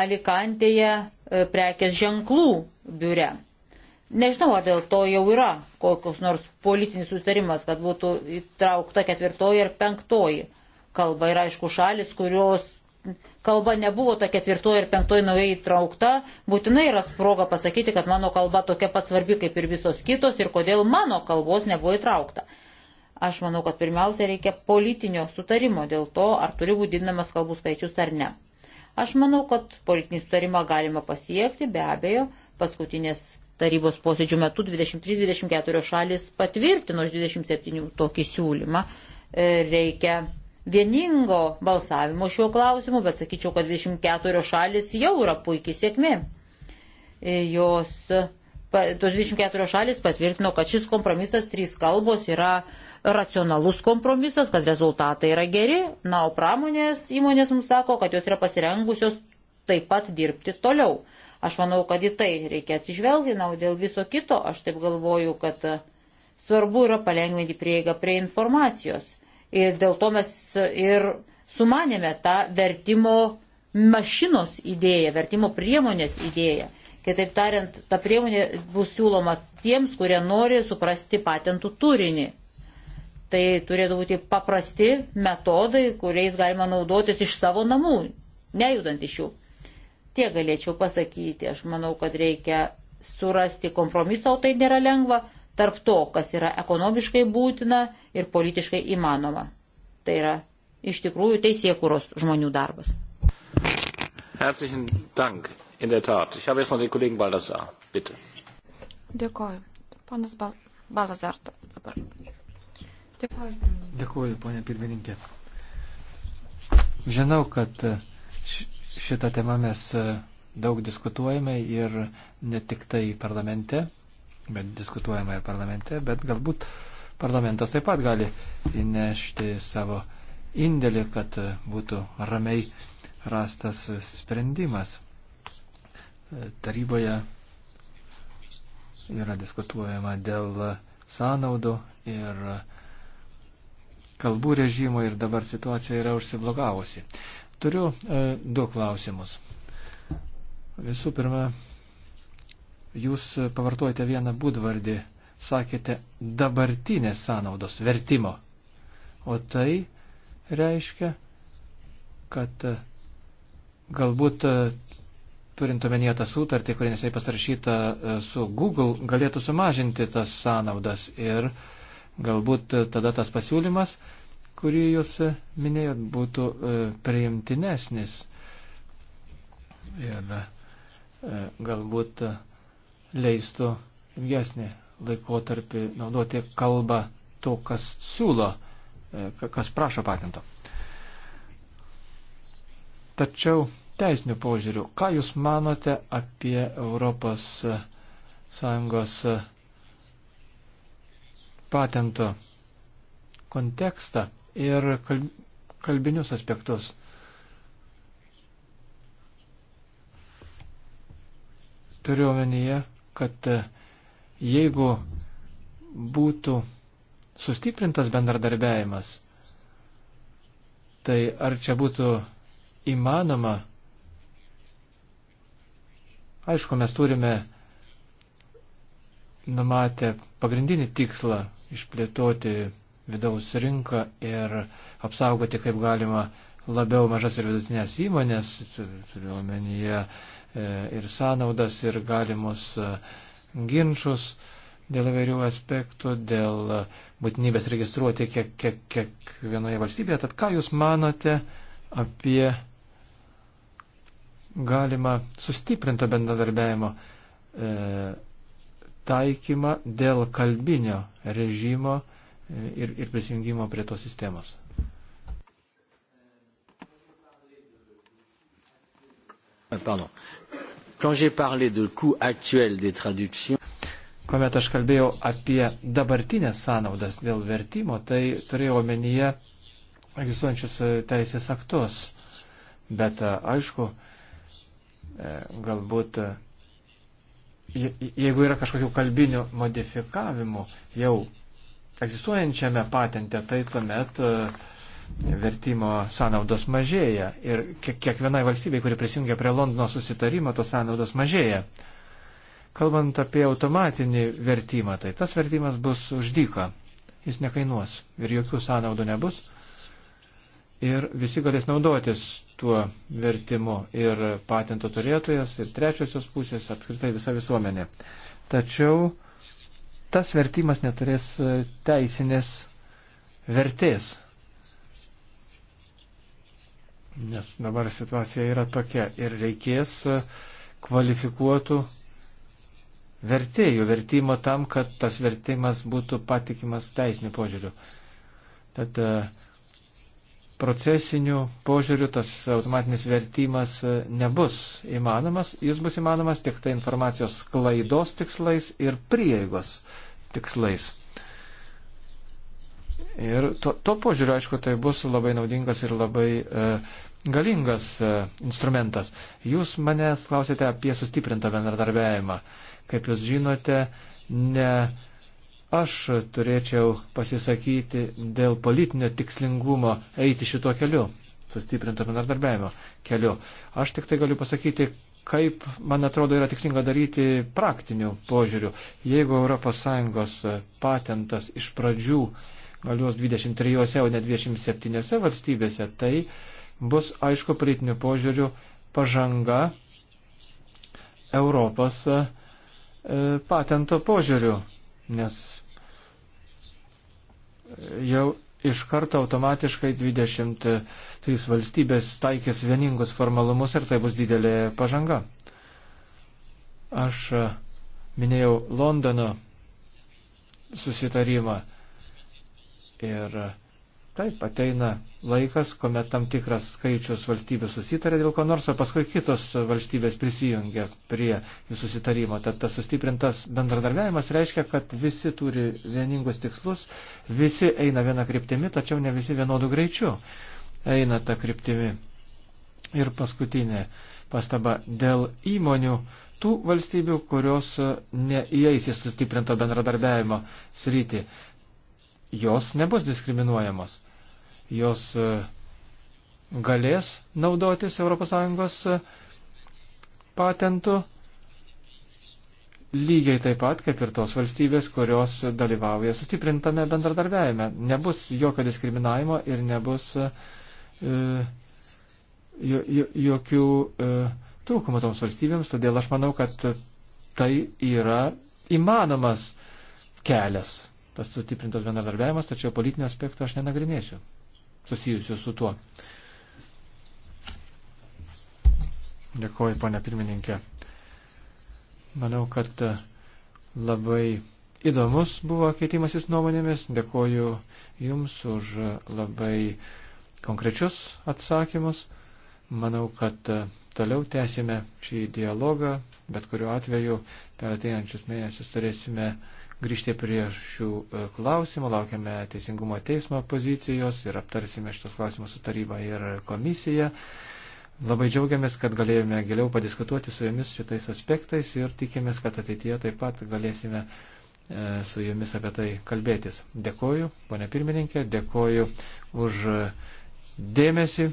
Alikantėje e, prekės ženklų biure. Nežinau, ar dėl to jau yra kokios nors politinis sustarimas, kad būtų įtraukta ketvirtoji ir penktoji kalba. Ir aišku, šalis, kurios kalba nebuvo ta ketvirtoji ir penktoji naujai įtraukta, būtinai yra sproga pasakyti, kad mano kalba tokia pat svarbi kaip ir visos kitos ir kodėl mano kalbos nebuvo įtraukta. Aš manau, kad pirmiausia reikia politinio sutarimo dėl to, ar turi būti didinamas kalbų skaičius ar ne. Aš manau, kad politinį sutarimą galima pasiekti, be abejo, paskutinės tarybos posėdžių metu 23-24 šalis patvirtino 27 tokį siūlymą. E, reikia vieningo balsavimo šiuo klausimu, bet sakyčiau, kad 24 šalis jau yra puikiai sėkmė. E, jos, tos 24 šalis patvirtino, kad šis kompromisas trys kalbos yra racionalus kompromisas, kad rezultatai yra geri, na, o pramonės įmonės mums sako, kad jos yra pasirengusios taip pat dirbti toliau. Aš manau, kad į tai reikia atsižvelgti, na, o dėl viso kito aš taip galvoju, kad e, svarbu yra palengvinti prieigą prie informacijos. Ir dėl to mes ir sumanėme tą vertimo mašinos idėją, vertimo priemonės idėją. Kitaip tariant, ta priemonė bus siūloma tiems, kurie nori suprasti patentų turinį. Tai turėtų būti paprasti metodai, kuriais galima naudotis iš savo namų, nejudant iš jų. Tie galėčiau pasakyti. Aš manau, kad reikia surasti kompromisą, o tai nėra lengva, tarp to, kas yra ekonomiškai būtina ir politiškai įmanoma. Tai yra iš tikrųjų teisėkūros žmonių darbas. Herzlichen Dank, in der Tat. Ich habe jetzt noch den Kollegen Baldassar, bitte. Dėkoju. Ponas Bal Baldassar dabar. Dėkoju. Dėkoju, ponė pirmininkė. Žinau, kad šitą temą mes e, daug diskutuojame ir ne tik tai parlamente, bet diskutuojame ir parlamente, bet galbūt parlamentas taip pat gali įnešti savo indėlį, kad e, būtų ramiai rastas sprendimas. E, taryboje yra diskutuojama dėl sąnaudų ir kalbų režimo ir dabar situacija yra užsiblogavusi. Turiu e, du klausimus. Visų pirma, jūs pavartojate vieną būdvardį, sakėte dabartinės sąnaudos vertimo. O tai reiškia, kad e, galbūt e, turint omenyje tą sutartį, kuri nesiai pasirašyta e, su Google, galėtų sumažinti tas sąnaudas ir galbūt tada tas pasiūlymas kurį jūs e, minėjot, būtų e, priimtinesnis. Ir e, galbūt leistų ilgesnį laikotarpį naudoti kalbą to, kas siūlo, kas prašo patento. Tačiau teisinių požiūrių, ką Jūs manote apie Europos Sąjungos patento kontekstą ir kalbinius aspektus. Turiu omenyje, kad e, jeigu būtų sustiprintas bendradarbiavimas, tai ar čia būtų įmanoma? Aišku, mes turime numatę pagrindinį tikslą išplėtoti vidaus rinką ir apsaugoti kaip galima labiau mažas ir vidutinės įmonės, turiu omenyje e, ir sąnaudas, ir galimus e, ginčius dėl įvairių aspektų, dėl būtinybės registruoti kiek, kiek, kiek vienoje valstybėje. Tad ką Jūs manote apie galima sustiprinto bendradarbiajimo e, taikymą dėl kalbinio režimo ir, ir prisijungimo prie tos sistemos. Ah, pardon. Quand j'ai parlé de coût actuel des traductions, Kuomet aš kalbėjau apie dabartinės sąnaudas dėl vertimo, tai turėjau omenyje egzistuojančius e, teisės aktus. Bet e, aišku, e, galbūt jeigu yra kažkokių kalbinių modifikavimų jau egzistuojančiame patente, tai tuomet e, vertimo sąnaudos mažėja ir kiekvienai valstybei, kuri prisijungia prie Londono susitarimo, tos sąnaudos mažėja. Kalbant apie automatinį vertimą, tai tas vertimas bus uždyka, jis nekainuos ir jokių sąnaudų nebus ir visi galės naudotis tuo vertimu ir patento turėtojas, ir trečiosios pusės, apskritai visa visuomenė. Tačiau tas vertimas neturės e, teisinės vertės. Nes dabar situacija yra tokia ir reikės e, kvalifikuotų vertėjų vertimo tam, kad tas vertimas būtų patikimas teisiniu požiūriu. Tad uh, procesinių požiūrių tas automatinis vertimas e, nebus įmanomas. Jis bus įmanomas tik tai informacijos klaidos tikslais ir prieigos tikslais. Ir to, to požiūriu, aišku, tai bus labai naudingas ir labai e, galingas e, instrumentas. Jūs manęs klausėte apie sustiprintą bendradarbiavimą. Kaip jūs žinote, ne aš turėčiau pasisakyti dėl politinio tikslingumo eiti šituo keliu, sustiprinto bendradarbiavimo keliu. Aš tik tai galiu pasakyti, kaip, man atrodo, yra tikslinga daryti praktinių požiūrių. Jeigu ES patentas iš pradžių galios 23, o ne 27 valstybėse, tai bus aišku politinių požiūrių pažanga Europos e, patento požiūrių, nes jau iš karto automatiškai 23 valstybės taikys vieningus formalumus ir tai bus didelė pažanga. Aš e, minėjau Londono susitarimą ir e, Taip, ateina laikas, kuomet tam tikras skaičius valstybės susitarė dėl ko nors, o paskui kitos valstybės prisijungia prie jų susitarimo. Tad tas sustiprintas bendradarbiavimas reiškia, kad visi turi vieningus tikslus, visi eina vieną kryptimį, tačiau ne visi vienodu greičiu eina tą kryptimį. Ir paskutinė pastaba dėl įmonių tų valstybių, kurios neįeis į sustiprinto bendradarbiavimo sritį jos nebus diskriminuojamos. Jos e, galės naudotis ES e, patentu lygiai taip pat kaip ir tos valstybės, kurios dalyvauja sustiprintame bendradarbiavime. Nebus jokio diskriminavimo ir nebus e, e jokių e, trūkumų toms valstybėms, todėl aš manau, kad tai yra įmanomas kelias tas sutiprintas bendradarbiavimas, tačiau politinio aspekto aš nenagrinėsiu susijusiu su tuo. Dėkuoju, ponia pirmininkė. Manau, kad e, labai įdomus buvo keitimasis nuomonėmis. Dėkuoju Jums už labai konkrečius atsakymus. Manau, kad e, toliau tęsime šį dialogą, bet kuriuo atveju per ateinančius mėnesius turėsime uh, grįžti prie šių e, klausimų, laukiame Teisingumo teismo pozicijos ir aptarsime šitos klausimus su taryba ir komisija. Labai džiaugiamės, kad galėjome giliau padiskutuoti su jumis šitais aspektais ir tikimės, kad ateityje taip pat galėsime e, su jumis apie tai kalbėtis. Dėkoju, ponė pirmininkė, dėkoju už e, dėmesį.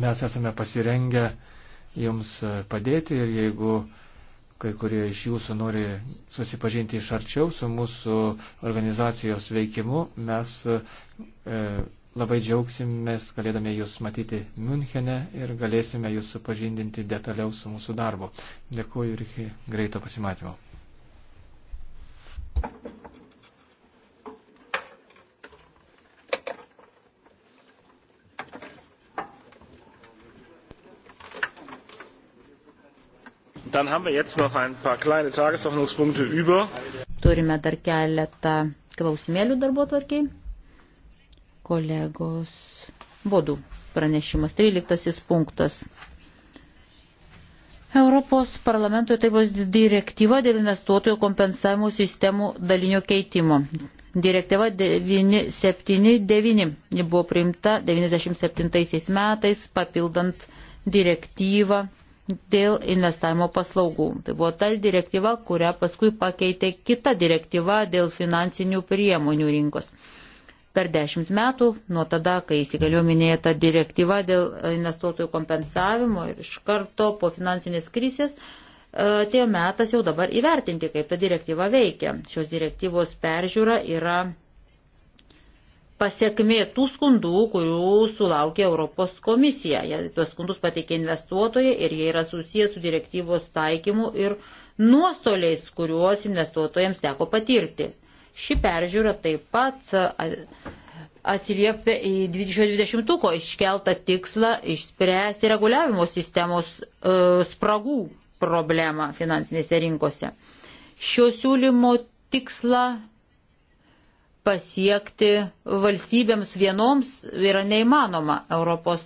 Mes esame pasirengę jums padėti ir jeigu kai kurie iš jūsų nori susipažinti iš arčiau su mūsų organizacijos veikimu, mes e, labai džiaugsimės galėdami jūs matyti Münchene ir galėsime jūs supažindinti detaliau su mūsų darbu. Dėkuoju ir iki greito pasimatymo. Dann haben wir jetzt noch ein paar kleine Tagesordnungspunkte über. Turime dar keletą klausimėlių darbo tvarkiai. Kolegos Bodų pranešimas 13 punktas. Europos parlamento tarybos direktyva dėl investuotojų kompensavimo sistemų dalinio keitimo. Direktyva 979 buvo priimta 97 metais, papildant direktyvą dėl investavimo paslaugų. Tai buvo ta direktyva, kurią paskui pakeitė kita direktyva dėl finansinių priemonių rinkos. Per dešimt metų, nuo tada, kai įsigaliu minėta direktyva dėl investuotojų kompensavimo ir iš karto po finansinės krisės, e, atėjo metas jau dabar įvertinti, kaip ta direktyva veikia. Šios direktyvos peržiūra yra pasiekmė tų skundų, kurių sulaukė Europos komisija. Tuos skundus pateikė investuotojai ir jie yra susijęs su direktyvos taikymu ir nuostoliais, kuriuos investuotojams teko patirti. Ši peržiūra taip pat atsiliepia į 2020-ko iškeltą tikslą išspręsti reguliavimo sistemos e, spragų problemą finansinėse rinkose. Šio siūlymo tikslą pasiekti valstybėms vienoms yra neįmanoma. ES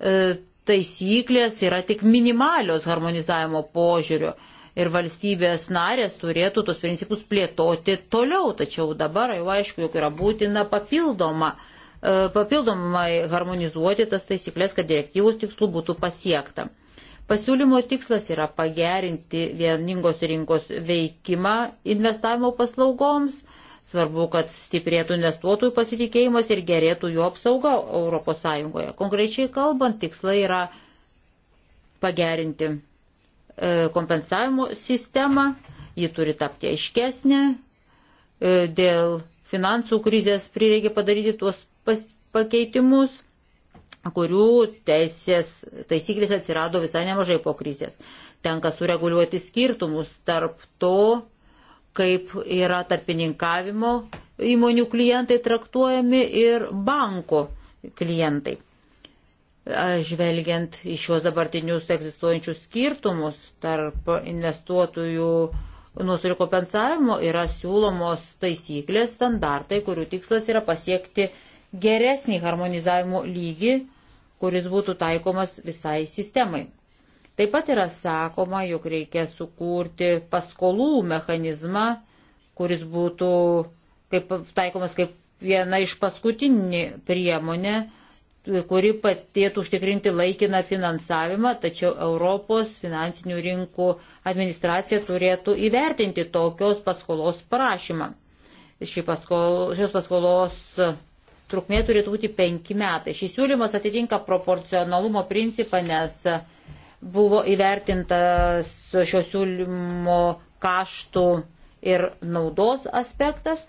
e, taisyklės yra tik minimalios harmonizavimo požiūriu ir valstybės narės turėtų tos principus plėtoti toliau, tačiau dabar jau aišku, jog yra būtina papildoma, e, papildomai harmonizuoti tas taisyklės, kad direktyvos tikslų būtų pasiekta. Pasiūlymo tikslas yra pagerinti vieningos rinkos veikimą investavimo paslaugoms Svarbu, kad stiprėtų investuotojų pasitikėjimas ir gerėtų jų apsauga ES. Konkrečiai kalbant, tikslai yra pagerinti e, kompensavimo sistemą, ji turi tapti aiškesnė, e, dėl finansų krizės prireikė padaryti tuos pakeitimus, kurių teisės taisyklės atsirado visai nemažai po krizės. Tenka sureguliuoti skirtumus tarp to, kaip yra tarpininkavimo įmonių klientai traktuojami ir banko klientai. Žvelgiant į šios dabartinius egzistuojančius skirtumus tarp investuotojų nuostolių kompensavimo yra siūlomos taisyklės, standartai, kurių tikslas yra pasiekti geresnį harmonizavimo lygį, kuris būtų taikomas visai sistemai. Taip pat yra sakoma, jog reikia sukurti paskolų mechanizmą, kuris būtų kaip, taikomas kaip viena iš paskutinį priemonė, kuri patėtų užtikrinti laikiną finansavimą, tačiau Europos finansinių rinkų administracija turėtų įvertinti tokios paskolos prašymą. Ši paskol, šios paskolos trukmė turėtų būti penki metai. Šis siūlymas atitinka proporcionalumo principą, nes buvo įvertintas šio siūlymo kaštų ir naudos aspektas.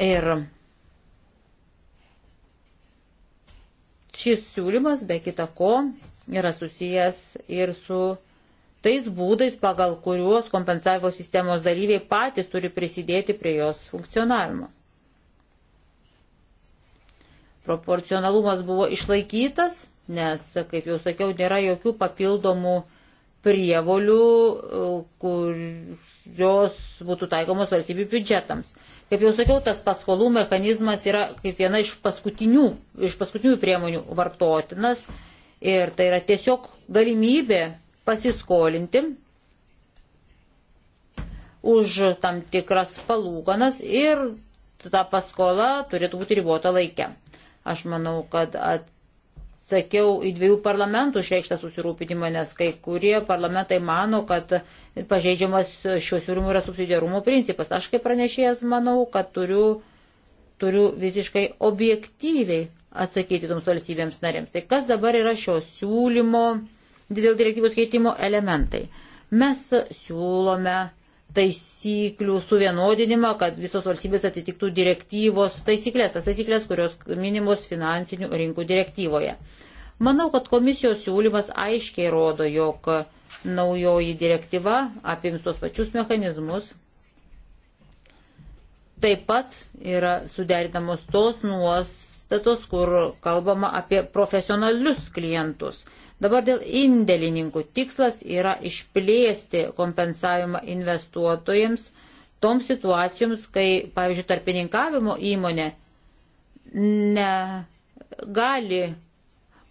Ir šis siūlymas, be kita ko, yra susijęs ir su tais būdais, pagal kuriuos kompensavimo sistemos dalyviai patys turi prisidėti prie jos funkcionavimo. Proporcionalumas buvo išlaikytas nes, kaip jau sakiau, nėra jokių papildomų prievolių, e, kurios būtų taikomos valstybių biudžetams. Kaip jau sakiau, tas paskolų mechanizmas yra kaip viena iš paskutinių, iš paskutinių priemonių vartotinas ir tai yra tiesiog galimybė pasiskolinti už tam tikras palūkanas ir ta paskola turėtų būti ribota laikė. Aš manau, kad at, atsakiau į dviejų parlamentų išreikštą susirūpinimą, nes kai kurie parlamentai mano, kad pažeidžiamas šiuo siūlymu yra subsidiarumo principas. Aš kaip pranešėjas manau, kad turiu, turiu visiškai objektyviai atsakyti toms valstybėms narėms. Tai kas dabar yra šio siūlymo dėl direktyvos keitimo elementai? Mes siūlome taisyklių suvienodinimą, kad visos valstybės atitiktų direktyvos taisyklės, tas taisyklės, kurios minimos finansinių rinkų direktyvoje. Manau, kad komisijos siūlymas aiškiai rodo, jog naujoji direktyva apims tos pačius mechanizmus. Taip pat yra suderinamos tos nuostatos, kur kalbama apie profesionalius klientus. Dabar dėl indėlininkų tikslas yra išplėsti kompensavimą investuotojams toms situacijoms, kai, pavyzdžiui, tarpininkavimo įmonė negali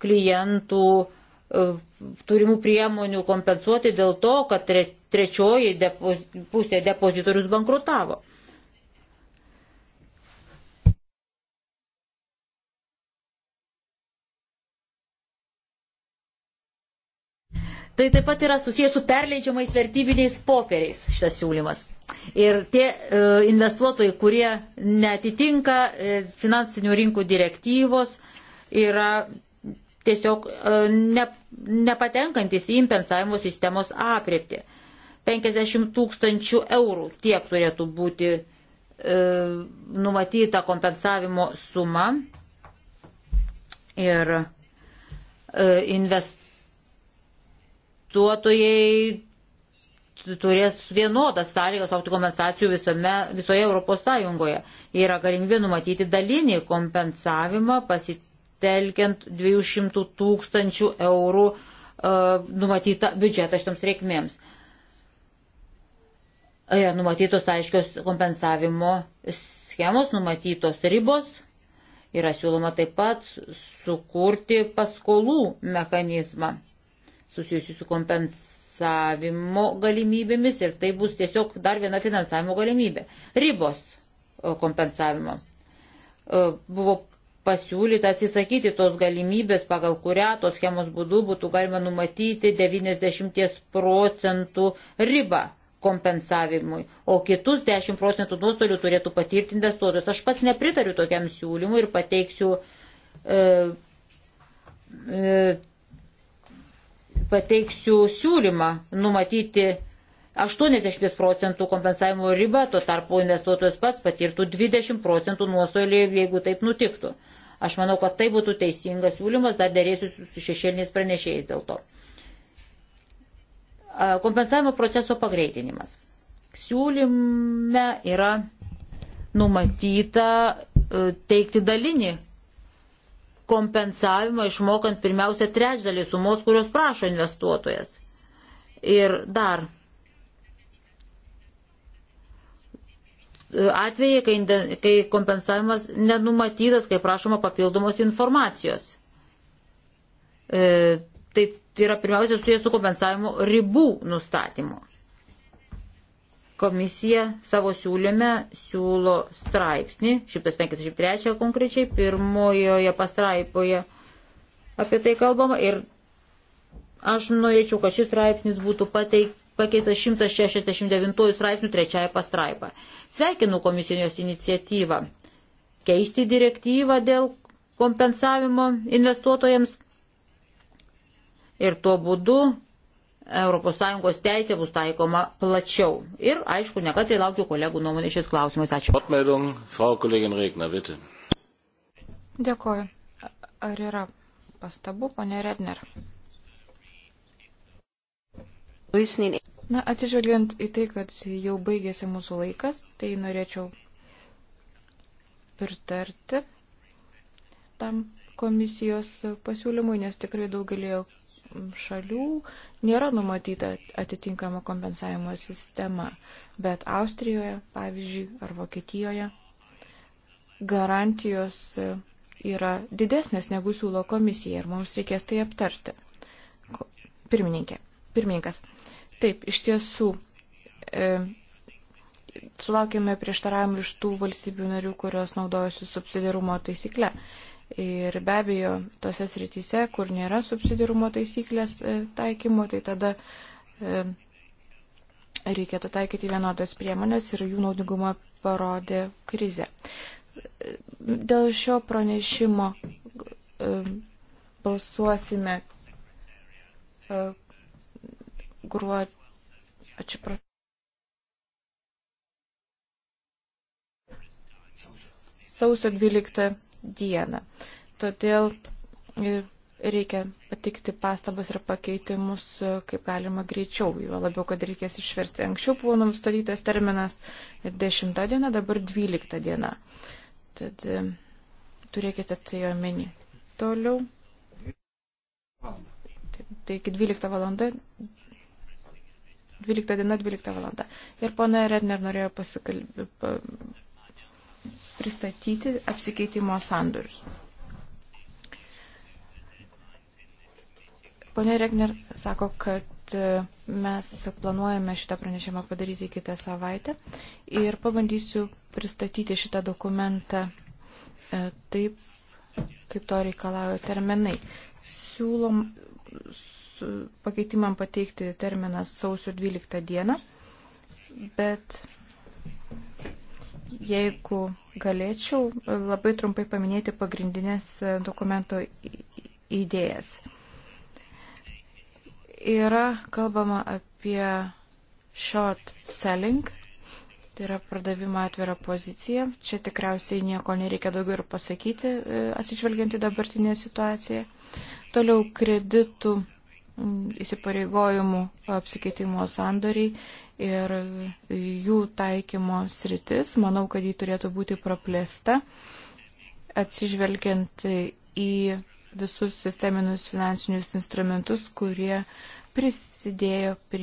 klientų e, turimų priemonių kompensuoti dėl to, kad trečioji depo, pusė depozitorius bankrutavo. Tai taip pat yra susijęs su perleidžiamais vertybiniais popieriais šitas siūlymas. Ir tie e, investuotojai, kurie netitinka e, finansinių rinkų direktyvos, yra tiesiog e, ne, nepatenkantis į impensavimo sistemos apriepti. 50 tūkstančių eurų tiek turėtų būti e, numatyta kompensavimo suma. Ir e, investuotojai investuotojai turės vienodas sąlygas laukti kompensacijų visame, visoje Europos Sąjungoje. Yra galimybė numatyti dalinį kompensavimą pasitelkiant 200 tūkstančių eurų uh, numatytą biudžetą šitoms reikmėms. Yra numatytos aiškios kompensavimo schemos, numatytos ribos. Yra siūloma taip pat sukurti paskolų mechanizmą susijusių su kompensavimo galimybėmis ir tai bus tiesiog dar viena finansavimo galimybė. Ribos e, kompensavimo. E, buvo pasiūlyta atsisakyti tos galimybės, pagal kurią tos schemos būdu būtų galima numatyti 90 procentų ribą kompensavimui, o kitus 10 procentų nuostolių turėtų patirti investuotojas. Aš pats nepritariu tokiam siūlymui ir pateiksiu e, e, pateiksiu siūlymą numatyti 80 procentų kompensavimo ribą, tuo tarpu investuotojas pats patirtų 20 procentų nuostolį, jeigu taip nutiktų. Aš manau, kad tai būtų teisingas siūlymas, dar dėrėsiu su šešėliniais pranešėjais dėl to. Kompensavimo proceso pagreitinimas. Siūlyme yra numatyta e, teikti dalinį kompensavimą išmokant pirmiausia trečdalį sumos, kurios prašo investuotojas. Ir dar atvejai, kai, kai kompensavimas nenumatytas, kai prašoma papildomos informacijos. E, tai yra pirmiausia susijęs su kompensavimu ribų nustatymu. Komisija savo siūlyme siūlo straipsnį, 153 konkrečiai, pirmojoje pastraipoje apie tai kalbama ir aš norėčiau, kad šis straipsnis būtų pateik, pakeistas 169 straipsnių trečiaja pastraipa. Sveikinu komisijos iniciatyvą keisti direktyvą dėl kompensavimo investuotojams ir tuo būdu ES teisė bus taikoma plačiau. Ir, aišku, nekantrai laukiu kolegų nuomonės šiais klausimais. Ačiū. Dėkuoju. Ar yra pastabų, ponė Redner? Na, atsižvelgiant į tai, kad jau baigėsi mūsų laikas, tai norėčiau pritarti tam komisijos pasiūlymui, nes tikrai daugelį šalių nėra numatyta atitinkama kompensavimo sistema, bet Austrijoje, pavyzdžiui, ar Vokietijoje garantijos yra didesnės negu siūlo komisija ir mums reikės tai aptarti. Pirmininkė, pirmininkas. Taip, iš tiesų, e, sulaukėme prieštaravimų iš tų valstybių narių, kurios naudojosi subsidiarumo taisykle. E, Ir be abejo, tose srityse, kur nėra subsidirumo taisyklės e, taikymo, tai tada e, reikėtų taikyti vienodas priemonės ir jų naudingumą parodė krizė. Dėl šio pranešimo e, balsuosime gruodžio. Atsiprašau. Sausio 12 dieną. Todėl e, reikia patikti pastabas ir pakeitimus, e, kaip galima greičiau. Jo labiau, kad reikės išversti. Anksčiau buvo nustatytas terminas 10 diena, dabar 12 diena. Tad e, turėkite tai omeny. Toliau. Taigi 12 valanda. 12 diena, 12 valanda. Ir pana Redner norėjo pasikalbėti pristatyti apsikeitimo sandorius. Pone Regner sako, kad e, mes planuojame šitą pranešimą padaryti kitą savaitę ir pabandysiu pristatyti šitą dokumentą e, taip, kaip to reikalauja terminai. Siūlom pakeitimam pateikti terminas sausio 12 dieną, bet Jeigu galėčiau labai trumpai paminėti pagrindinės dokumento idėjas. Yra kalbama apie short selling, tai yra pardavimą atvirą poziciją. Čia tikriausiai nieko nereikia daugiau ir pasakyti, e, atsižvelgiant į dabartinę situaciją. Toliau kreditų įsipareigojimų apsikeitimo sandoriai ir jų taikymo sritis, manau, kad jį turėtų būti praplėsta, atsižvelgiant į visus sisteminius finansinius instrumentus, kurie prisidėjo prie